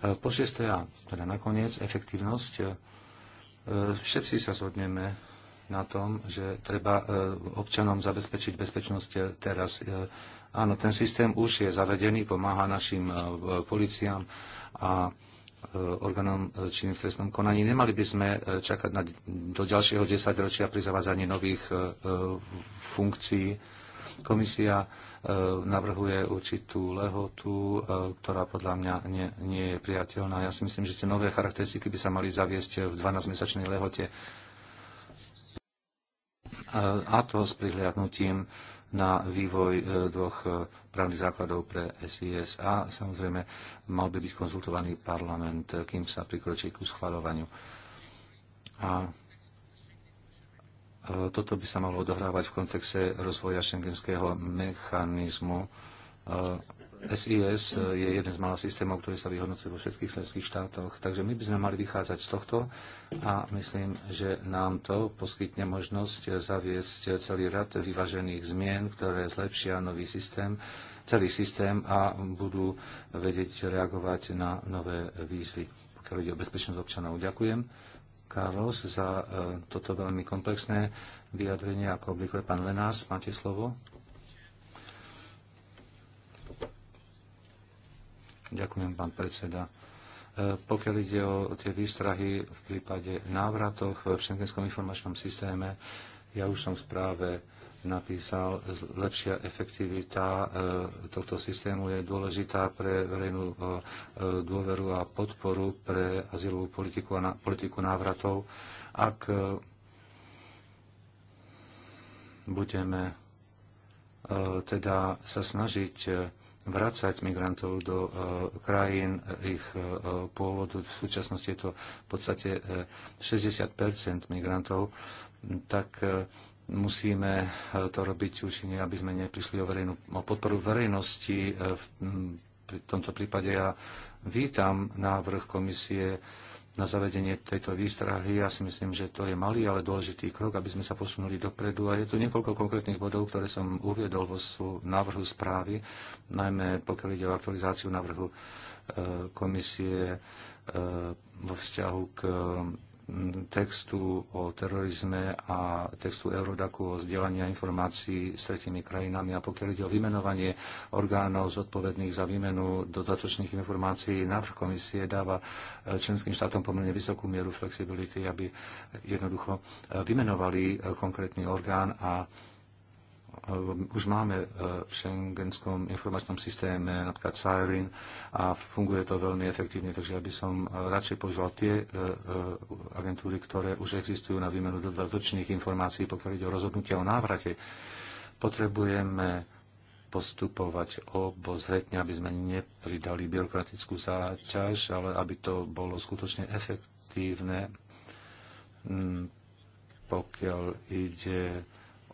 E, po šiesté a teda nakoniec efektívnosť. E, všetci sa zhodneme na tom, že treba e, občanom zabezpečiť bezpečnosť teraz. Áno, ten systém už je zavedený, pomáha našim policiám a orgánom činným v trestnom konaní. Nemali by sme čakať na, do ďalšieho desaťročia pri zavádzaní nových funkcií. Komisia Eh, navrhuje určitú lehotu, eh, ktorá podľa mňa nie, nie je priateľná. Ja si myslím, že tie nové charakteristiky by sa mali zaviesť v 12-mesačnej lehote. Eh, a to s prihliadnutím na vývoj dvoch právnych základov pre SIS a samozrejme mal by byť konzultovaný parlament, kým sa prikročí ku schvaľovaniu. A toto by sa malo odohrávať v kontexte rozvoja šengenského mechanizmu. SIS eh, eh, je jeden z malých systémov, ktorý sa vyhodnocuje vo všetkých členských štátoch, takže my by sme mali vychádzať z tohto a myslím, že nám to poskytne možnosť eh, zaviesť celý rad vyvážených zmien, ktoré zlepšia nový systém, celý systém a budú vedieť reagovať na nové výzvy, pokiaľ ide o bezpečnosť občanov. Ďakujem. Carlos, za e, toto veľmi komplexné vyjadrenie, ako obvykle pán Lenás. Máte slovo. Ďakujem, pán predseda. E, pokiaľ ide o tie výstrahy v prípade návratoch v Schengenskom informačnom systéme, ja už som v správe napísal, lepšia efektivita e, tohto systému je dôležitá pre verejnú e, dôveru a podporu pre azylovú politiku a na, politiku návratov. Ak e, budeme teda sa snažiť vracať migrantov do krajín ich pôvodu, v súčasnosti je to v podstate 60 migrantov, tak musíme eh, to robiť nie, aby sme neprišli o, verejnú, o podporu verejnosti. Eh, v tomto prípade ja vítam návrh komisie na zavedenie tejto výstrahy. Ja si myslím, že to je malý, ale dôležitý krok, aby sme sa posunuli dopredu. A je tu niekoľko konkrétnych bodov, ktoré som uviedol vo návrhu správy, najmä pokiaľ ide o aktualizáciu návrhu eh, komisie vo vzťahu k textu o terorizme a textu Eurodaku o zdieľania informácií s tretimi krajinami a pokiaľ ide o vymenovanie orgánov zodpovedných za výmenu dodatočných informácií, návrh komisie dáva e, členským štátom pomerne vysokú mieru flexibility, aby jednoducho e, vymenovali e, konkrétny orgán a Eh, už máme eh, v šengenskom informačnom systéme napríklad Siren a funguje to veľmi efektívne, takže ja by som eh, radšej požíval tie agentúry, ktoré už existujú na výmenu dodatočných informácií, pokiaľ ide o rozhodnutia o návrate. Potrebujeme postupovať obozretne, aby sme nepridali byrokratickú záťaž, ale aby to bolo skutočne efektívne, mm, pokiaľ ide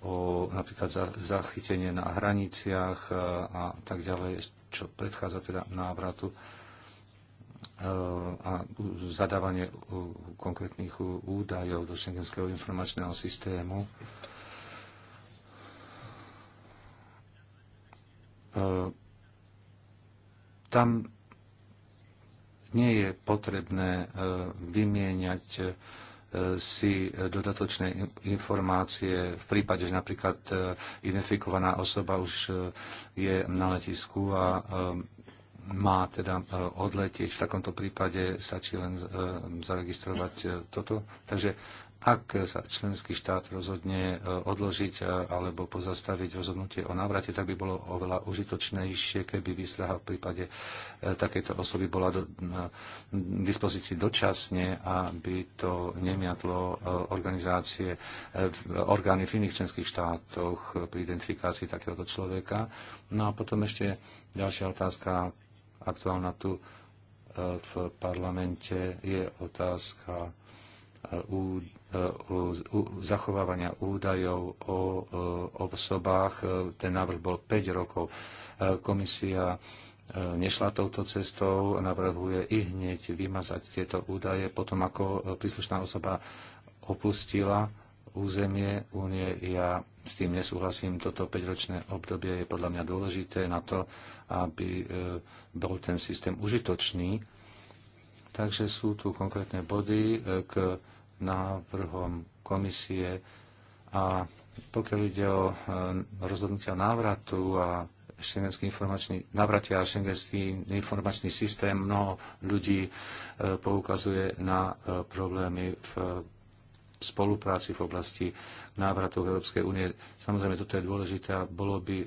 o napríklad zachytenie na hraniciach a, e, a tak ďalej, čo predchádza teda návratu e, a zadávanie konkrétnych údajov do šengenského informačného systému. E, tam nie je potrebné vymieňať si dodatočné informácie v prípade, že napríklad e, identifikovaná osoba už e, je na letisku a e, má teda odletieť. V takomto prípade stačí len zaregistrovať toto. Takže ak sa členský štát rozhodne e, odložiť e, alebo pozastaviť rozhodnutie o návrate, tak by bolo oveľa užitočnejšie, keby výstraha v prípade e, takéto osoby bola do, na dispozícii dočasne, aby to nemiatlo organizácie, orgány v iných členských štátoch pri identifikácii takéhoto človeka. No a potom ešte ďalšia otázka, aktuálna tu v parlamente, je otázka E, zachovávania údajov o e, osobách. E, ten návrh bol 5 rokov. Komisia nešla touto cestou, navrhuje i hneď vymazať tieto údaje potom, ako príslušná osoba opustila územie únie. Ja s tým nesúhlasím. Toto 5-ročné obdobie je podľa mňa dôležité na to, aby bol ten systém užitočný. Takže sú tu konkrétne body k návrhom komisie a pokiaľ ide o e, rozhodnutia návratu a šengenský informačný, a šengenský informačný systém, mnoho ľudí e, poukazuje na e, problémy v spolupráci v oblasti návratu Európskej únie. Samozrejme, toto je dôležité a bolo by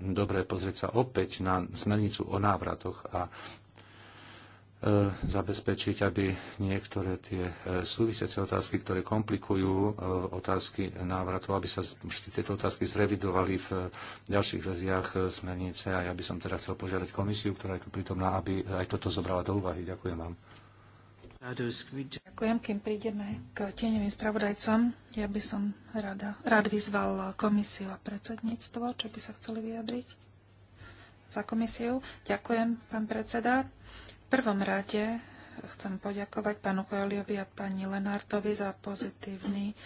dobre pozrieť sa opäť na smernicu o návratoch a zabezpečiť, aby niektoré tie e, súvisiace otázky, ktoré komplikujú e, otázky návratu, aby sa tieto otázky zrevidovali v e, ďalších verziách smernice. A ja by som teraz chcel požiadať komisiu, ktorá je tu prítomná, aby aj toto zobrala do úvahy. Ďakujem vám. Ďakujem, kým prídeme k tieňovým spravodajcom. Ja by som rada, rád vyzval komisiu a predsedníctvo, čo by sa chceli vyjadriť za komisiu. Ďakujem, pán predseda prvom rade chcem poďakovať pánu Koeliovi a pani Lenartovi za pozitívny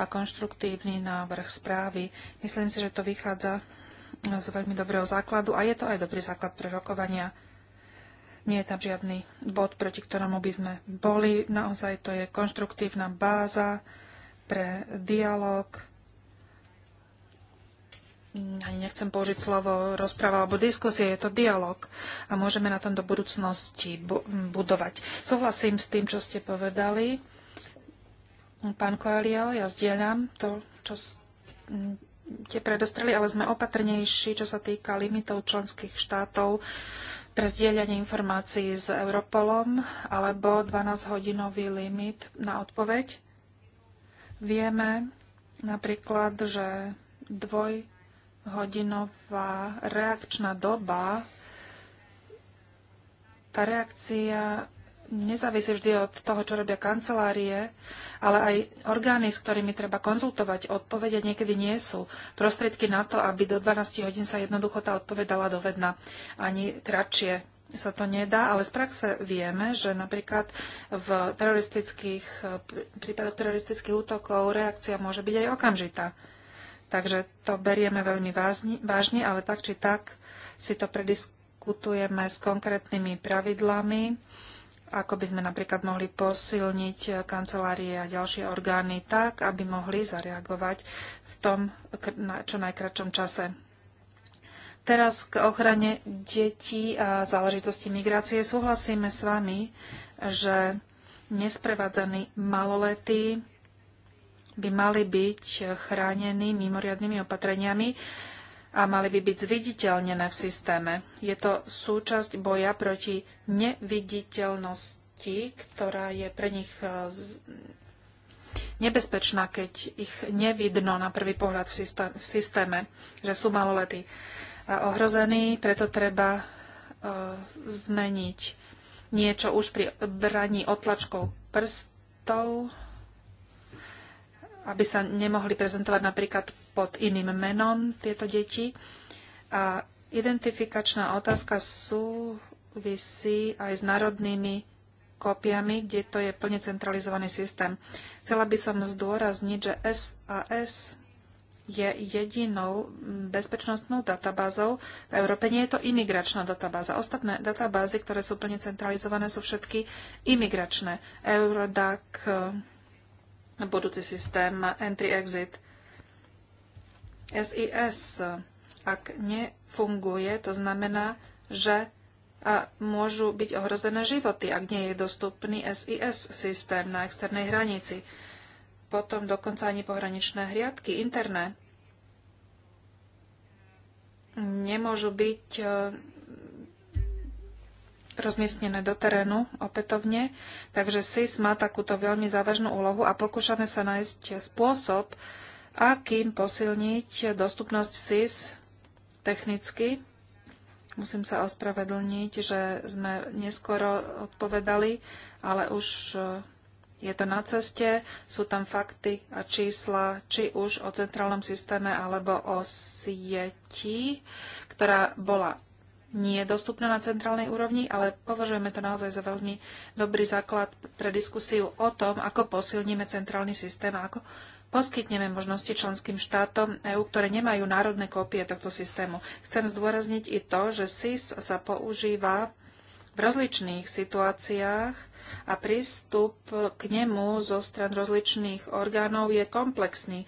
a konštruktívny návrh správy. Myslím si, že to vychádza z veľmi dobrého základu a je to aj dobrý základ pre rokovania. Nie je tam žiadny bod, proti ktorému by sme boli. Naozaj to je konštruktívna báza pre dialog ani nechcem použiť slovo rozpráva alebo diskusie, je to dialog a môžeme na tom do budúcnosti bu- budovať. Súhlasím s tým, čo ste povedali. Pán Koelio, ja zdieľam to, čo ste predostreli, ale sme opatrnejší, čo sa týka limitov členských štátov pre zdieľanie informácií s Europolom alebo 12-hodinový limit na odpoveď. Vieme napríklad, že dvoj hodinová reakčná doba, tá reakcia nezávisí vždy od toho, čo robia kancelárie, ale aj orgány, s ktorými treba konzultovať, odpovede niekedy nie sú prostriedky na to, aby do 12 hodín sa jednoducho tá odpovedala dovedna. Ani kratšie sa to nedá, ale z praxe vieme, že napríklad v teroristických, prípadoch teroristických útokov reakcia môže byť aj okamžitá. Takže to berieme veľmi vážne, ale tak či tak si to prediskutujeme s konkrétnymi pravidlami, ako by sme napríklad mohli posilniť kancelárie a ďalšie orgány tak, aby mohli zareagovať v tom čo najkračom čase. Teraz k ochrane detí a záležitosti migrácie. Súhlasíme s vami, že nesprevádzaní maloletí by mali byť chránení mimoriadnými opatreniami a mali by byť zviditeľnené v systéme. Je to súčasť boja proti neviditeľnosti, ktorá je pre nich e, nebezpečná, keď ich nevidno na prvý pohľad v systéme, že sú maloletí a ohrození, preto treba e, zmeniť niečo už pri braní otlačkov prstov aby sa nemohli prezentovať napríklad pod iným menom tieto deti. A identifikačná otázka súvisí aj s národnými kópiami, kde to je plne centralizovaný systém. Chcela by som zdôrazniť, že SAS je jedinou bezpečnostnou databázou. V Európe nie je to imigračná databáza. Ostatné databázy, ktoré sú plne centralizované, sú všetky imigračné. Eurodac, budúci systém entry-exit. SIS, ak nefunguje, to znamená, že a môžu byť ohrozené životy, ak nie je dostupný SIS systém na externej hranici. Potom dokonca ani pohraničné hriadky, interné, nemôžu byť rozmiestnené do terénu opätovne. Takže SIS má takúto veľmi závažnú úlohu a pokúšame sa nájsť spôsob, akým posilniť dostupnosť SIS technicky. Musím sa ospravedlniť, že sme neskoro odpovedali, ale už eh, je to na ceste. Sú tam fakty a čísla, či už o centrálnom systéme alebo o sieti, ktorá bola nie je dostupné na centrálnej úrovni, ale považujeme to naozaj za veľmi dobrý základ pre diskusiu o tom, ako posilníme centrálny systém a ako poskytneme možnosti členským štátom EÚ, ktoré nemajú národné kópie tohto systému. Chcem zdôrazniť i to, že SIS sa používa v rozličných situáciách a prístup k nemu zo stran rozličných orgánov je komplexný,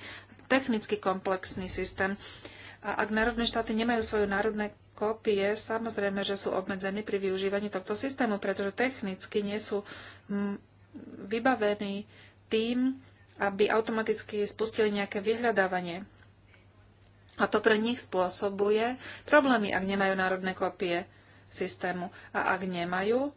technicky komplexný systém. A ak národné štáty nemajú svoje národné kópie, samozrejme, že sú obmedzení pri využívaní tohto systému, pretože technicky nie sú mm, vybavení tým, aby automaticky spustili nejaké vyhľadávanie. A to pre nich spôsobuje problémy, ak nemajú národné kópie systému. A ak nemajú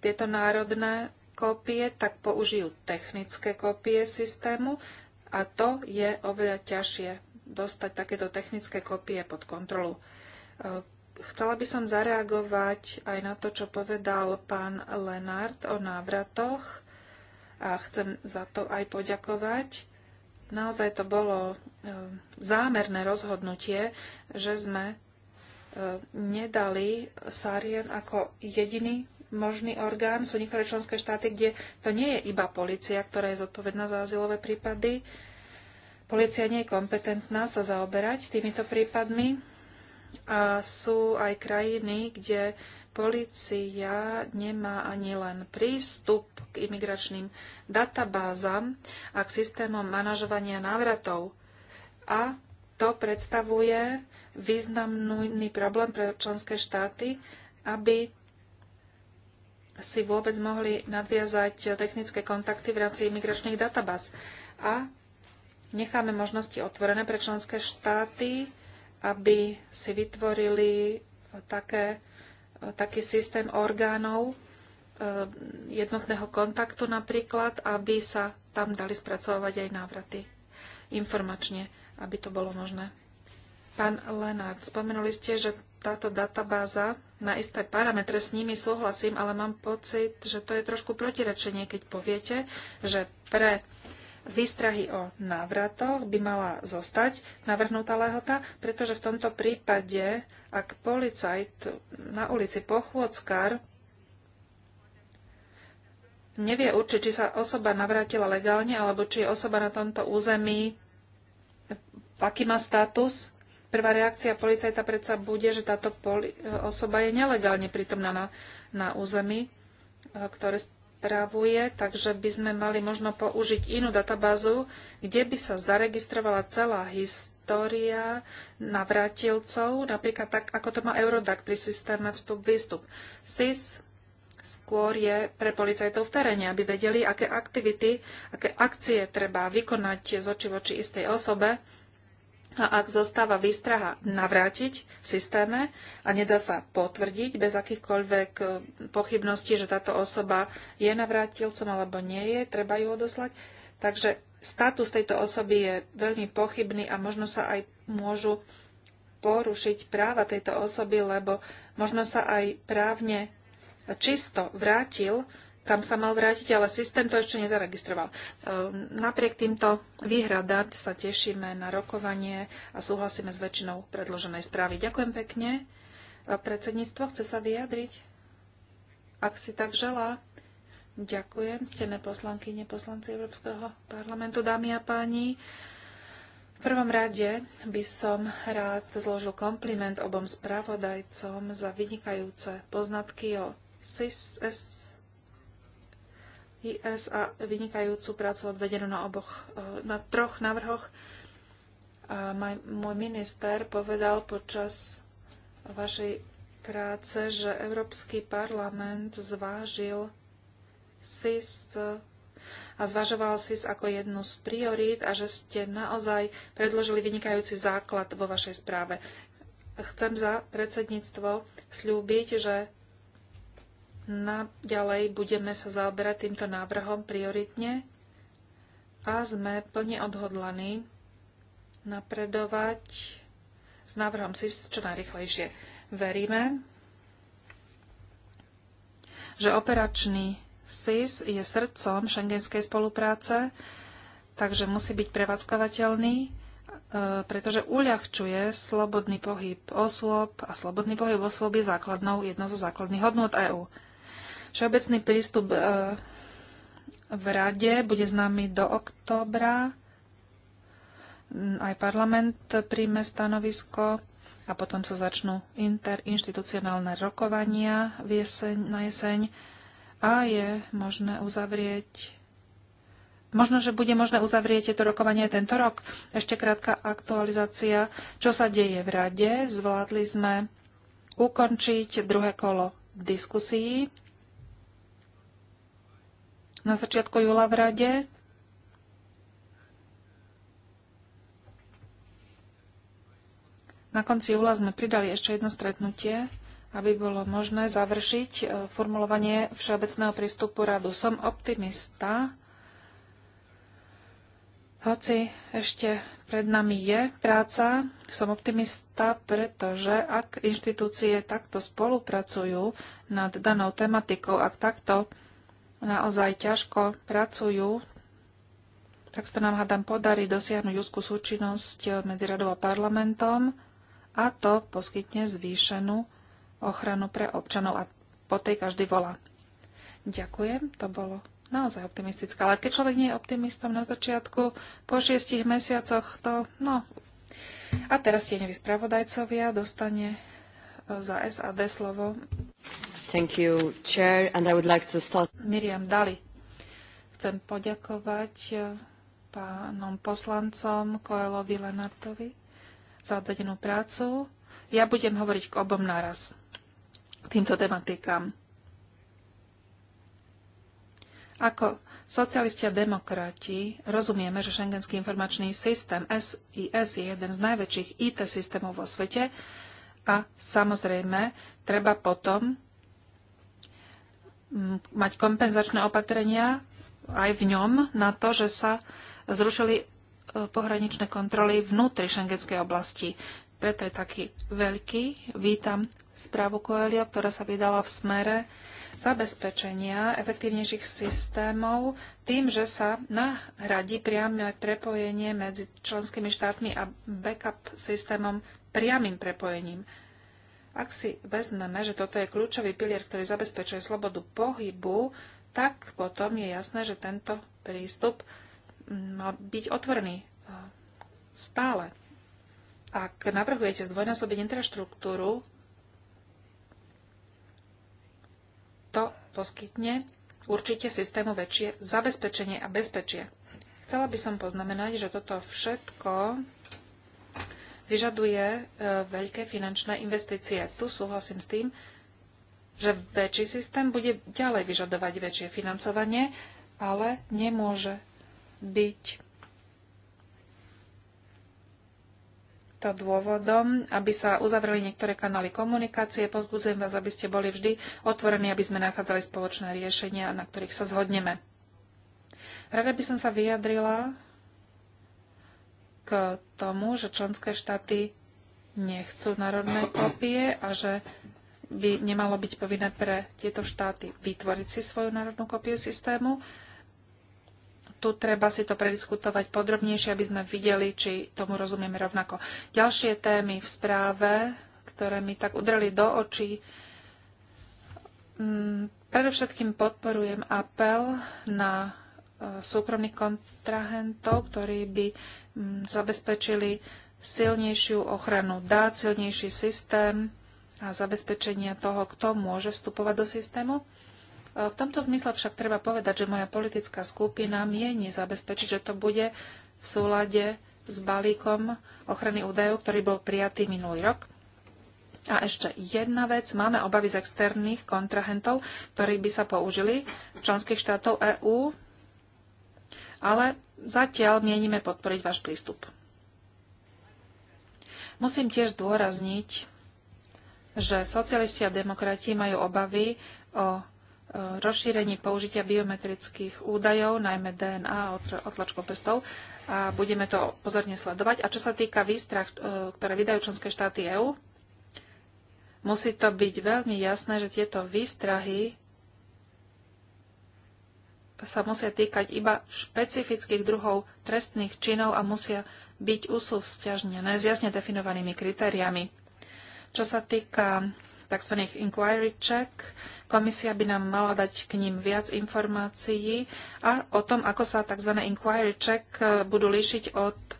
tieto národné kópie, tak použijú technické kópie systému a to je oveľa ťažšie dostať takéto technické kopie pod kontrolu. E, chcela by som zareagovať aj na to, čo povedal pán Lenard o návratoch a chcem za to aj poďakovať. Naozaj to bolo e, zámerné rozhodnutie, že sme e, nedali Sarien ako jediný možný orgán. Sú niektoré členské štáty, kde to nie je iba policia, ktorá je zodpovedná za azylové prípady, Polícia nie je kompetentná sa zaoberať týmito prípadmi a sú aj krajiny, kde polícia nemá ani len prístup k imigračným databázam a k systémom manažovania návratov. A to predstavuje významný problém pre členské štáty, aby si vôbec mohli nadviazať technické kontakty v rámci imigračných databáz. A necháme možnosti otvorené pre členské štáty, aby si vytvorili také, taký systém orgánov e, jednotného kontaktu napríklad, aby sa tam dali spracovať aj návraty informačne, aby to bolo možné. Pán Lenard, spomenuli ste, že táto databáza má isté parametre, s nimi súhlasím, ale mám pocit, že to je trošku protirečenie, keď poviete, že pre výstrahy o návratoch by mala zostať navrhnutá lehota, pretože v tomto prípade, ak policajt na ulici pochôdzkar nevie určiť, či sa osoba navrátila legálne, alebo či je osoba na tomto území, aký má status, prvá reakcia policajta predsa bude, že táto osoba je nelegálne prítomná na, na území, e, ktoré upravuje, takže by sme mali možno použiť inú databázu, kde by sa zaregistrovala celá história navrátilcov, napríklad tak, ako to má Eurodac pri systéme vstup-výstup. SIS skôr je pre policajtov v teréne, aby vedeli, aké aktivity, aké akcie treba vykonať z oči voči istej osobe, a ak zostáva výstraha navrátiť v systéme a nedá sa potvrdiť bez akýchkoľvek e, pochybností, že táto osoba je navrátilcom alebo nie je, treba ju odoslať. Takže status tejto osoby je veľmi pochybný a možno sa aj môžu porušiť práva tejto osoby, lebo možno sa aj právne čisto vrátil kam sa mal vrátiť, ale systém to ešte nezaregistroval. Ehm, napriek týmto výhradám sa tešíme na rokovanie a súhlasíme s väčšinou predloženej správy. Ďakujem pekne. Predsedníctvo chce sa vyjadriť? Ak si tak želá. Ďakujem, stené poslanky, neposlanci Európskeho parlamentu, dámy a páni. V prvom rade by som rád zložil kompliment obom spravodajcom za vynikajúce poznatky o SIS, IS a vynikajúcu prácu odvedenú na oboch, e, na troch návrhoch. môj minister povedal počas vašej práce, že Európsky parlament zvážil SIS a zvažoval SIS ako jednu z priorít a že ste naozaj predložili vynikajúci základ vo vašej správe. Chcem za predsedníctvo slúbiť, že Naďalej budeme sa zaoberať týmto návrhom prioritne a sme plne odhodlaní napredovať s návrhom SIS čo najrychlejšie. Veríme, že operačný SIS je srdcom šengenskej spolupráce, takže musí byť prevádzkovateľný, e, pretože uľahčuje slobodný pohyb osôb a slobodný pohyb osôb je základnou, jednou zo základných hodnot EÚ. Všeobecný prístup e, v rade bude známy do októbra. Aj parlament príjme stanovisko a potom sa začnú interinstitucionálne rokovania v jeseň, na jeseň a je možné uzavrieť Možno, že bude možné uzavrieť tieto rokovanie tento rok. Ešte krátka aktualizácia. Čo sa deje v rade? Zvládli sme ukončiť druhé kolo diskusií na začiatku júla v rade. Na konci júla sme pridali ešte jedno stretnutie, aby bolo možné završiť e, formulovanie všeobecného prístupu radu. Som optimista, hoci ešte pred nami je práca. Som optimista, pretože ak inštitúcie takto spolupracujú nad danou tematikou, ak takto naozaj ťažko pracujú, tak sa nám, hádam, podarí dosiahnuť úzkú súčinnosť medzi radou a parlamentom a to poskytne zvýšenú ochranu pre občanov a po tej každý volá. Ďakujem, to bolo naozaj optimistické. Ale keď človek nie je optimistom na začiatku, po šiestich mesiacoch to, no... A teraz tie spravodajcovia dostane za SAD slovo. Thank you, chair, and I would like to start... Miriam Dali. Chcem poďakovať eh, pánom poslancom Koelovi Lenartovi za odvedenú prácu. Ja budem hovoriť k obom naraz, k týmto tematikám. Ako socialisti a demokrati rozumieme, že Schengenský informačný systém SIS je jeden z najväčších IT systémov vo svete a samozrejme, treba potom mm, mať kompenzačné opatrenia aj v ňom na to, že sa zrušili e, pohraničné kontroly vnútri šengenskej oblasti. Preto je taký veľký. Vítam správu Coelho, ktorá sa vydala v smere zabezpečenia efektívnejších systémov tým, že sa nahradí priame prepojenie medzi členskými štátmi a backup systémom priamým prepojením. Ak si vezmeme, že toto je kľúčový pilier, ktorý zabezpečuje slobodu pohybu, tak potom je jasné, že tento prístup mal byť otvorený e, stále. Ak navrhujete zdvojnásobiť infraštruktúru, to poskytne určite systému väčšie zabezpečenie a bezpečie. Chcela by som poznamenať, že toto všetko vyžaduje e, veľké finančné investície. Tu súhlasím s tým, že väčší systém bude ďalej vyžadovať väčšie financovanie, ale nemôže byť to dôvodom, aby sa uzavreli niektoré kanály komunikácie. Pozbudzujem vás, aby ste boli vždy otvorení, aby sme nachádzali spoločné riešenia, na ktorých sa zhodneme. Rada by som sa vyjadrila k tomu, že členské štáty nechcú národné kopie a že by nemalo byť povinné pre tieto štáty vytvoriť si svoju národnú kopiu systému. Tu treba si to prediskutovať podrobnejšie, aby sme videli, či tomu rozumieme rovnako. Ďalšie témy v správe, ktoré mi tak udreli do očí, mm, predovšetkým podporujem apel na e, súkromných kontrahentov, ktorí by Mm, zabezpečili silnejšiu ochranu dát, silnejší systém a zabezpečenie toho, kto môže vstupovať do systému. E, v tomto zmysle však treba povedať, že moja politická skupina mieni zabezpečiť, že to bude v súlade s balíkom ochrany údajov, ktorý bol prijatý minulý rok. A ešte jedna vec. Máme obavy z externých kontrahentov, ktorí by sa použili v členských štátov EÚ ale zatiaľ mienime podporiť váš prístup. Musím tiež zdôrazniť, že socialisti a demokrati majú obavy o e, rozšírení použitia biometrických údajov, najmä DNA, otlačkov prstov a budeme to pozorne sledovať. A čo sa týka výstrach, e, ktoré vydajú členské štáty EÚ, musí to byť veľmi jasné, že tieto výstrahy sa musia týkať iba špecifických druhov trestných činov a musia byť usúvzťažnené s jasne definovanými kritériami. Čo sa týka tzv. inquiry check, komisia by nám mala dať k ním viac informácií a o tom, ako sa tzv. inquiry check e, budú líšiť od e,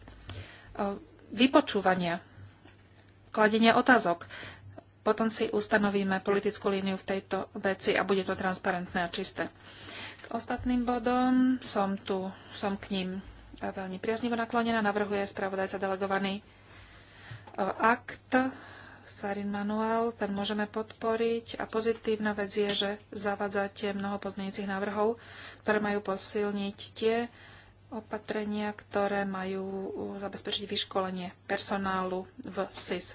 vypočúvania, kladenia otázok. Potom si ustanovíme politickú líniu v tejto veci a bude to transparentné a čisté. K ostatným bodom som tu, som k ním veľmi priaznivo naklonená. Navrhuje spravodajca delegovaný e, akt Sarin Manuel, ten môžeme podporiť a pozitívna vec je, že zavadzate mnoho pozmeňujúcich návrhov, ktoré majú posilniť tie opatrenia, ktoré majú zabezpečiť vyškolenie personálu v SIS.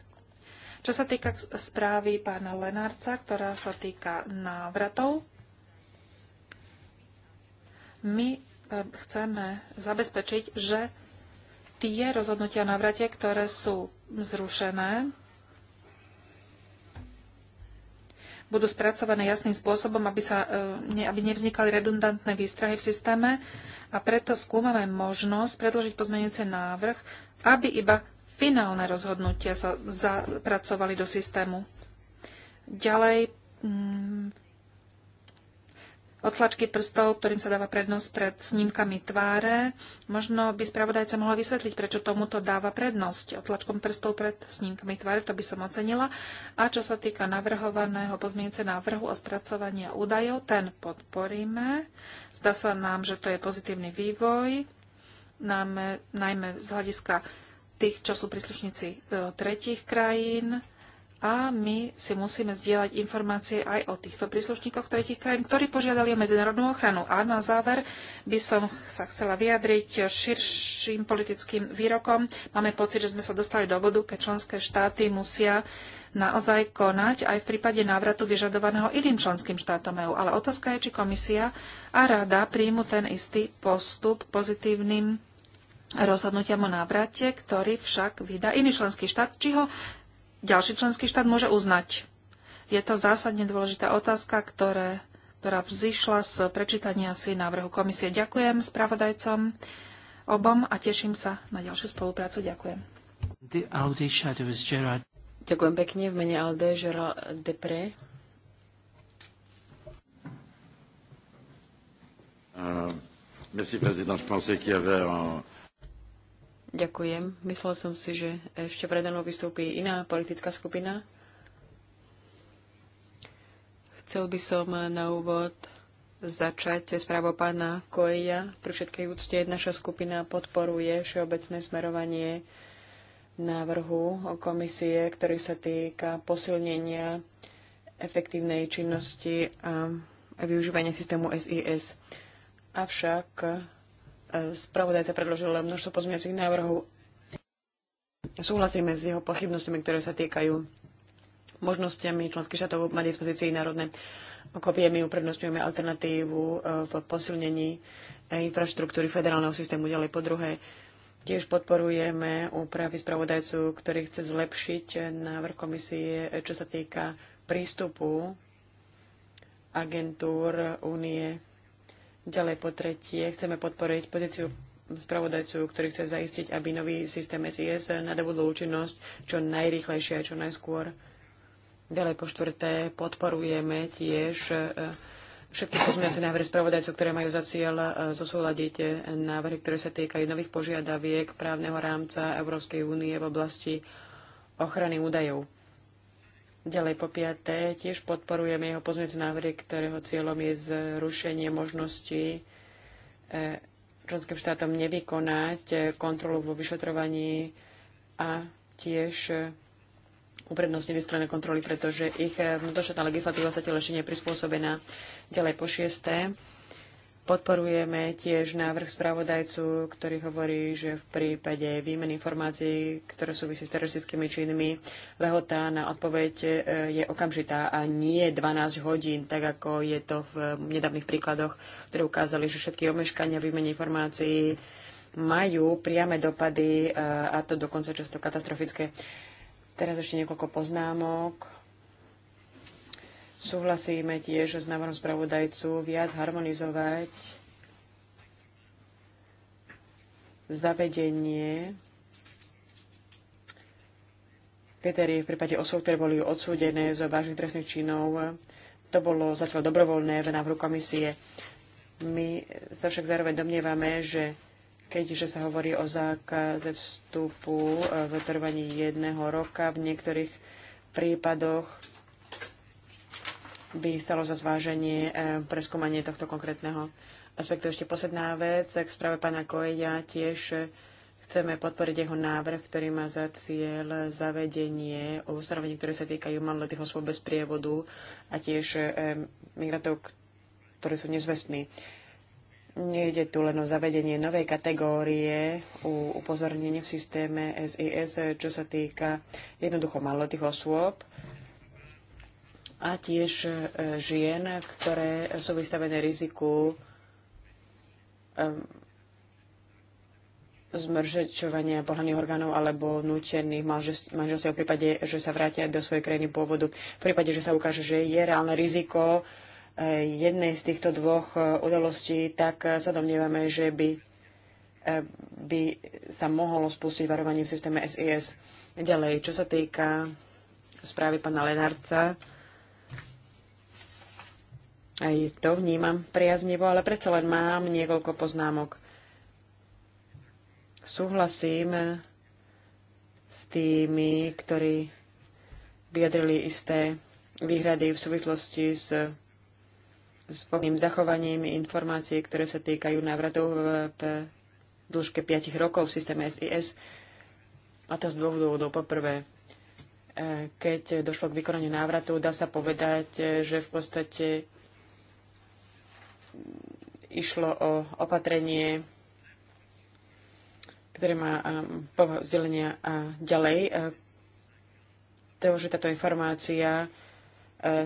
Čo sa týka správy pána Lenárca, ktorá sa týka návratov, my e, chceme zabezpečiť, že tie rozhodnutia na vrate, ktoré sú zrušené, budú spracované jasným spôsobom, aby, sa, e, aby nevznikali redundantné výstrahy v systéme a preto skúmame možnosť predložiť pozmeňujúci návrh, aby iba finálne rozhodnutia sa zapracovali do systému. Ďalej, mm, Otlačky prstov, ktorým sa dáva prednosť pred snímkami tváre. Možno by spravodajca mohla vysvetliť, prečo tomuto dáva prednosť Otlačkom prstov pred snímkami tváre, to by som ocenila. A čo sa týka navrhovaného pozmienujúce návrhu o spracovania údajov, ten podporíme. Zdá sa nám, že to je pozitívny vývoj, najmä, najmä z hľadiska tých, čo sú príslušníci e, tretich krajín, a my si musíme zdieľať informácie aj o tých príslušníkoch tretich krajín, ktorí požiadali o medzinárodnú ochranu. A na záver by som sa chcela vyjadriť širším politickým výrokom. Máme pocit, že sme sa dostali do bodu, keď členské štáty musia naozaj konať aj v prípade návratu vyžadovaného iným členským štátom EÚ. Ale otázka je, či komisia a rada príjmu ten istý postup pozitívnym rozhodnutiam o návrate, ktorý však vydá iný členský štát, či ho ďalší členský štát môže uznať. Je to zásadne dôležitá otázka, ktoré, ktorá vzýšla z prečítania si návrhu komisie. Ďakujem spravodajcom obom a teším sa na ďalšiu spoluprácu. Ďakujem. Ďakujem pekne v mene Alde Gerard Depre. Uh, merci, président. Je pensais qu'il y avait un... Ďakujem. Myslel som si, že ešte pred mnou vystúpi iná politická skupina. Chcel by som na úvod začať správou pána Koeja. Pri všetkej úcte naša skupina podporuje všeobecné smerovanie návrhu komisie, ktorý sa týka posilnenia efektívnej činnosti a využívania systému SIS. Avšak Spravodajca predložil množstvo pozmeňujúcich návrhov. Súhlasíme s jeho pochybnosťami, ktoré sa týkajú možnosťami členských štátov mať dispozícii národné kopie. My uprednostňujeme alternatívu e, v posilnení e, infraštruktúry federálneho systému ďalej po druhé. Tiež podporujeme úpravy spravodajcu, ktorý chce zlepšiť návrh komisie, e, čo sa týka prístupu agentúr únie Ďalej po tretie, chceme podporiť pozíciu spravodajcu, ktorý chce zaistiť, aby nový systém SIS nadobudol účinnosť čo najrychlejšie a čo najskôr. Ďalej po štvrté, podporujeme tiež e, všetky pozmeňovacie návrhy spravodajcov, ktoré majú za cieľ e, zosúľadiť návrhy, ktoré sa týkajú nových požiadaviek právneho rámca Európskej únie v oblasti ochrany údajov. Ďalej po piaté, tiež podporujeme jeho pozmeňujúce návrhy, ktorého cieľom je zrušenie možnosti e, členským štátom nevykonať e, kontrolu vo vyšetrovaní a tiež e, uprednostne vystrojené kontroly, pretože ich vnútroštátna legislatíva sa tiež ešte neprispôsobená. Ďalej po šiesté, Podporujeme tiež návrh spravodajcu, ktorý hovorí, že v prípade výmeny informácií, ktoré súvisí s teroristickými činmi, lehota na odpoveď e, je okamžitá a nie 12 hodín, tak ako je to v nedávnych príkladoch, ktoré ukázali, že všetky omeškania výmeny informácií majú priame dopady e, a to dokonca často katastrofické. Teraz ešte niekoľko poznámok Súhlasíme tiež s návrhom spravodajcu viac harmonizovať zavedenie kritérií v prípade osôb, ktoré boli odsúdené zo vážnych trestných činov. To bolo zatiaľ dobrovoľné v návrhu komisie. My sa však zároveň domnievame, že keďže sa hovorí o zákaze vstupu e, v trvaní jedného roka, v niektorých prípadoch by stalo za zváženie eh, preskúmanie tohto konkrétneho aspektu. Ešte posledná vec, k správe pána Koeja tiež eh, chceme podporiť jeho návrh, ktorý má za cieľ zavedenie o ustanovení, ktoré sa týkajú maloletých osôb bez prievodu a tiež eh, migrantov, ktorí sú nezvestní. Nejde tu len o zavedenie novej kategórie u upozornenie v systéme SIS, čo sa týka jednoducho maloletých osôb, a tiež e, žien, ktoré sú vystavené riziku zmržečovania pohľadných orgánov alebo nútených manželstiev v prípade, že sa vrátia do svojej krajiny pôvodu. V prípade, že sa ukáže, že je reálne riziko e, jednej z týchto dvoch e, udalostí, tak sa domnievame, že by, by sa mohlo spustiť varovanie v systéme SIS. Ďalej, čo sa týka správy pana Lenarca, aj to vnímam priaznivo, ale predsa len mám niekoľko poznámok. Súhlasím s tými, ktorí vyjadrili isté výhrady v súvislosti s s povinným zachovaním informácií, ktoré sa týkajú návratov v dĺžke 5 rokov v systéme SIS. A to z dvoch dôvodov. Poprvé, e, keď došlo k vykonaniu návratu, dá sa povedať, e, že v podstate išlo o opatrenie, ktoré má um, povahu vzdelenia a ďalej. E, to, že táto informácia e,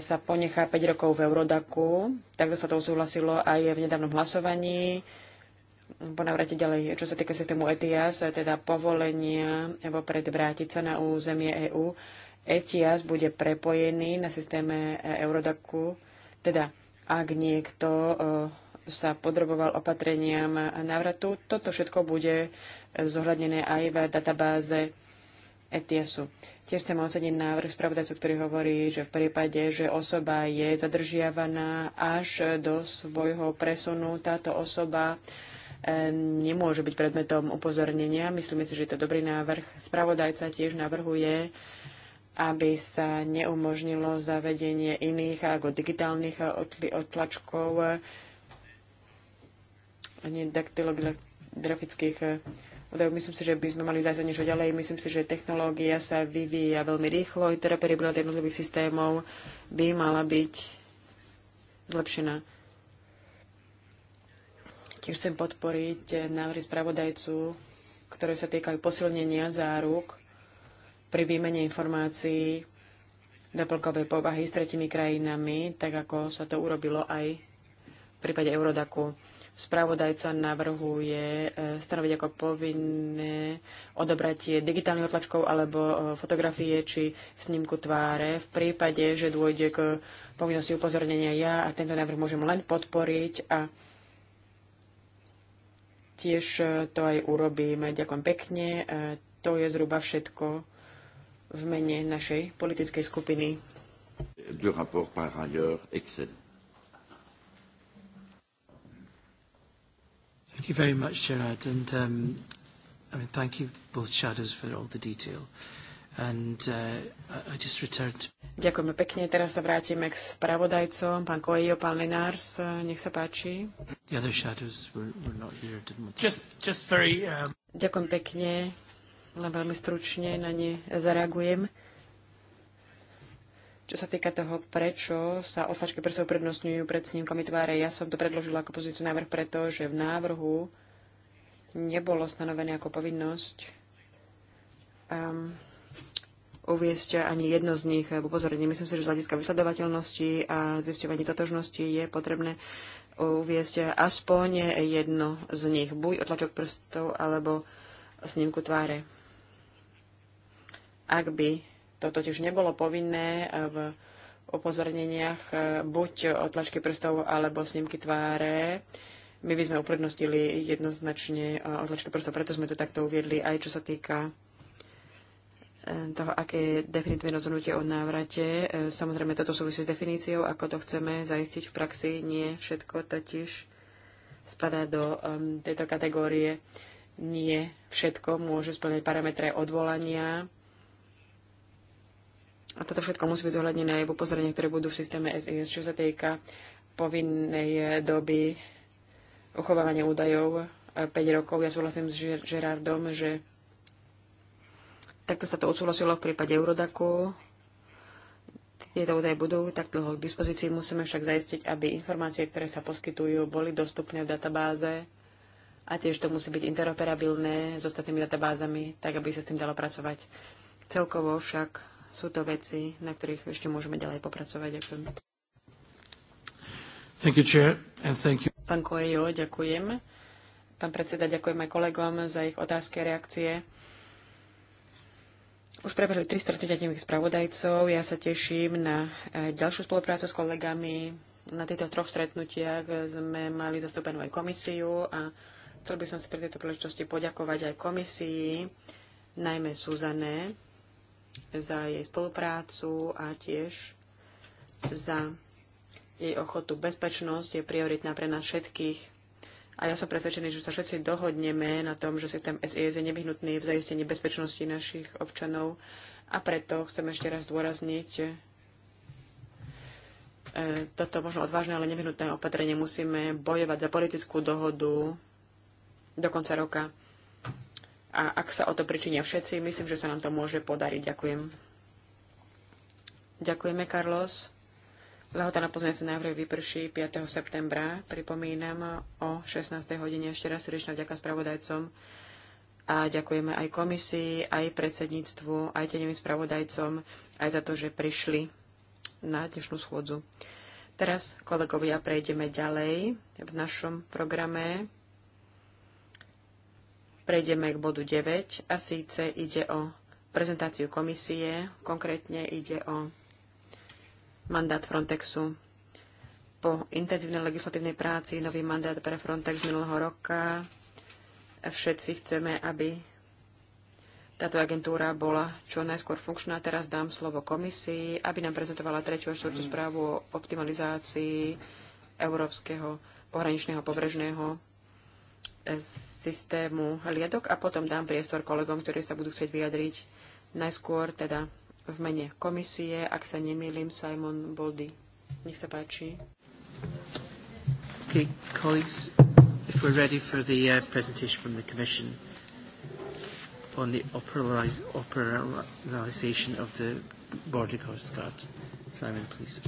sa ponechá 5 rokov v Eurodaku, takto sa to súhlasilo aj v nedávnom hlasovaní. Po navrate ďalej, čo sa týka systému ETIAS, teda povolenia vopred vrátiť sa na územie EÚ, ETIAS bude prepojený na systéme e, Eurodaku, teda ak niekto e, sa podroboval opatreniam návratu. Toto všetko bude zohľadnené aj v databáze ETIASu. Tiež chcem oceniť návrh spravodajcu, ktorý hovorí, že v prípade, že osoba je zadržiavaná až do svojho presunu, táto osoba e, nemôže byť predmetom upozornenia. Myslíme si, že je to dobrý návrh. Spravodajca tiež navrhuje aby sa neumožnilo zavedenie iných alebo digitálnych odtlačkov ani daktylografických eh, údajov. Myslím si, že by sme mali zájsť niečo ďalej. Myslím si, že technológia sa vyvíja veľmi rýchlo. i teda Interoperabilita jednotlivých systémov by mala byť zlepšená. Tiež chcem podporiť návrhy spravodajcu, ktoré sa týkajú posilnenia záruk pri výmene informácií doplnkovej povahy s tretimi krajinami, tak ako sa to urobilo aj v prípade Eurodaku. Spravodajca navrhuje eh, stanoviť ako povinné odobratie digitálnych otlačkov alebo eh, fotografie či snímku tváre v prípade, že dôjde k povinnosti upozornenia ja a tento návrh môžem len podporiť a tiež eh, to aj urobím. Ďakujem pekne. To je zhruba všetko v mene našej politickej skupiny. Du rapport par ailleurs excellent. Thank you very much, Gerard, and um, I mean, thank you both shadows for all the detail. And uh, I just returned. Ďakujeme pekne. Teraz sa vrátime k spravodajcom. Pán Kojo, pán Lenárs, uh, nech sa páči. The other shadows were, were not here, didn't just, just very, um... Ďakujem pekne len veľmi stručne na ne zareagujem. Čo sa týka toho, prečo sa ofačky prsov prednostňujú pred snímkami tváre, ja som to predložila ako pozíciu návrh preto, že v návrhu nebolo stanovené ako povinnosť um, uviesť ani jedno z nich eh, v upozornení. Myslím si, že z hľadiska vysledovateľnosti a zisťovaní totožnosti je potrebné uviesť aspoň jedno z nich, buď otlačok prstov alebo snímku tváre. Ak by to totiž nebolo povinné e, v upozorneniach e, buď tlačky prstov alebo snímky tváre, my by sme uprednostili jednoznačne e, otlačky prstov, preto sme to takto uviedli aj čo sa týka toho, aké je definitívne rozhodnutie o návrate. Samozrejme, toto súvisí s definíciou, ako to chceme zaistiť v praxi. Nie všetko totiž spadá do um, tejto kategórie. Nie všetko môže splňať parametre odvolania a toto všetko musí byť zohľadnené aj v upozorení, ktoré budú v systéme SIS, čo sa týka povinnej eh, doby uchovávania údajov 5 eh, rokov. Ja súhlasím s Gerardom, že takto sa to odsúhlasilo v prípade Eurodaku. Tieto údaje budú tak dlho k dispozícii. Musíme však zaistiť, aby informácie, ktoré sa poskytujú, boli dostupné v databáze a tiež to musí byť interoperabilné s ostatnými databázami, tak aby sa s tým dalo pracovať. Celkovo však sú to veci, na ktorých ešte môžeme ďalej popracovať. Ďakujem. Thank you, Chair, and thank you. Pán Koejo, ďakujem. Pán predseda, ďakujem aj kolegom za ich otázky a reakcie. Už prebehli tri stretnutia tých spravodajcov. Ja sa teším na e, ďalšiu spoluprácu s kolegami. Na týchto troch stretnutiach sme mali zastúpenú aj komisiu a chcel by som si pri tejto príležitosti poďakovať aj komisii, najmä Suzane, za jej spoluprácu a tiež za jej ochotu. Bezpečnosť je prioritná pre nás všetkých. A ja som presvedčený, že sa všetci dohodneme na tom, že systém SIS je nevyhnutný v zaistení bezpečnosti našich občanov a preto chcem ešte raz dôrazniť e, toto možno odvážne, ale nevyhnutné opatrenie. Musíme bojovať za politickú dohodu do konca roka. A ak sa o to pričinia všetci, myslím, že sa nám to môže podariť. Ďakujem. Ďakujeme, Carlos. Lehota na sa návrh vyprší 5. septembra. Pripomínam o 16. hodine ešte raz srdečná vďaka spravodajcom a ďakujeme aj komisii, aj predsedníctvu, aj tenimi spravodajcom, aj za to, že prišli na dnešnú schôdzu. Teraz, kolegovia, prejdeme ďalej v našom programe. Prejdeme k bodu 9 a síce ide o prezentáciu komisie, konkrétne ide o mandát Frontexu. Po intenzívnej legislatívnej práci nový mandát pre Frontex minulého roka všetci chceme, aby táto agentúra bola čo najskôr funkčná. Teraz dám slovo komisii, aby nám prezentovala tretiu a štvrtú správu o optimalizácii európskeho pohraničného pobrežného z systému hliadok a potom dám priestor kolegom, ktorí sa budú chcieť vyjadriť najskôr teda v mene komisie, ak sa nemýlim, Simon Boldy. Nech sa páči. Okay, colleagues, if we're ready for the uh, presentation from the Commission on the operationalization of the border coast guard. Simon, please.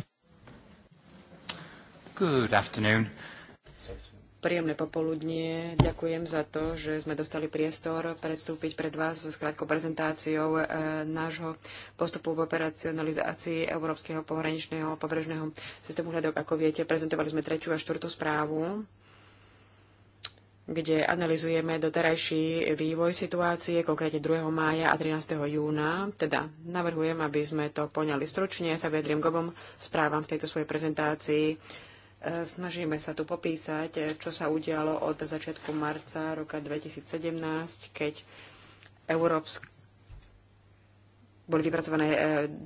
Good afternoon. Príjemné popoludnie. Ďakujem za to, že sme dostali priestor predstúpiť pred vás s krátkou prezentáciou eh, nášho postupu v operacionalizácii Európskeho pohraničného pobrežného systému hľadok. Ako viete, prezentovali sme tretiu a štvrtú správu kde analizujeme doterajší vývoj situácie, konkrétne 2. mája a 13. júna. Teda navrhujem, aby sme to poňali stručne. Ja sa vedriem gobom správam v tejto svojej prezentácii. E, snažíme sa tu popísať, e, čo sa udialo od začiatku marca roka 2017, keď Európsk... boli vypracované e,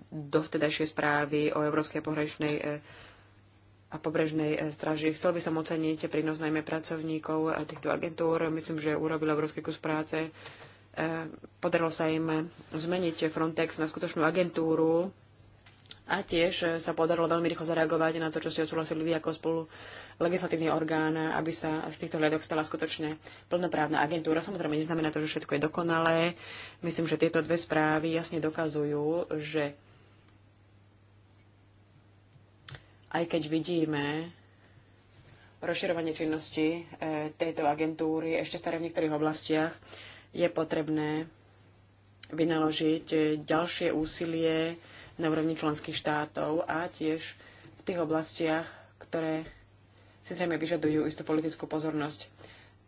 dovtedajšie správy o Európskej pohrešnej a pobrežnej straži. Chcel by som oceniť prínos najmä pracovníkov týchto agentúr. Myslím, že urobil obrovský kus práce. Podarilo sa im zmeniť Frontex na skutočnú agentúru, a tiež e, sa podarilo veľmi rýchlo zareagovať na to, čo ste odsúhlasili vy ako spolu legislatívny orgán, e, aby sa z týchto hľadok stala skutočne plnoprávna agentúra. Samozrejme, neznamená to, že všetko je dokonalé. Myslím, že tieto dve správy jasne dokazujú, že aj keď vidíme rozširovanie činnosti e, tejto agentúry ešte staré v niektorých oblastiach, je potrebné vynaložiť ďalšie úsilie na úrovni členských štátov a tiež v tých oblastiach, ktoré si zrejme vyžadujú istú politickú pozornosť.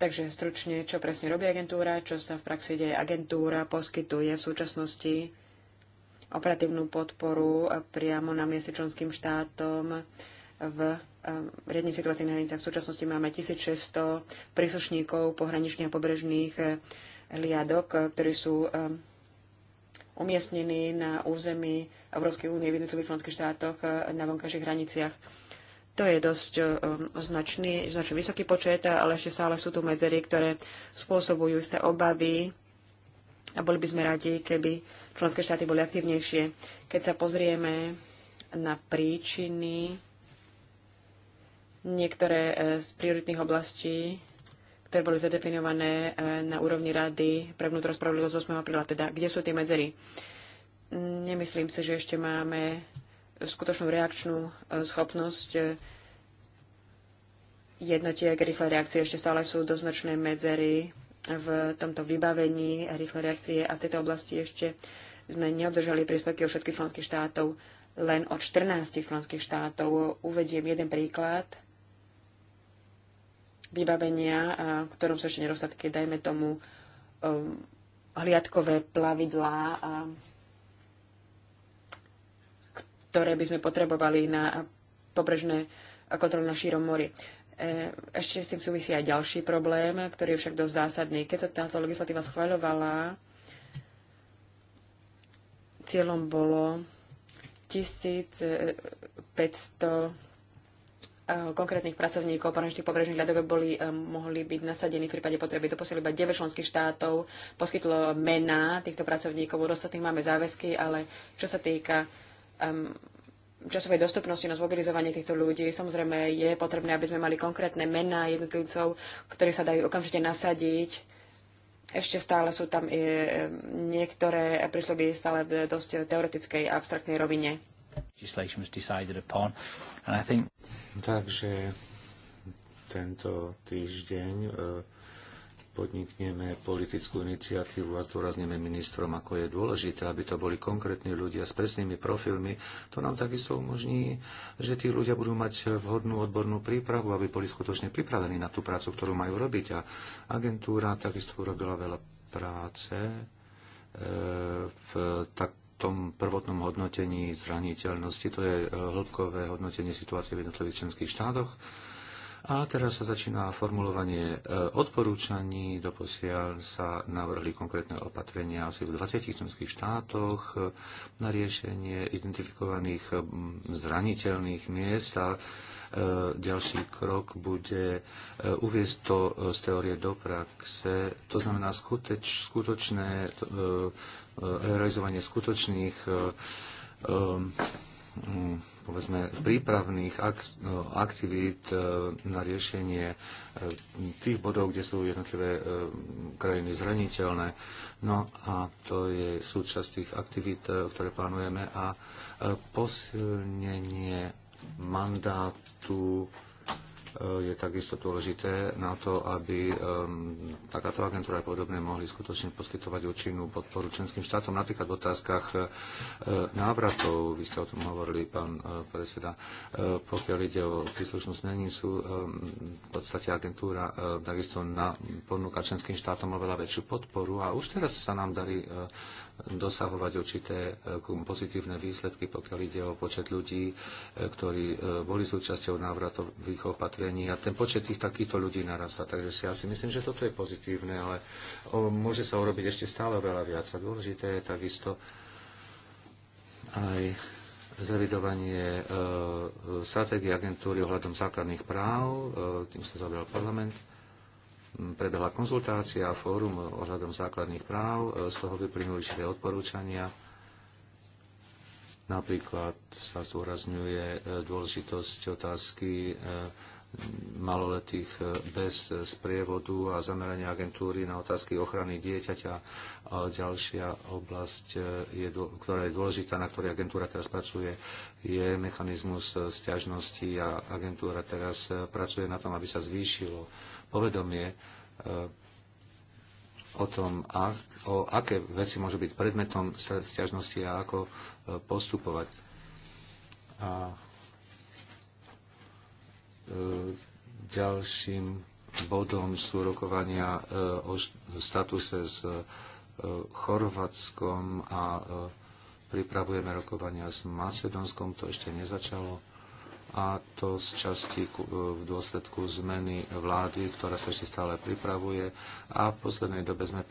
Takže stručne, čo presne robí agentúra, čo sa v praxi deje. Agentúra poskytuje v súčasnosti operatívnu podporu priamo na mieste členským štátom v ehm, riadne situácii na hranicách. V súčasnosti máme 1600 príslušníkov pohraničných a pobrežných eh, liadok, eh, ktorí sú ehm, umiestnení na území Európskej únie v jednotlivých členských štátoch eh, na vonkajších hraniciach. To je dosť eh, eh, značný, značný vysoký počet, ale ešte stále sú tu medzery, ktoré spôsobujú isté obavy a boli by sme radi, keby členské štáty boli aktívnejšie. Keď sa pozrieme na príčiny niektoré z prioritných oblastí ktoré boli zadefinované eh, na úrovni Rady pre vnútro spravodlivosť 8. apríla, teda kde sú tie medzery. Nemyslím si, že ešte máme skutočnú reakčnú eh, schopnosť eh, jednotiek rýchlej reakcie. Ešte stále sú doznačné medzery v tomto vybavení rýchlej reakcie a v tejto oblasti ešte sme neobdržali príspevky od všetkých členských štátov, len od 14 členských štátov. Uvediem jeden príklad – vybavenia, ktorom sú ešte nedostatky, dajme tomu um, hliadkové plavidlá, ktoré by sme potrebovali na pobrežné kontroly na šírom mori. E, ešte s tým súvisí aj ďalší problém, ktorý je však dosť zásadný. Keď sa táto legislatíva schvaľovala, cieľom bolo 1500 Eh, konkrétnych pracovníkov pohraničných pobrežných hľadok boli, eh, mohli byť nasadení v prípade potreby. Doposiaľ iba 9 členských štátov poskytlo mená týchto pracovníkov, U ostatných máme záväzky, ale čo sa týka um, časovej dostupnosti na zmobilizovanie týchto ľudí, samozrejme je potrebné, aby sme mali konkrétne mená jednotlivcov, ktorí sa dajú okamžite nasadiť. Ešte stále sú tam eh, niektoré prísľuby stále v dosť teoretickej a abstraktnej rovine. Takže tento týždeň e, podnikneme politickú iniciatívu a zdôrazneme ministrom, ako je dôležité, aby to boli konkrétni ľudia s presnými profilmi. To nám takisto umožní, že tí ľudia budú mať vhodnú odbornú prípravu, aby boli skutočne pripravení na tú prácu, ktorú majú robiť. A agentúra takisto urobila veľa práce e, v tak tom prvotnom hodnotení zraniteľnosti, to je e, hĺbkové hodnotenie situácie v jednotlivých členských štátoch. A teraz sa začína formulovanie e, odporúčaní. Doposiaľ sa navrhli konkrétne opatrenia asi v 20 členských štátoch e, na riešenie identifikovaných zraniteľných miest a ďalší krok bude uviezť to z teórie do praxe, to znamená skuteč, skutočné E, realizovanie skutočných e, e, povedzme, prípravných aktivít na riešenie tých bodov, kde sú jednotlivé krajiny zraniteľné. No a to je súčasť tých aktivít, ktoré plánujeme a posilnenie mandátu je takisto dôležité na to, aby um, takáto agentúra a podobne mohli skutočne poskytovať účinnú podporu členským štátom, napríklad v otázkach uh, návratov, vy ste o tom hovorili, pán uh, predseda, uh, pokiaľ ide o príslušnú smernicu, um, v podstate agentúra takisto na, ponúka členským štátom oveľa väčšiu podporu a už teraz sa nám darí dosahovať určité eh, pozitívne výsledky, pokiaľ ide o počet ľudí, eh, ktorí eh, boli súčasťou návratových opatrení a ten počet tých takýchto ľudí narastá. Takže ja si myslím, že toto je pozitívne, ale môže sa urobiť ešte stále veľa viac. A dôležité je takisto aj zavidovanie e, stratégie agentúry ohľadom základných práv, e, tým sa zaoberal parlament, prebehla konzultácia a fórum ohľadom základných práv. E, z toho vyplynuli určité odporúčania. Napríklad sa zdôrazňuje e, dôležitosť otázky e, maloletých bez sprievodu a zameranie agentúry na otázky ochrany dieťaťa. A ďalšia oblasť, je, ktorá je dôležitá, na ktorej agentúra teraz pracuje, je mechanizmus sťažnosti a agentúra teraz pracuje na tom, aby sa zvýšilo povedomie e, o tom, o aké veci môžu byť predmetom stiažnosti a ako e, postupovať. A e, ďalším bodom sú rokovania o statuse s Chorvátskom a pripravujeme rokovania s Macedónskom, to ešte nezačalo a to z časti e, v dôsledku zmeny vlády, ktorá sa ešte stále pripravuje. A v poslednej dobe sme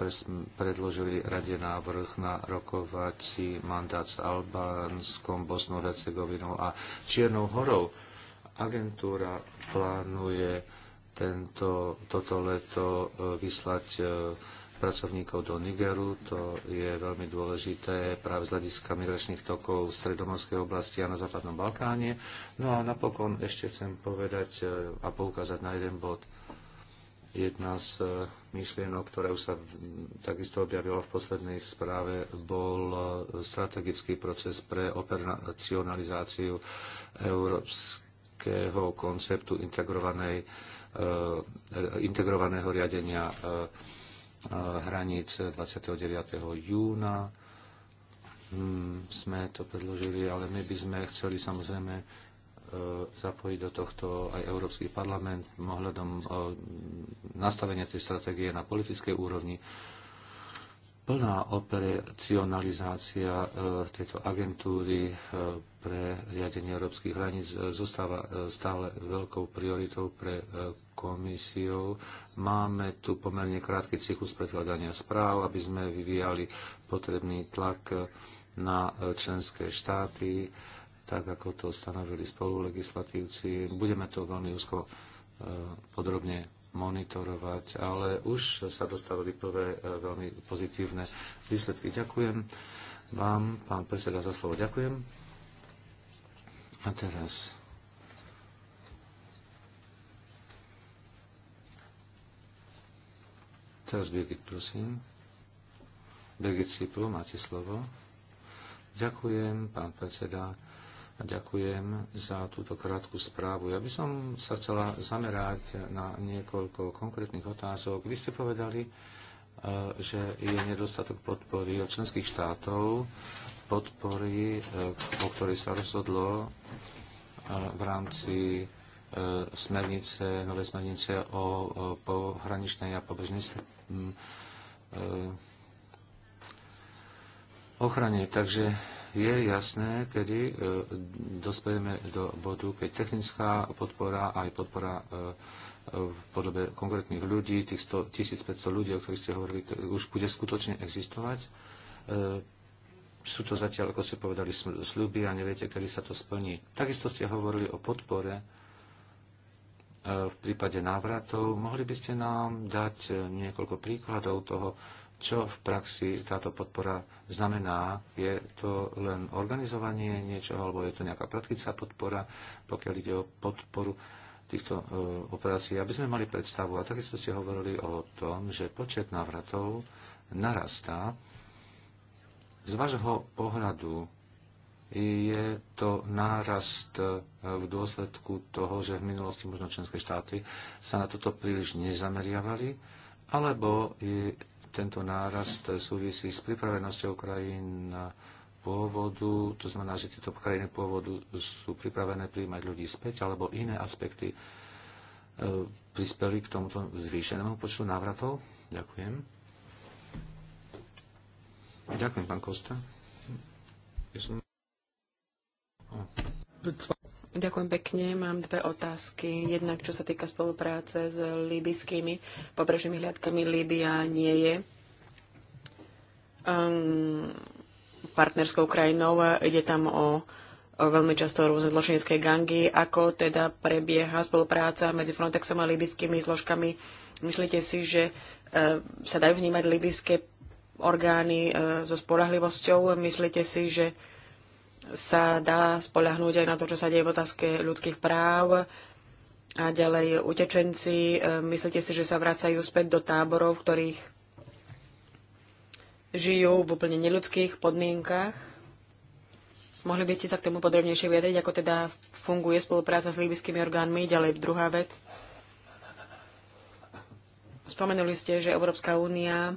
predložili rade návrh na rokovací mandát s Albánskom, Bosnou, Hercegovinou a Čiernou horou. Agentúra plánuje tento, toto leto e, vyslať e, pracovníkov do Nigeru. To je veľmi dôležité práve z hľadiska migračných tokov v stredomorskej oblasti a na Západnom Balkáne. No a napokon ešte chcem povedať e, a poukázať na jeden bod. Jedna z e, myšlienok, ktoré už sa takisto objavilo v poslednej správe, bol e, strategický proces pre operacionalizáciu európskeho konceptu integrovanej integrovaného riadenia hraníc 29. júna. Mm, sme to predložili, ale my by sme chceli samozrejme e, zapojiť do tohto aj Európsky parlament ohľadom e, nastavenia tej stratégie na politickej úrovni plná operacionalizácia e, tejto agentúry e, pre riadenie európskych hraníc e, zostáva stále veľkou prioritou pre komisiu. Máme tu pomerne krátky cyklus predkladania správ, aby sme vyvíjali potrebný tlak na členské štáty, tak ako to stanovili spolulegislatívci. Budeme to veľmi úzko podrobne monitorovať, ale už sa dostavili prvé e, veľmi pozitívne výsledky. Ďakujem vám, pán predseda, za slovo. Ďakujem. A teraz Teraz Birgit, prosím. Birgit Cipru, máte slovo. Ďakujem, pán predseda a ďakujem za túto krátku správu. Ja by som sa chcela zamerať na niekoľko konkrétnych otázok. Vy ste povedali, e, že je nedostatok podpory od členských štátov, podpory, e, o ktorej sa rozhodlo e, v rámci smernice, nové smernice o pohraničnej a pobežnej ochrane. Takže je jasné, kedy e, dospejeme do bodu, keď technická podpora aj podpora e, e, v podobe konkrétnych ľudí, tých 100, 1500 ľudí, o ktorých ste hovorili, už bude skutočne existovať. Sú to zatiaľ, ako ste povedali, sľuby a neviete, kedy sa to splní. Takisto ste hovorili o podpore v prípade návratov. Mohli by ste nám dať niekoľko príkladov toho, čo v praxi táto podpora znamená? Je to len organizovanie niečoho, alebo je to nejaká praktická podpora, pokiaľ ide o podporu týchto e, operácií, aby sme mali predstavu. A takisto ste hovorili o tom, že počet návratov narastá. Z vášho pohľadu je to nárast e, v dôsledku toho, že v minulosti možno členské štáty sa na toto príliš nezameriavali, alebo tento nárast súvisí s pripravenosťou krajín na pôvodu, to znamená, že tieto krajiny pôvodu sú pripravené príjmať ľudí späť, alebo iné aspekty e, prispeli k tomuto zvýšenému počtu návratov? Ďakujem. Ďakujem, pán Kosta. Ja som... Ďakujem pekne. Mám dve otázky. Jednak, čo sa týka spolupráce s líbyskými pobrežnými hliadkami, Líbia nie je um, partnerskou krajinou. Ide tam o, o veľmi často rôzne zločinecké gangy. Ako teda prebieha spolupráca medzi Frontexom a líbyskými zložkami? Myslíte si, že uh, sa dajú vnímať líbyské orgány uh, so spolahlivosťou? Myslíte si, že uh, sa dá spolahnúť aj na to, čo sa deje v otázke ľudských práv a ďalej utečenci. E, myslíte si, že sa vracajú späť do táborov, v ktorých žijú v úplne neľudských podmienkach? Mohli by ste sa k tomu podrobnejšie vyjadriť, ako teda funguje spolupráca s líbyskými orgánmi? Ďalej druhá vec. Spomenuli ste, že Európska únia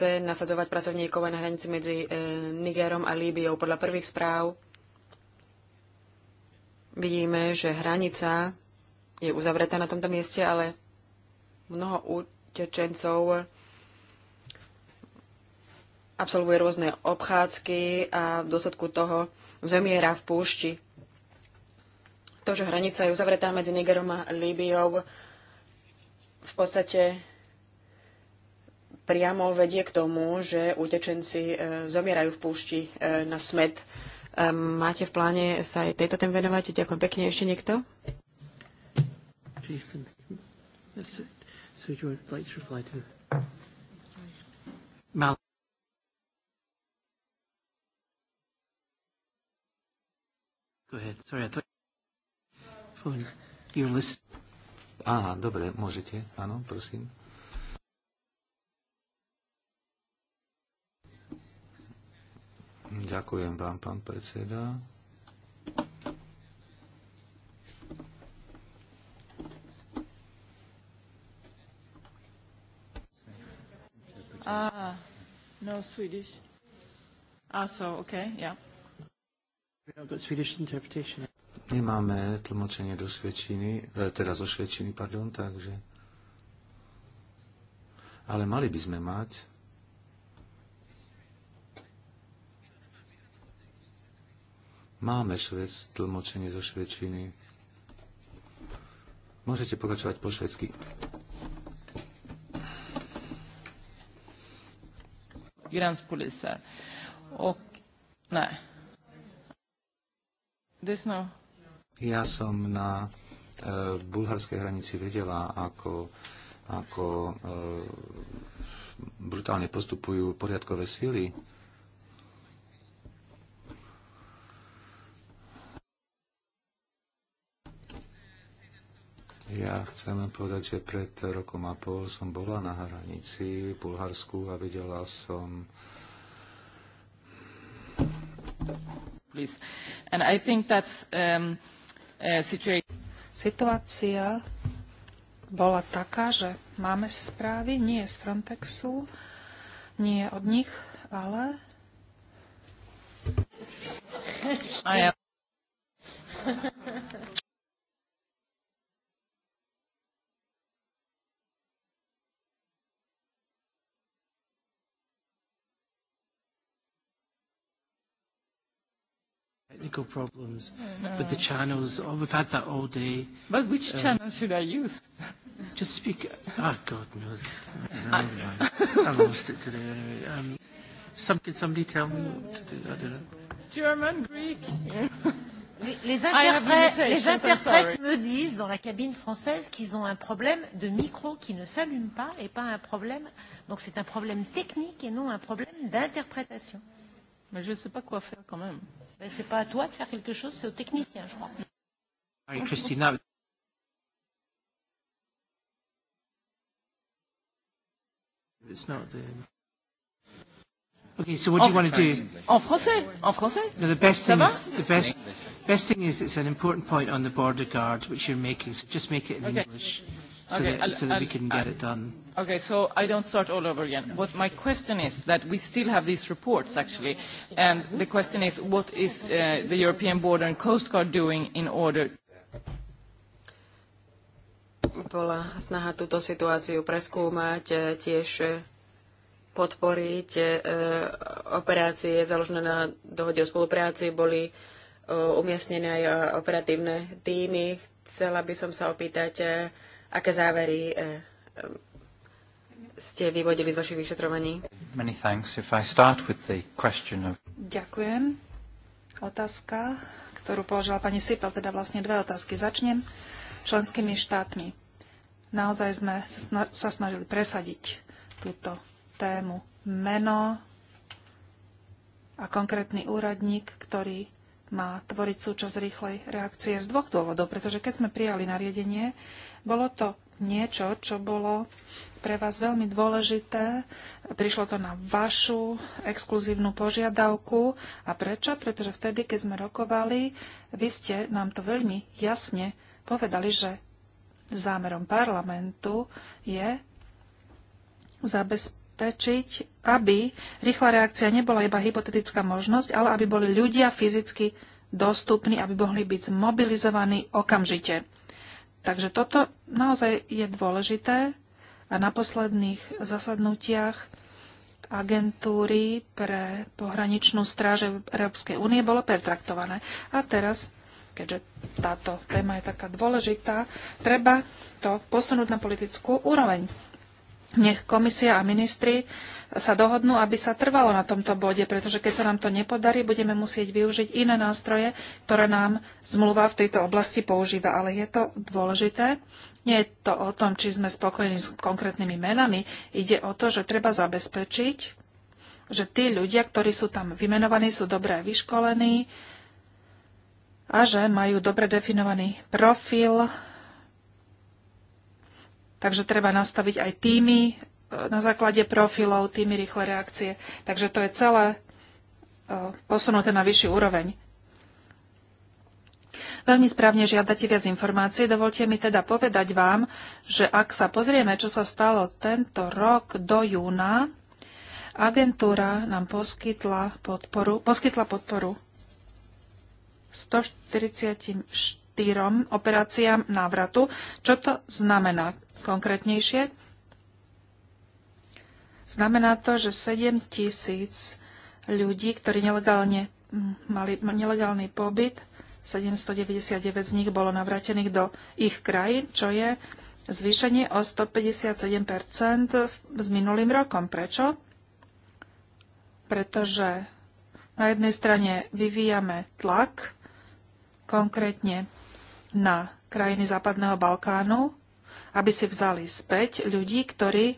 chce nasadzovať pracovníkov aj na hranici medzi e, Nigerom a Líbiou. Podľa prvých správ vidíme, že hranica je uzavretá na tomto mieste, ale mnoho utečencov absolvuje rôzne obchádzky a v dôsledku toho zomiera v púšti. To, že hranica je uzavretá medzi Nigerom a Líbiou, v podstate priamo vedie k tomu, že utečenci e, zomierajú v púšti e, na smet. E, máte v pláne sa aj tejto tém venovať? Ďakujem pekne. Ešte niekto? Mal. Á, dobre, môžete. Áno, prosím. Ďakujem vám, pán predseda. Ah, no Swedish. Ah, so, okay, yeah. We Swedish interpretation. Nemáme tlmočenie do švedčiny, e, teda zo švedčiny, pardon, takže... Ale mali by sme mať Máme švec, tlmočenie zo švedčiny. Môžete pokračovať po švedsky. Gränspoliser. Och, nej. Desno. Ja som na e, bulharskej hranici vedela, ako, ako e, brutálne postupujú poriadkové sily Ja chcem povedať, že pred rokom a pol som bola na hranici v Bulharsku a videla som And I think that's um, a situation... Situácia bola taká, že máme správy, nie z Frontexu, nie od nich, ale... I am. technical problems no. with the channels. Oh, we've had that all day. But which um, channel should I use? Just speak. Ah, oh, God knows. Ah. I, I lost it today anyway. Um, some, can somebody tell me what to do? I don't know. German, Greek. Les, les interprètes, les interprètes me disent dans la cabine française qu'ils ont un problème de micro qui ne s'allume pas et pas un problème. Donc c'est un problème technique et non un problème d'interprétation. Mais je ne sais pas quoi faire quand même. C'est pas à toi de faire quelque chose, c'est aux techniciens, je crois. Allez, Christina. It's not the... Okay, so what do you oh. want to do? En français, en français. No, the best thing is the best best thing is it's an important point on the border guard which you're making, so just make it in okay. English. Okay so, okay, that, I'll, so that I'll, we can get I'll, it done. Okay, so I don't start all over again. What my question is that we still have these reports, actually, and the question is what is uh, the European Border and Coast Guard doing in order bola snaha túto situáciu preskúmať, e, tiež e, podporiť e, operácie založené na dohode o spolupráci, boli umiestnené aj operatívne týmy. Chcela by som sa opýtať, aké závery eh, eh, ste vyvodili z vašich vyšetrovaní. Many thanks. If I start with the question of... Ďakujem. Otázka, ktorú položila pani Sipel, teda vlastne dve otázky. Začnem členskými štátmi. Naozaj sme sa snažili presadiť túto tému. Meno a konkrétny úradník, ktorý má tvoriť súčasť rýchlej reakcie z dvoch dôvodov. Pretože keď sme prijali nariadenie, bolo to niečo, čo bolo pre vás veľmi dôležité. Prišlo to na vašu exkluzívnu požiadavku. A prečo? Pretože vtedy, keď sme rokovali, vy ste nám to veľmi jasne povedali, že zámerom parlamentu je zabezpečiť, aby rýchla reakcia nebola iba hypotetická možnosť, ale aby boli ľudia fyzicky dostupní, aby mohli byť zmobilizovaní okamžite. Takže toto naozaj je dôležité a na posledných zasadnutiach agentúry pre pohraničnú stráž Európskej únie bolo pertraktované. A teraz, keďže táto téma je taká dôležitá, treba to posunúť na politickú úroveň. Nech komisia a ministri sa dohodnú, aby sa trvalo na tomto bode, pretože keď sa nám to nepodarí, budeme musieť využiť iné nástroje, ktoré nám zmluva v tejto oblasti používa. Ale je to dôležité. Nie je to o tom, či sme spokojní s konkrétnymi menami. Ide o to, že treba zabezpečiť, že tí ľudia, ktorí sú tam vymenovaní, sú dobre vyškolení a že majú dobre definovaný profil Takže treba nastaviť aj týmy e, na základe profilov, týmy rýchle reakcie. Takže to je celé e, posunuté na vyšší úroveň. Veľmi správne žiadate viac informácií. Dovolte mi teda povedať vám, že ak sa pozrieme, čo sa stalo tento rok do júna, agentúra nám poskytla podporu, poskytla podporu 144 operáciám návratu. Čo to znamená? konkrétnejšie. Znamená to, že 7 tisíc ľudí, ktorí nelegálne mali nelegálny pobyt, 799 z nich bolo navrátených do ich krajín, čo je zvýšenie o 157 s minulým rokom. Prečo? Pretože na jednej strane vyvíjame tlak konkrétne na krajiny Západného Balkánu, aby si vzali späť ľudí, ktorí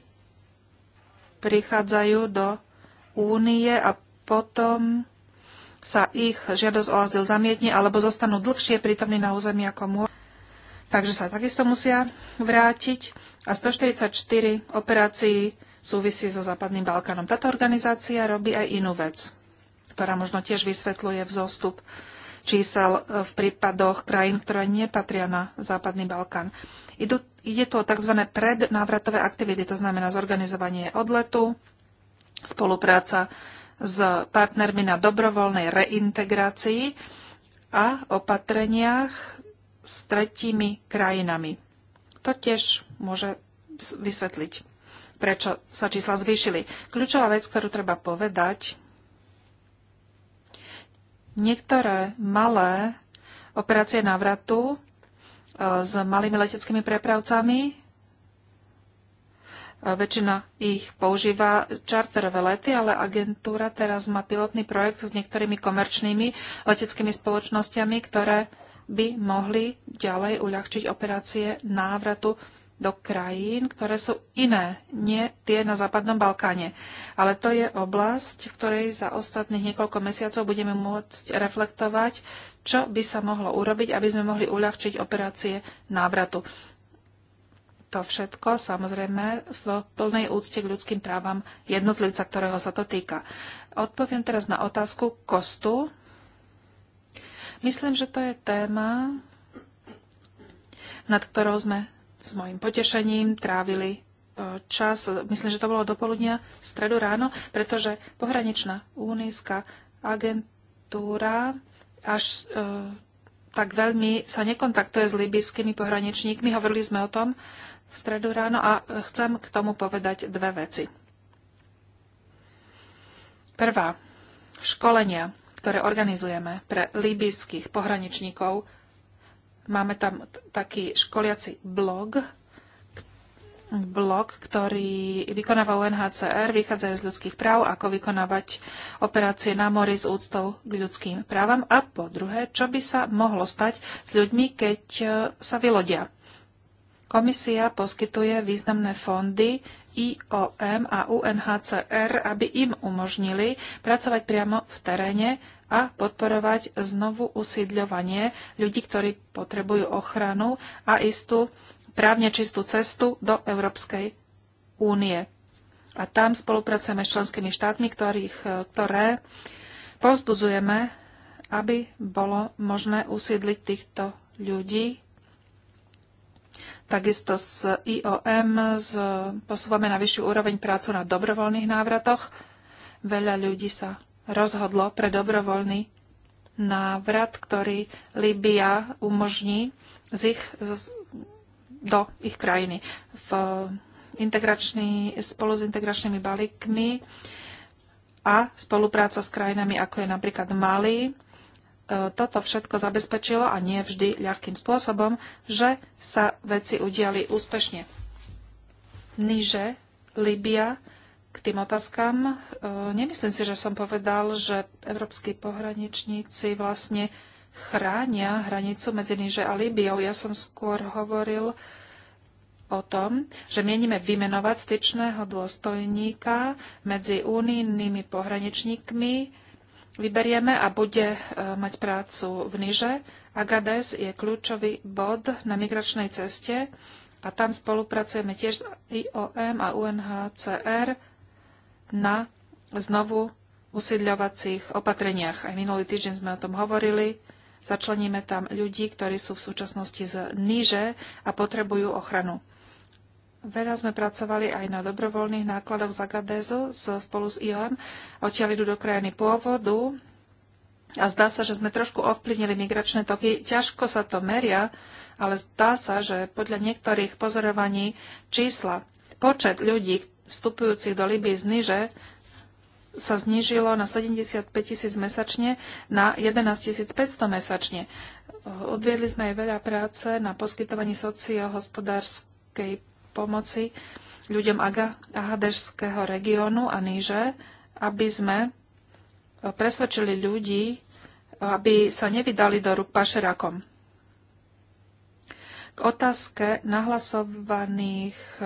prichádzajú do únie a potom sa ich žiadosť o azyl zamietne alebo zostanú dlhšie prítomní na území ako môžu. Takže sa takisto musia vrátiť a 144 operácií súvisí so Západným Balkánom. Táto organizácia robí aj inú vec, ktorá možno tiež vysvetľuje vzostup čísel e, v prípadoch krajín, ktoré nepatria na Západný Balkán. Idú, ide tu o tzv. prednávratové aktivity, to znamená zorganizovanie odletu, spolupráca s partnermi na dobrovoľnej reintegrácii a opatreniach s tretími krajinami. To tiež môže vysvetliť, prečo sa čísla zvýšili. Kľúčová vec, ktorú treba povedať, Niektoré malé operácie návratu e, s malými leteckými prepravcami, e, väčšina ich používa čarterové lety, ale agentúra teraz má pilotný projekt s niektorými komerčnými leteckými spoločnosťami, ktoré by mohli ďalej uľahčiť operácie návratu do krajín, ktoré sú iné, nie tie na Západnom Balkáne. Ale to je oblasť, v ktorej za ostatných niekoľko mesiacov budeme môcť reflektovať, čo by sa mohlo urobiť, aby sme mohli uľahčiť operácie návratu. To všetko samozrejme v plnej úcte k ľudským právam jednotlivca, ktorého sa to týka. Odpoviem teraz na otázku kostu. Myslím, že to je téma, nad ktorou sme s mojim potešením trávili e, čas, myslím, že to bolo poludnia, stredu ráno, pretože pohraničná únijská agentúra až e, tak veľmi sa nekontaktuje s libyskými pohraničníkmi. Hovorili sme o tom v stredu ráno a chcem k tomu povedať dve veci. Prvá. Školenia, ktoré organizujeme pre libyských pohraničníkov, Máme tam taký školiaci blog, blog, ktorý vykonáva UNHCR, Vychádza z ľudských práv, ako vykonávať operácie na mori s úctou k ľudským právam a po druhé, čo by sa mohlo stať s ľuďmi, keď e, sa vylodia. Komisia poskytuje významné fondy IOM a UNHCR, aby im umožnili pracovať priamo v teréne a podporovať znovu usídľovanie ľudí, ktorí potrebujú ochranu a istú právne čistú cestu do Európskej únie. A tam spolupracujeme s členskými štátmi, ktorých, e, ktoré povzbudzujeme, aby bolo možné usídliť týchto ľudí Takisto z IOM z, posúvame na vyššiu úroveň prácu na dobrovoľných návratoch. Veľa ľudí sa rozhodlo pre dobrovoľný návrat, ktorý Libia umožní z ich, z, do ich krajiny. V integračný, spolu s integračnými balíkmi a spolupráca s krajinami, ako je napríklad Mali, E, toto všetko zabezpečilo a nie vždy ľahkým spôsobom, že sa veci udiali úspešne. Niže, Libia, k tým otázkam. E, nemyslím si, že som povedal, že európsky pohraničníci vlastne chránia hranicu medzi Niže a Líbiou. Ja som skôr hovoril o tom, že mienime vymenovať styčného dôstojníka medzi unijnými pohraničníkmi vyberieme a bude e, mať prácu v Niže. Agades je kľúčový bod na migračnej ceste a tam spolupracujeme tiež s IOM a UNHCR na znovu usídľovacích opatreniach. Aj minulý týždeň sme o tom hovorili. Začleníme tam ľudí, ktorí sú v súčasnosti z niže a potrebujú ochranu. Veľa sme pracovali aj na dobrovoľných nákladoch z Agadezu spolu s IOM. Odtiaľ idú do krajiny pôvodu a zdá sa, že sme trošku ovplyvnili migračné toky. Ťažko sa to meria, ale zdá sa, že podľa niektorých pozorovaní čísla, počet ľudí vstupujúcich do Libii zniže sa znížilo na 75 tisíc mesačne na 11 500 mesačne. Odviedli sme aj veľa práce na poskytovaní sociohospodárskej pomoci ľuďom Agadežského regiónu a Níže, aby sme e, presvedčili ľudí, e, aby sa nevydali do rúk pašerákom. K otázke nahlasovaných e,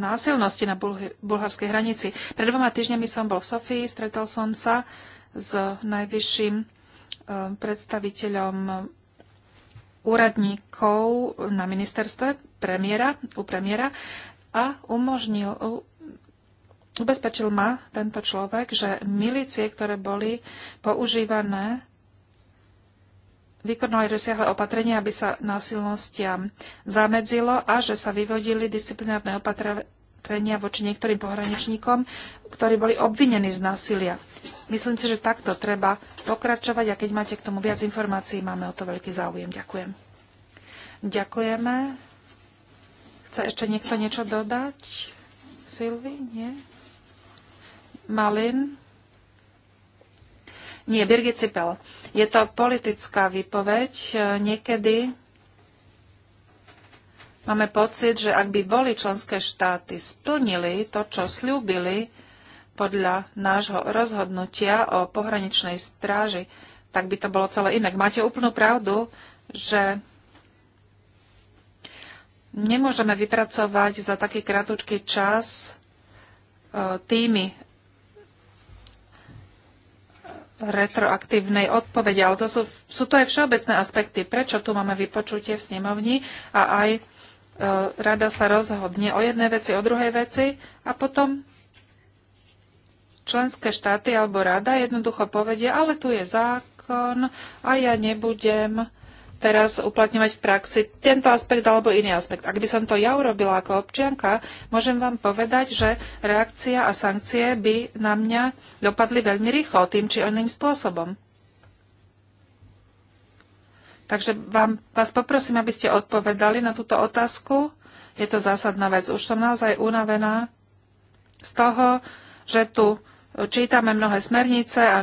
násilností na bulharskej hranici. Pred dvoma týždňami som bol v Sofii, stretol som sa s najvyšším predstaviteľom úradníkov na ministerstve premiéra, u premiéra a umožnil, ubezpečil ma tento človek, že milície, ktoré boli používané, vykonali rozsiahle opatrenia, aby sa násilnostiam zamedzilo a že sa vyvodili disciplinárne opatrenia opatrenia voči niektorým pohraničníkom, ktorí boli obvinení z násilia. Myslím si, že takto treba pokračovať a keď máte k tomu viac informácií, máme o to veľký záujem. Ďakujem. Ďakujeme. Chce ešte niekto niečo dodať? Silvi? Nie? Malin? Nie, Birgit Cipel. Je to politická výpoveď. E, niekedy Máme pocit, že ak by boli členské štáty splnili to, čo slúbili podľa nášho rozhodnutia o pohraničnej stráži, tak by to bolo celé inak. Máte úplnú pravdu, že nemôžeme vypracovať za taký krátky čas e, týmy retroaktívnej odpovede, ale to sú, sú to aj všeobecné aspekty, prečo tu máme vypočutie v snemovni a aj E, rada sa rozhodne o jednej veci, o druhej veci a potom členské štáty alebo rada jednoducho povedia, ale tu je zákon a ja nebudem teraz uplatňovať v praxi tento aspekt alebo iný aspekt. Ak by som to ja urobila ako občianka, môžem vám povedať, že reakcia a sankcie by na mňa dopadli veľmi rýchlo, tým či oným spôsobom. Takže vám, vás poprosím, aby ste odpovedali na túto otázku. Je to zásadná vec. Už som naozaj unavená z toho, že tu čítame mnohé smernice a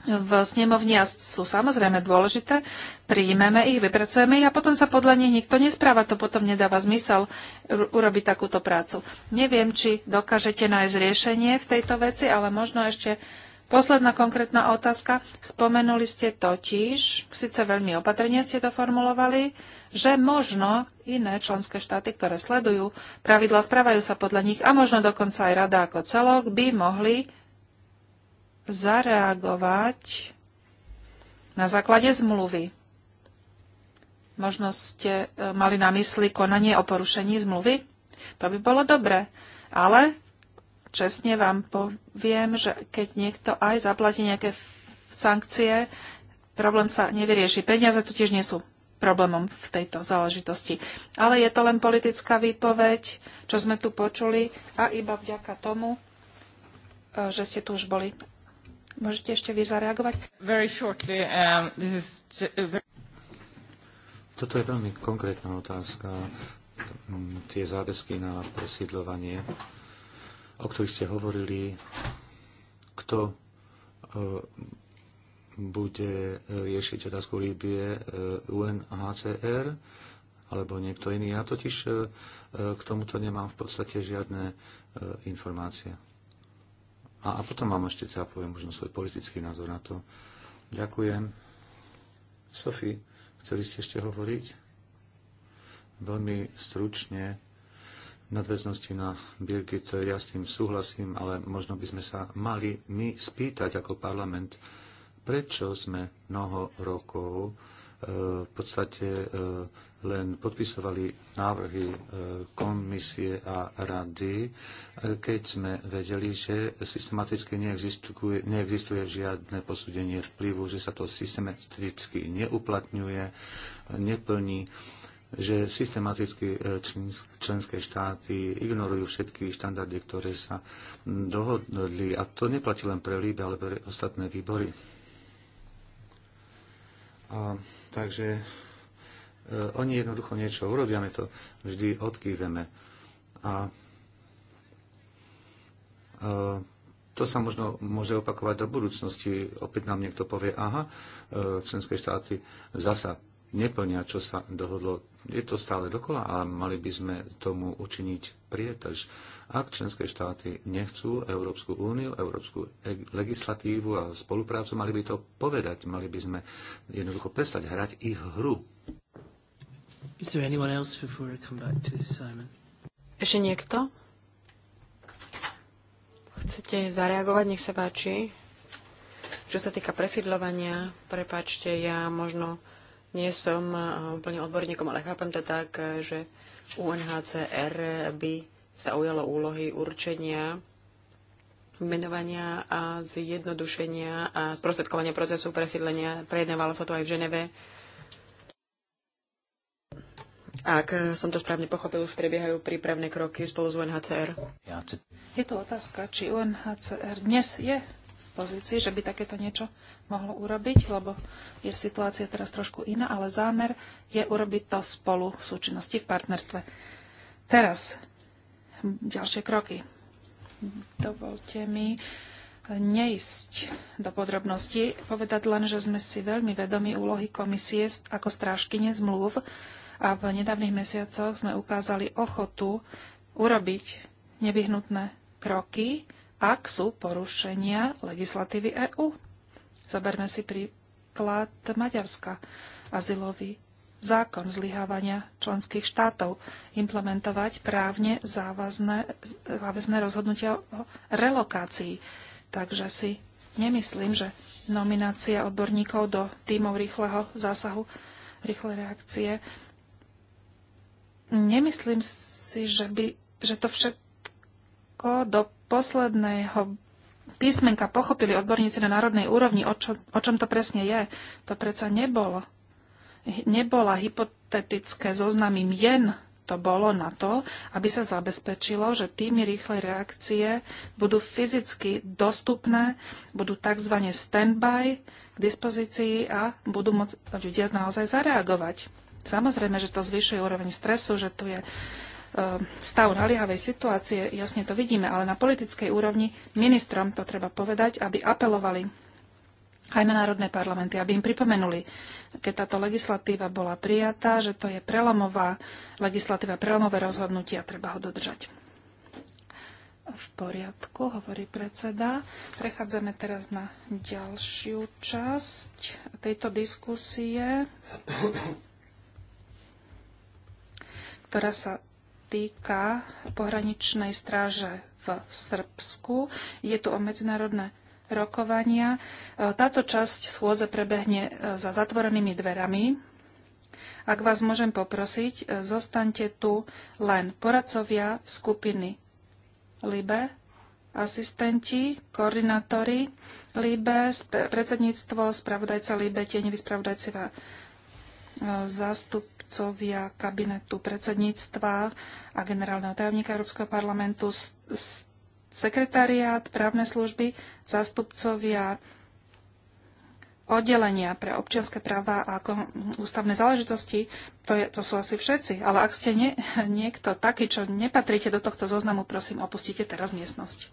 v snemovni a sú samozrejme dôležité, príjmeme ich, vypracujeme ich a potom sa podľa nich nikto nespráva, to potom nedáva zmysel urobiť takúto prácu. Neviem, či dokážete nájsť riešenie v tejto veci, ale možno ešte Posledná konkrétna otázka. Spomenuli ste totiž, síce veľmi opatrne ste to formulovali, že možno iné členské štáty, ktoré sledujú pravidla, správajú sa podľa nich a možno dokonca aj rada ako celok, by mohli zareagovať na základe zmluvy. Možno ste e, mali na mysli konanie o porušení zmluvy? To by bolo dobre. Ale čestne vám poviem, že keď niekto aj zaplatí nejaké sankcie, problém sa nevyrieši. Peniaze tu tiež nie sú problémom v tejto záležitosti. Ale je to len politická výpoveď, čo sme tu počuli a iba vďaka tomu, e, že ste tu už boli. Môžete ešte vy zareagovať? Very shortly, um, this is uh, very... Toto je veľmi konkrétna otázka. Tie záväzky na presídľovanie o ktorých ste hovorili, kto e, bude riešiť otázku Líbie e, UNHCR alebo niekto iný. Ja totiž e, k tomuto nemám v podstate žiadne informácie. A, a potom mám ešte, teda poviem možno svoj politický názor na to. Ďakujem. Sofie, chceli ste ešte hovoriť? Veľmi stručne nadväznosti na Birgit, ja s tým súhlasím, ale možno by sme sa mali my spýtať ako parlament, prečo sme mnoho rokov e, v podstate e, len podpisovali návrhy e, komisie a rady, keď sme vedeli, že systematicky neexistuje, neexistuje žiadne posúdenie vplyvu, že sa to systematicky neuplatňuje, neplní že systematicky e, členské štáty ignorujú všetky štandardy, ktoré sa dohodli. A to neplatí len pre Líbe, ale pre ostatné výbory. A, takže e, oni jednoducho niečo urobia, my to vždy odkýveme. A e, to sa možno môže opakovať do budúcnosti. Opäť nám niekto povie, aha, e, členské štáty zasa neplnia, čo sa dohodlo. Je to stále dokola a mali by sme tomu učiniť prietrž. Ak členské štáty nechcú Európsku úniu, Európsku legislatívu a spoluprácu, mali by to povedať. Mali by sme jednoducho prestať hrať ich hru. Is there anyone else before I come back to Simon? Ešte niekto? Chcete zareagovať? Nech sa páči. Čo sa týka presídľovania, prepačte, ja možno nie som eh, úplne odborníkom, ale chápem to tak, eh, že UNHCR by sa ujalo úlohy určenia menovania a zjednodušenia a sprostredkovania procesu presídlenia. Prejednávalo sa to aj v Ženeve. Ak eh, som to správne pochopil, už prebiehajú prípravné kroky spolu s UNHCR. Je to otázka, či UNHCR dnes je dispozícii, že by takéto niečo mohlo urobiť, lebo je situácia teraz trošku iná, ale zámer je urobiť to spolu v súčinnosti, v partnerstve. Teraz ďalšie kroky. Dovolte mi neísť do podrobností, povedať len, že sme si veľmi vedomi úlohy komisie ako strážkyne zmluv a v nedávnych mesiacoch sme ukázali ochotu urobiť nevyhnutné kroky, ak sú porušenia legislatívy EÚ. Zoberme si príklad Maďarska. Azylový zákon zlyhávania členských štátov implementovať právne závazné, záväzné rozhodnutia o relokácii. Takže si nemyslím, že nominácia odborníkov do tímov rýchleho zásahu, rýchle reakcie, nemyslím si, že, by, že to všetko do posledného písmenka pochopili odborníci na národnej úrovni, o, čo, o čom to presne je. To predsa nebolo. Nebola hypotetické zoznamy mien, to bolo na to, aby sa zabezpečilo, že týmy rýchlej reakcie budú fyzicky dostupné, budú tzv. standby k dispozícii a budú môcť ľudia naozaj zareagovať. Samozrejme, že to zvyšuje úroveň stresu, že tu je E, stav naliehavej situácie, jasne to vidíme, ale na politickej úrovni ministrom to treba povedať, aby apelovali aj na národné parlamenty, aby im pripomenuli, keď táto legislatíva bola prijatá, že to je prelomová legislatíva, prelomové rozhodnutie a treba ho dodržať. V poriadku, hovorí predseda. Prechádzame teraz na ďalšiu časť tejto diskusie, ktorá sa týka pohraničnej stráže v Srbsku. Je tu o medzinárodné rokovania. E, táto časť schôdze prebehne e, za zatvorenými dverami. Ak vás môžem poprosiť, e, zostaňte tu len poradcovia skupiny LIBE, asistenti, koordinátori LIBE, predsedníctvo, spravodajca LIBE, tieňový spravodajceva zástup zástupcovia kabinetu predsedníctva a generálneho tajomníka Európskeho parlamentu, sekretariát právne služby, zástupcovia oddelenia pre občianské práva a ústavné záležitosti, to, je, to sú asi všetci. Ale ak ste nie, niekto taký, čo nepatríte do tohto zoznamu, prosím, opustite teraz miestnosť.